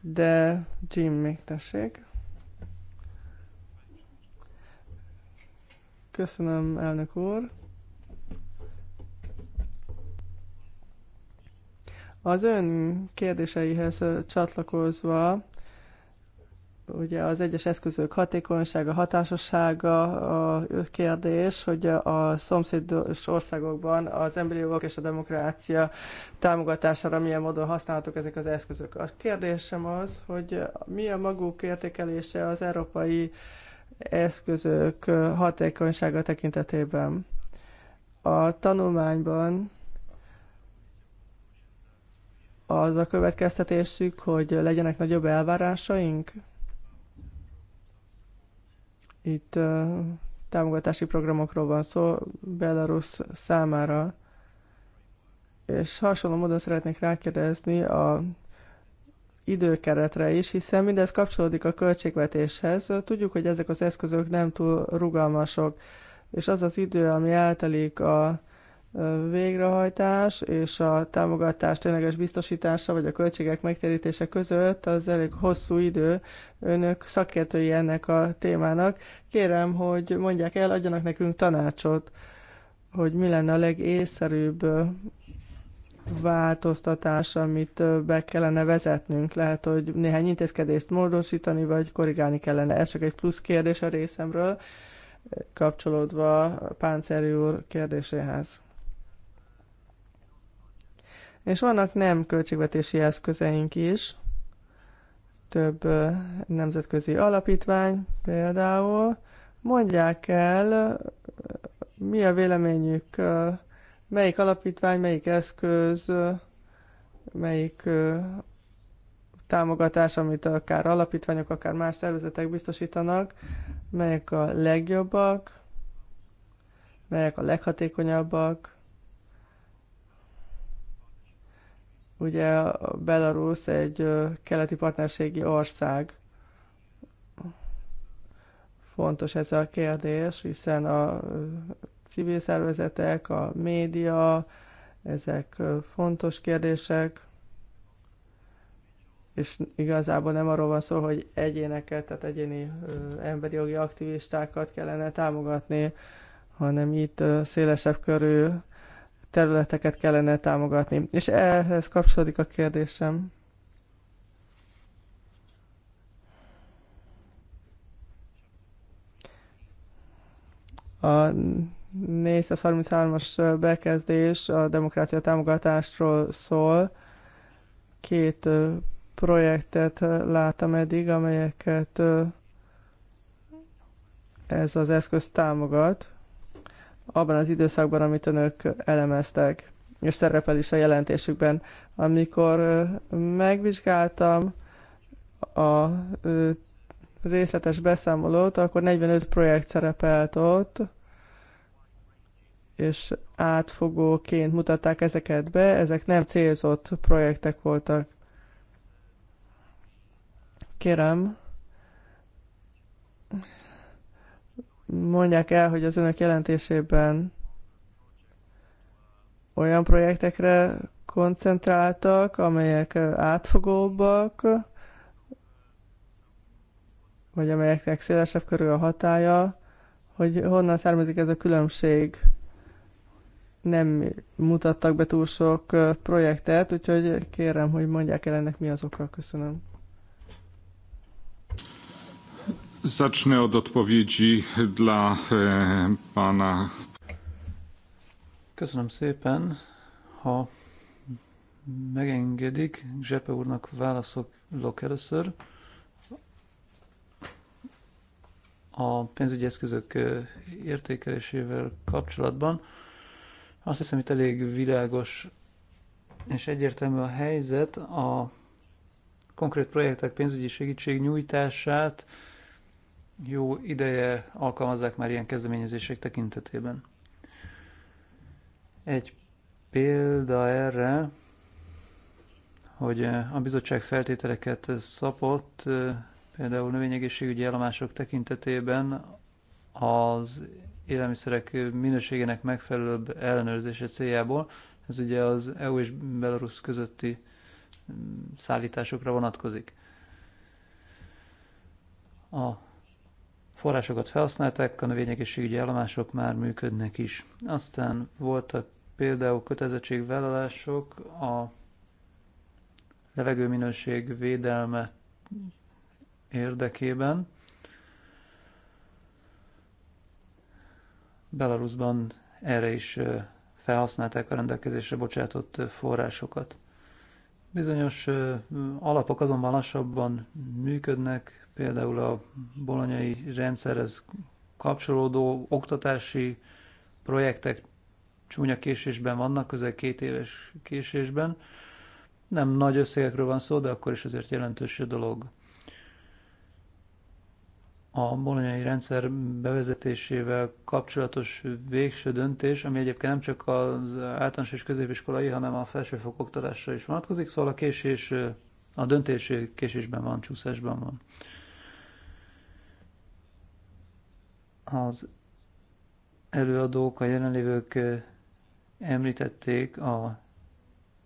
De Jim, még tessék. Köszönöm, elnök úr. Az ön kérdéseihez csatlakozva Ugye az egyes eszközök hatékonysága, hatásossága a kérdés, hogy a szomszédos országokban az emberi jogok és a demokrácia támogatására milyen módon használhatók ezek az eszközök. A kérdésem az, hogy mi a maguk értékelése az európai eszközök hatékonysága tekintetében. A tanulmányban az a következtetésük, hogy legyenek nagyobb elvárásaink? Itt támogatási programokról van szó Belarus számára, és hasonló módon szeretnék rákérdezni a időkeretre is, hiszen mindez kapcsolódik a költségvetéshez. Tudjuk, hogy ezek az eszközök nem túl rugalmasok, és az az idő, ami eltelik a végrehajtás és a támogatás tényleges biztosítása, vagy a költségek megtérítése között az elég hosszú idő. Önök szakértői ennek a témának. Kérem, hogy mondják el, adjanak nekünk tanácsot, hogy mi lenne a legészszerűbb változtatás, amit be kellene vezetnünk. Lehet, hogy néhány intézkedést módosítani, vagy korrigálni kellene. Ez csak egy plusz kérdés a részemről, kapcsolódva Pánceri úr kérdéséhez. És vannak nem költségvetési eszközeink is, több nemzetközi alapítvány például, mondják el, mi a véleményük, melyik alapítvány, melyik eszköz, melyik támogatás, amit akár alapítványok, akár más szervezetek biztosítanak, melyek a legjobbak, melyek a leghatékonyabbak, Ugye Belarus egy keleti partnerségi ország. Fontos ez a kérdés, hiszen a civil szervezetek, a média, ezek fontos kérdések, és igazából nem arról van szó, hogy egyéneket, tehát egyéni ö, emberi jogi aktivistákat kellene támogatni, hanem itt ö, szélesebb körű területeket kellene támogatni. És ehhez kapcsolódik a kérdésem. A 433-as bekezdés a demokrácia támogatásról szól. Két projektet láttam eddig, amelyeket ez az eszköz támogat abban az időszakban, amit önök elemeztek, és szerepel is a jelentésükben. Amikor megvizsgáltam a részletes beszámolót, akkor 45 projekt szerepelt ott, és átfogóként mutatták ezeket be, ezek nem célzott projektek voltak. Kérem, mondják el, hogy az önök jelentésében olyan projektekre koncentráltak, amelyek átfogóbbak, vagy amelyeknek szélesebb körül a hatája, hogy honnan származik ez a különbség. Nem mutattak be túl sok projektet, úgyhogy kérem, hogy mondják el ennek mi az oka. Köszönöm. Zacznę od odpowiedzi dla e, pana. Köszönöm szépen. Ha megengedik, Zsepe úrnak válaszolok először. A pénzügyi eszközök e, értékelésével kapcsolatban azt hiszem, itt elég világos és egyértelmű a helyzet. A konkrét projektek pénzügyi segítség nyújtását jó ideje alkalmazzák már ilyen kezdeményezések tekintetében. Egy példa erre, hogy eh, a bizottság feltételeket eh, szabott, eh, például növényegészségügyi állomások tekintetében az élelmiszerek minőségének megfelelőbb ellenőrzése céljából. Ez ugye az EU és Belarus közötti mm, szállításokra vonatkozik. A forrásokat felhasználták, a növényegészségügyi állomások már működnek is. Aztán voltak például kötelezettségvállalások a levegőminőség védelme érdekében. Belarusban erre is felhasználták a rendelkezésre bocsátott forrásokat. Bizonyos alapok azonban lassabban működnek, például a bolonyai rendszerhez kapcsolódó oktatási projektek csúnya késésben vannak, közel két éves késésben. Nem nagy összegekről van szó, de akkor is azért jelentős a dolog. A bolonyai rendszer bevezetésével kapcsolatos végső döntés, ami egyébként nem csak az általános és középiskolai, hanem a felsőfok oktatásra is vonatkozik, szóval a késés, a döntés késésben van, csúszásban van. Az előadók, a jelenlévők említették a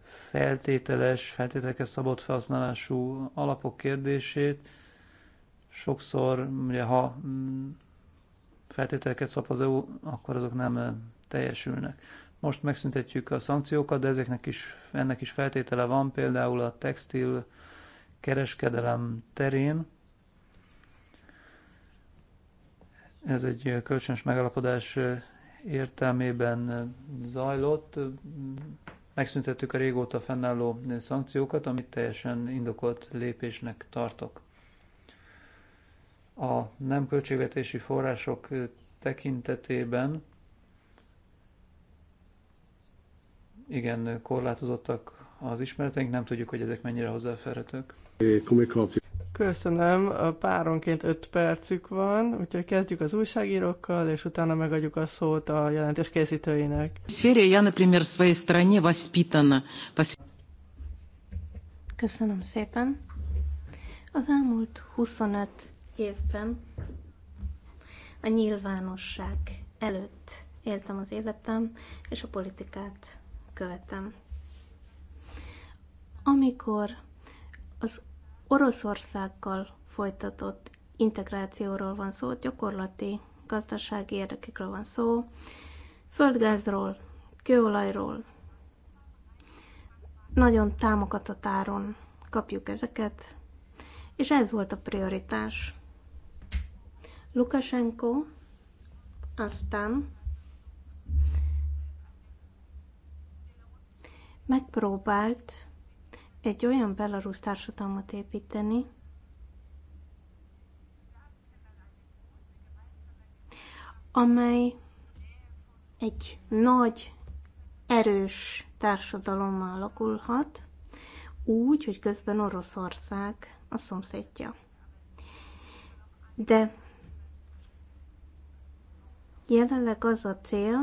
feltételes, feltételekre szabott felhasználású alapok kérdését. Sokszor, ugye, ha mm, feltételeket szab az EU, akkor azok nem teljesülnek. Most megszüntetjük a szankciókat, de ezeknek is, ennek is feltétele van, például a textil kereskedelem terén. Ez egy kölcsönös megalapodás értelmében zajlott. Megszüntettük a régóta fennálló szankciókat, amit teljesen indokolt lépésnek tartok. A nem költségvetési források tekintetében igen korlátozottak az ismereteink, nem tudjuk, hogy ezek mennyire hozzáférhetők. Eh, Köszönöm, a páronként öt percük van, úgyhogy kezdjük az újságírókkal, és utána megadjuk a szót a jelentés készítőinek. Köszönöm szépen. Az elmúlt 25 évben a nyilvánosság előtt éltem az életem, és a politikát követem. Amikor az Oroszországgal folytatott integrációról van szó, gyakorlati gazdasági érdekekről van szó, földgázról, kőolajról, nagyon támogatott áron kapjuk ezeket, és ez volt a prioritás. Lukashenko aztán megpróbált egy olyan belarusz társadalmat építeni, amely egy nagy, erős társadalommal alakulhat, úgy, hogy közben Oroszország a szomszédja. De jelenleg az a cél,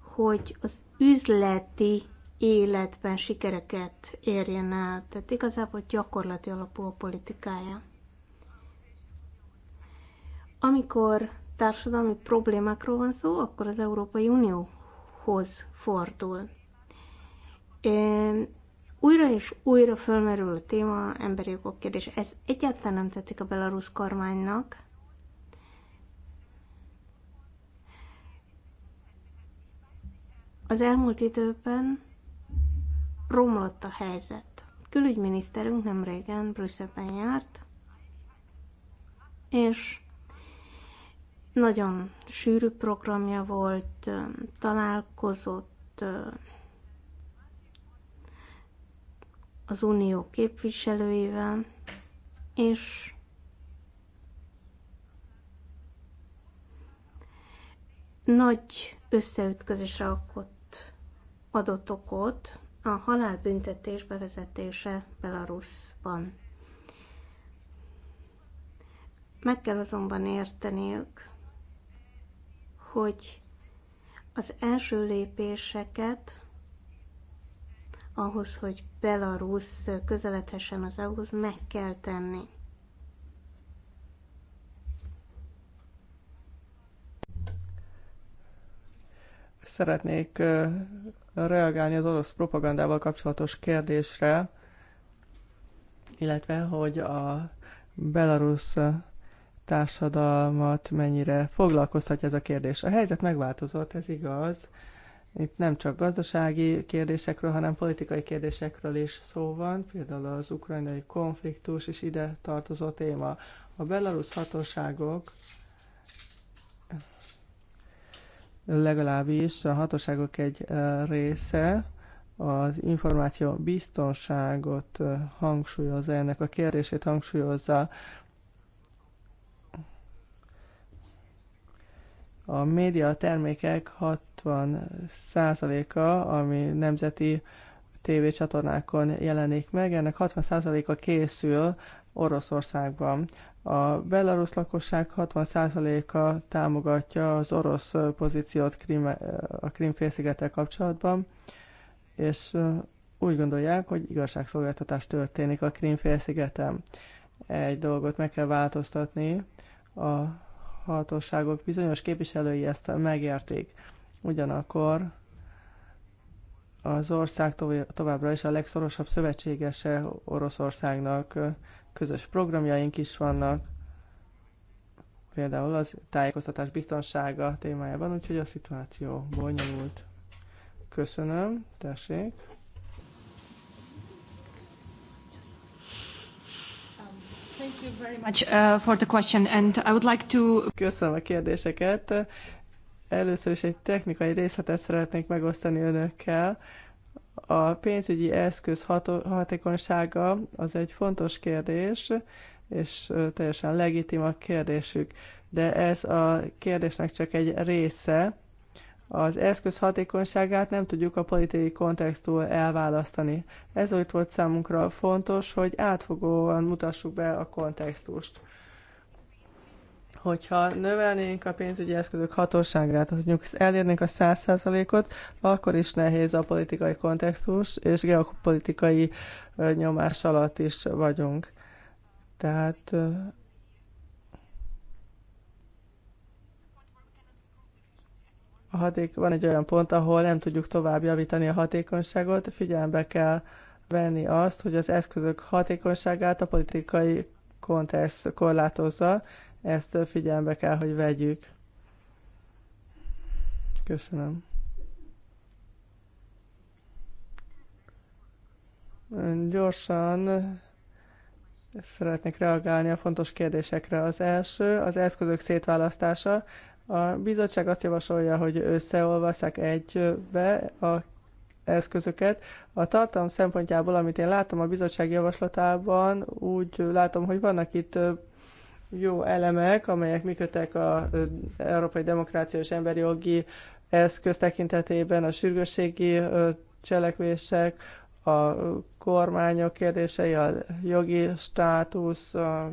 hogy az üzleti életben sikereket érjen el. Tehát igazából gyakorlati alapú a politikája. Amikor társadalmi problémákról van szó, akkor az Európai Unióhoz fordul. Újra és újra fölmerül a téma emberi jogok kérdés. Ez egyáltalán nem tetszik a belarusz kormánynak. Az elmúlt időben romlott a helyzet. Külügyminiszterünk nem régen Brüsszelben járt, és nagyon sűrű programja volt, találkozott az unió képviselőivel, és nagy összeütközésre adott okot a halálbüntetés bevezetése Belarusban. Meg kell azonban érteniük, hogy az első lépéseket ahhoz, hogy Belarus közeledhessen az EU-hoz, meg kell tenni. Szeretnék reagálni az orosz propagandával kapcsolatos kérdésre, illetve hogy a belarusz társadalmat mennyire foglalkoztatja ez a kérdés. A helyzet megváltozott, ez igaz. Itt nem csak gazdasági kérdésekről, hanem politikai kérdésekről is szó van. Például az ukrajnai konfliktus is ide tartozó téma. A belarusz hatóságok legalábbis a hatóságok egy része az információ biztonságot hangsúlyozza, ennek a kérdését hangsúlyozza. A média termékek 60%-a, ami nemzeti csatornákon jelenik meg, ennek 60%-a készül Oroszországban. A belarusz lakosság 60%-a támogatja az orosz pozíciót a a Krimfélszigettel kapcsolatban, és úgy gondolják, hogy igazságszolgáltatás történik a Krimfélszigeten. Egy dolgot meg kell változtatni, a hatóságok bizonyos képviselői ezt megérték. Ugyanakkor az ország továbbra is a legszorosabb szövetségese Oroszországnak Közös programjaink is vannak, például az tájékoztatás biztonsága témájában, úgyhogy a szituáció bonyolult. Köszönöm, tessék. Uh, Köszönöm a kérdéseket. Először is egy technikai részletet szeretnék megosztani önökkel. Uh, a pénzügyi eszköz hatékonysága az egy fontos kérdés, és teljesen legitim a kérdésük, de ez a kérdésnek csak egy része. Az eszköz hatékonyságát nem tudjuk a politikai kontextúl elválasztani. Ez volt számunkra fontos, hogy átfogóan mutassuk be a kontextust hogyha növelnénk a pénzügyi eszközök hatóságát, hogy elérnénk a 100%-ot, akkor is nehéz a politikai kontextus és geopolitikai nyomás alatt is vagyunk. Tehát a haték, van egy olyan pont, ahol nem tudjuk tovább javítani a hatékonyságot, figyelembe kell venni azt, hogy az eszközök hatékonyságát a politikai kontextus korlátozza, ezt figyelembe kell, hogy vegyük. Köszönöm. Gyorsan szeretnék reagálni a fontos kérdésekre. Az első, az eszközök szétválasztása. A bizottság azt javasolja, hogy összeolvaszák egybe a eszközöket. A tartalom szempontjából, amit én látom a bizottság javaslatában, úgy látom, hogy vannak itt jó elemek, amelyek működtek a európai demokrácia és emberi jogi eszköz tekintetében, a sürgősségi cselekvések, a kormányok kérdései, a jogi státusz, a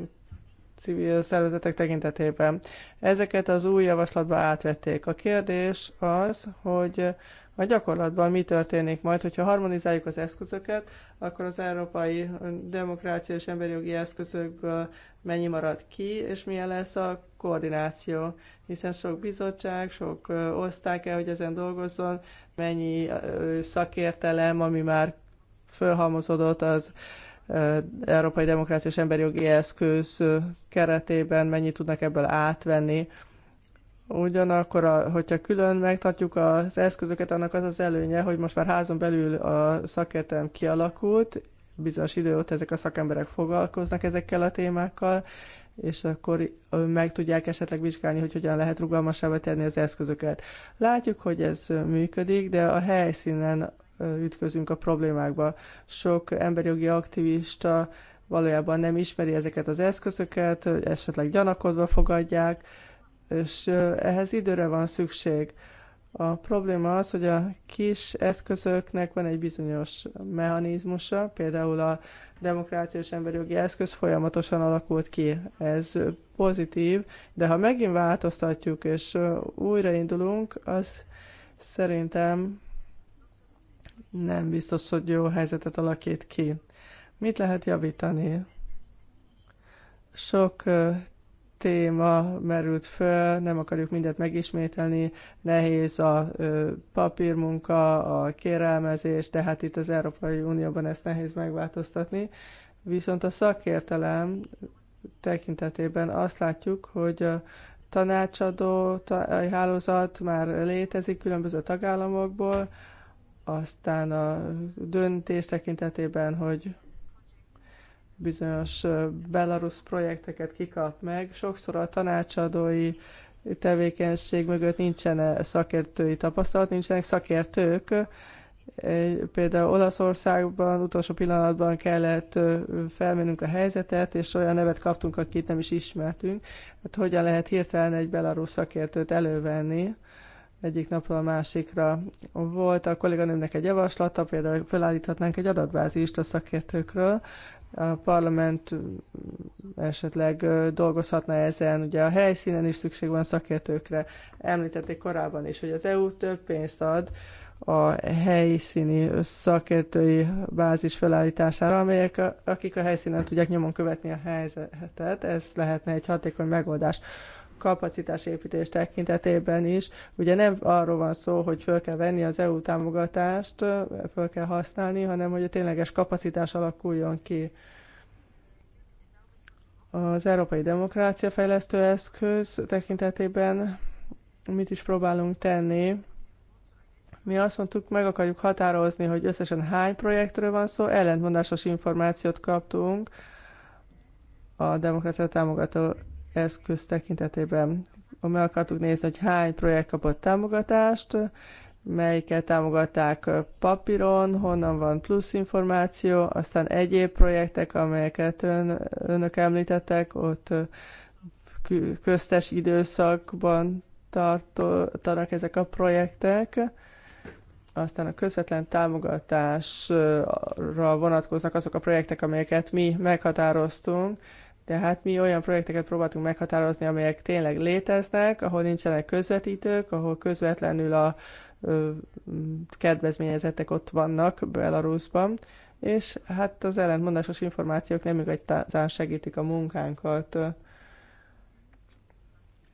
civil szervezetek tekintetében. Ezeket az új javaslatba átvették. A kérdés az, hogy a gyakorlatban mi történik majd, hogyha harmonizáljuk az eszközöket, akkor az európai demokrácia és emberi jogi eszközökből mennyi marad ki, és milyen lesz a koordináció, hiszen sok bizottság, sok osztály kell, hogy ezen dolgozzon, mennyi szakértelem, ami már fölhalmozódott az Európai Demokrácia és Emberi Jogi Eszköz keretében, mennyit tudnak ebből átvenni. Ugyanakkor, hogyha külön megtartjuk az eszközöket, annak az az előnye, hogy most már házon belül a szakértelem kialakult, bizonyos idő ott ezek a szakemberek foglalkoznak ezekkel a témákkal, és akkor meg tudják esetleg vizsgálni, hogy hogyan lehet rugalmasabbá tenni az eszközöket. Látjuk, hogy ez működik, de a helyszínen ütközünk a problémákba. Sok emberjogi aktivista valójában nem ismeri ezeket az eszközöket, esetleg gyanakodva fogadják, és ehhez időre van szükség. A probléma az, hogy a kis eszközöknek van egy bizonyos mechanizmusa, például a demokráciás emberi emberjogi eszköz folyamatosan alakult ki. Ez pozitív, de ha megint változtatjuk és újraindulunk, az szerintem nem biztos, hogy jó helyzetet alakít ki. Mit lehet javítani? Sok téma merült föl, nem akarjuk mindet megismételni, nehéz a papírmunka, a kérelmezés, de hát itt az Európai Unióban ezt nehéz megváltoztatni. Viszont a szakértelem tekintetében azt látjuk, hogy a tanácsadó hálózat már létezik különböző tagállamokból, aztán a döntés tekintetében, hogy bizonyos belarusz projekteket kikap meg. Sokszor a tanácsadói tevékenység mögött nincsen szakértői tapasztalat, nincsenek szakértők. Például Olaszországban utolsó pillanatban kellett felmennünk a helyzetet, és olyan nevet kaptunk, akit nem is ismertünk. Hát hogyan lehet hirtelen egy belarusz szakértőt elővenni? egyik napról a másikra. Volt a kolléganőmnek egy javaslata, például felállíthatnánk egy adatbázist a szakértőkről, a parlament esetleg dolgozhatna ezen. Ugye a helyszínen is szükség van szakértőkre. Említették korábban is, hogy az EU több pénzt ad a helyszíni szakértői bázis felállítására, amelyek, akik a helyszínen tudják nyomon követni a helyzetet. Ez lehetne egy hatékony megoldás kapacitásépítés tekintetében is. Ugye nem arról van szó, hogy föl kell venni az EU támogatást, föl kell használni, hanem hogy a tényleges kapacitás alakuljon ki. Az Európai Demokrácia Fejlesztő Eszköz tekintetében mit is próbálunk tenni? Mi azt mondtuk, meg akarjuk határozni, hogy összesen hány projektről van szó, ellentmondásos információt kaptunk a demokrácia támogató eszköz tekintetében. Meg akartuk nézni, hogy hány projekt kapott támogatást, melyiket támogatták papíron, honnan van plusz információ, aztán egyéb projektek, amelyeket ön, önök említettek, ott köztes időszakban tartanak ezek a projektek, aztán a közvetlen támogatásra vonatkoznak azok a projektek, amelyeket mi meghatároztunk, tehát mi olyan projekteket próbáltunk meghatározni, amelyek tényleg léteznek, ahol nincsenek közvetítők, ahol közvetlenül a ö, kedvezményezettek ott vannak Belarusban, és hát az ellentmondásos információk nem igazán segítik a munkánkat.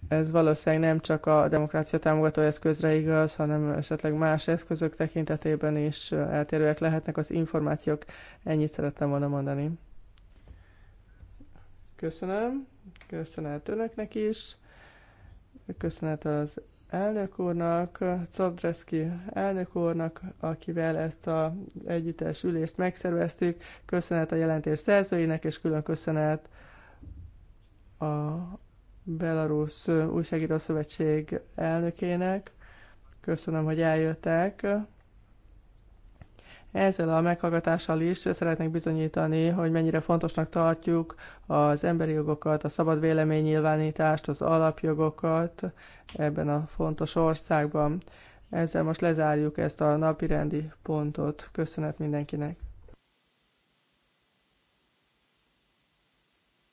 Ez valószínűleg nem csak a demokrácia támogató eszközre igaz, hanem esetleg más eszközök tekintetében is eltérőek lehetnek az információk. Ennyit szerettem volna mondani. Köszönöm. Köszönet önöknek is. Köszönet az elnök úrnak, Czabdreszki elnök úrnak, akivel ezt az együttes ülést megszerveztük. Köszönet a jelentés szerzőinek, és külön köszönet a Belarus Újságíró Szövetség elnökének. Köszönöm, hogy eljöttek. Ezzel a meghallgatással is szeretnék bizonyítani, hogy mennyire fontosnak tartjuk az emberi jogokat, a szabad véleménynyilvánítást, az alapjogokat ebben a fontos országban. Ezzel most lezárjuk ezt a napirendi pontot. Köszönet mindenkinek!